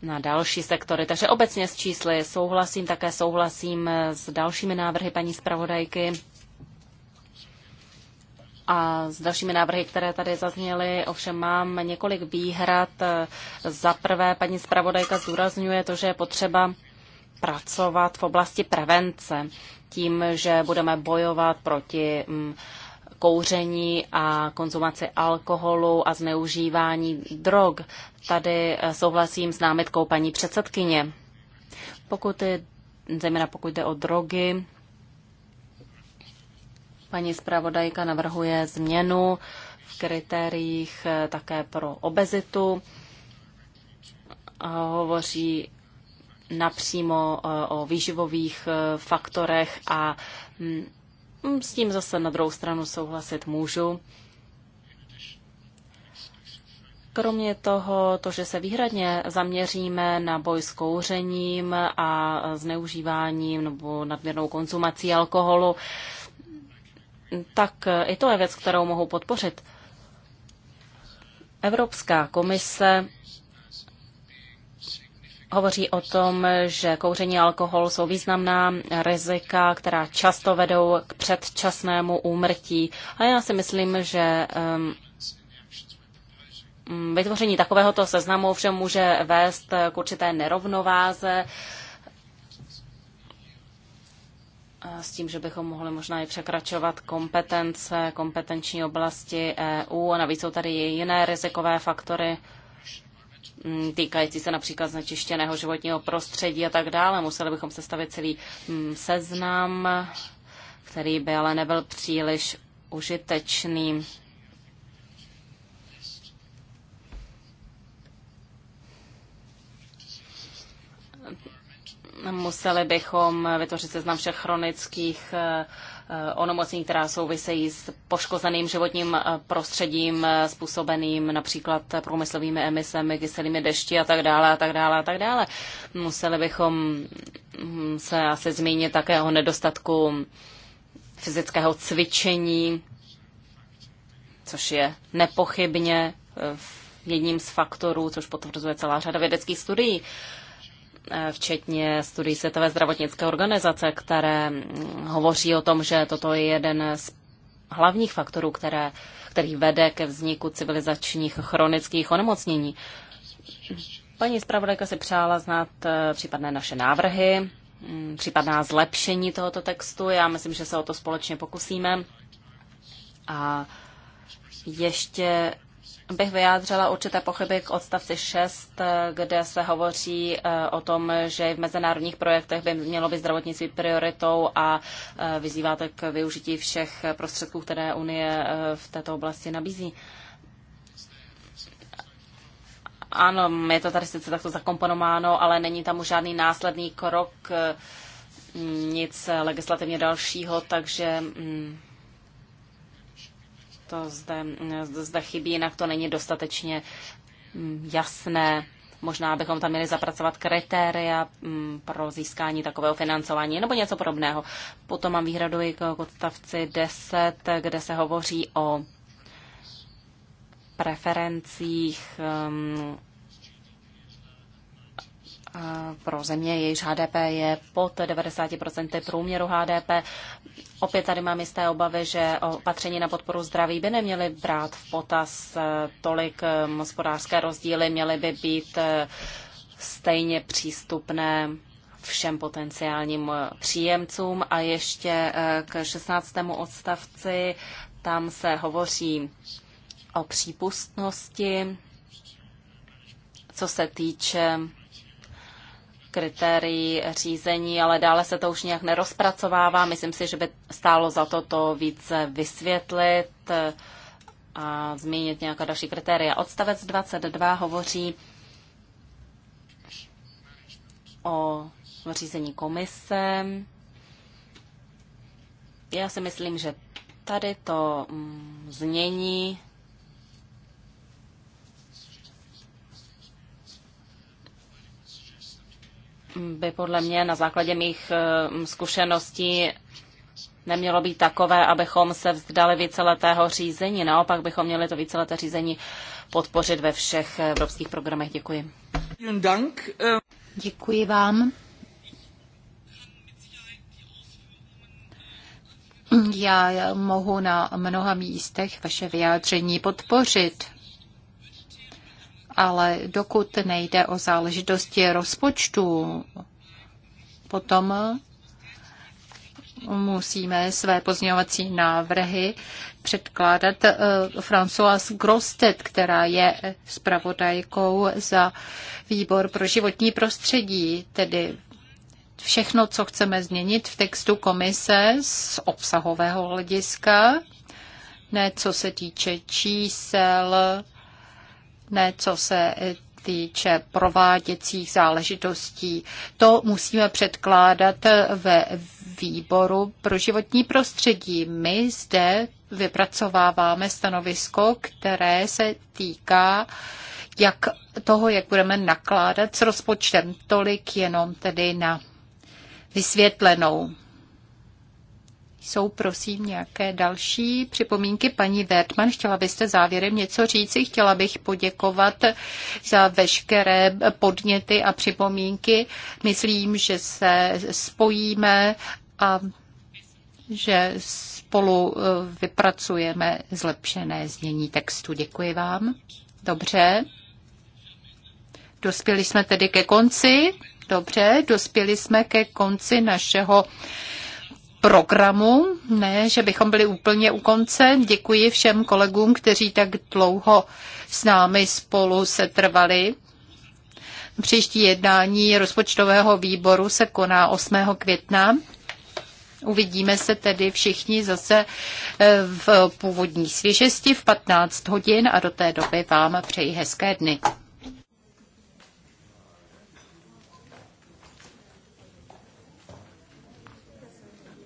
na další sektory. Takže obecně s čísly souhlasím, také souhlasím s dalšími návrhy paní zpravodajky a s dalšími návrhy, které tady zazněly. Ovšem mám několik výhrad. Za prvé, paní zpravodajka zdůrazňuje to, že je potřeba pracovat v oblasti prevence tím, že budeme bojovat proti mm, kouření a konzumaci alkoholu a zneužívání drog. Tady eh, souhlasím s námitkou paní předsedkyně. Pokud je, zejména pokud jde o drogy, paní zpravodajka navrhuje změnu v kritériích eh, také pro obezitu. Hovoří napřímo eh, o výživových eh, faktorech a mm, s tím zase na druhou stranu souhlasit můžu. Kromě toho, to, že se výhradně zaměříme na boj s kouřením a zneužíváním nebo nadměrnou konzumací alkoholu, tak eh, i to je věc, kterou mohu podpořit. Evropská komise hovoří o tom, že kouření a alkohol jsou významná rizika, která často vedou k předčasnému úmrtí. A já si myslím, že mm, vytvoření takovéhoto seznamu ovšem může vést k určité nerovnováze eh, s tím, že bychom mohli možná i překračovat kompetence, kompetenční oblasti EU a navíc jsou tady i jiné rizikové faktory, Mm, týkající se například znečištěného životního prostředí a tak dále. Museli bychom sestavit celý mm, seznam, který by ale nebyl příliš užitečný. Museli bychom vytvořit seznam všech chronických Eh, onomocnění, která souvisejí s poškozeným životním eh, prostředím eh, způsobeným například průmyslovými emisemi, kyselými dešti a tak dále a tak dále a tak dále. Museli bychom hm, se asi zmínit také o nedostatku fyzického cvičení, což je nepochybně jedním z faktorů, což potvrzuje celá řada vědeckých studií. Uh, Eh, včetně studií Světové zdravotnické organizace, které mm, hovoří o tom, že toto je jeden z hlavních faktorů, které, který vede ke vzniku civilizačních chronických onemocnění. Paní zpravodajka si přála znát eh, případné naše návrhy, mm, případná zlepšení tohoto textu. Já myslím, že se o to společně pokusíme. A ještě bych vyjádřila určité pochyby k odstavci 6, kde se hovoří eh, o tom, že v mezinárodních projektech by mělo být zdravotnictví prioritou a eh, vyzýváte k využití všech prostředků, které Unie eh, v této oblasti nabízí. Ano, je to tady sice takto zakomponováno, ale není tam už žádný následný krok, nic legislativně dalšího, takže mm, to zde, zde chybí, jinak to není dostatečně mm, jasné. Možná bychom tam měli zapracovat kritéria mm, pro získání takového financování nebo něco podobného. Potom mám výhradu i k odstavci 10, kde se hovoří o preferencích mm, pro země, jejíž HDP je pod 90% průměru HDP. Opět tady mám jisté obavy, že opatření na podporu zdraví by neměly brát v potaz eh, tolik eh, hospodářské rozdíly, měly by být eh, stejně přístupné všem potenciálním příjemcům. A ještě k 16. odstavci, tam se hovoří o přípustnosti, co se týče kritérií řízení, ale dále se to už nějak nerozpracovává. Myslím si, že by stálo za to to více vysvětlit a zmínit nějaká další kritéria. Odstavec 22 hovoří o řízení komise. Já si myslím, že tady to mm, znění by podle mě na základě mých eh, zkušeností nemělo být takové, abychom se vzdali víceletého řízení. Naopak bychom měli to víceleté řízení podpořit ve všech evropských programech. Děkuji. Eh, Děkuji vám. Já mohu na mnoha místech vaše vyjádření podpořit ale dokud nejde o záležitosti rozpočtu, potom musíme své pozměňovací návrhy předkládat eh, Françoise Grostet, která je zpravodajkou za výbor pro životní prostředí, tedy všechno, co chceme změnit v textu komise z obsahového hlediska, ne co se týče čísel, ne co se týče prováděcích záležitostí. To musíme předkládat ve výboru pro životní prostředí. My zde vypracováváme stanovisko, které se týká jak toho, jak budeme nakládat s rozpočtem. Tolik jenom tedy na vysvětlenou. Jsou prosím nějaké další připomínky? Paní Wertmann, chtěla byste závěrem něco říci? Chtěla bych poděkovat za veškeré podněty a připomínky. Myslím, že se spojíme a že spolu eh, vypracujeme zlepšené znění textu. Děkuji vám. Dobře. Dospěli jsme tedy ke konci. Dobře, dospěli jsme ke konci našeho programu. Ne, že bychom byli úplně u konce. Děkuji všem kolegům, kteří tak dlouho s námi spolu se trvali. Příští jednání rozpočtového výboru se koná 8. května. Uvidíme se tedy všichni zase eh, v původní svěžesti v 15 hodin a do té doby vám přeji hezké dny.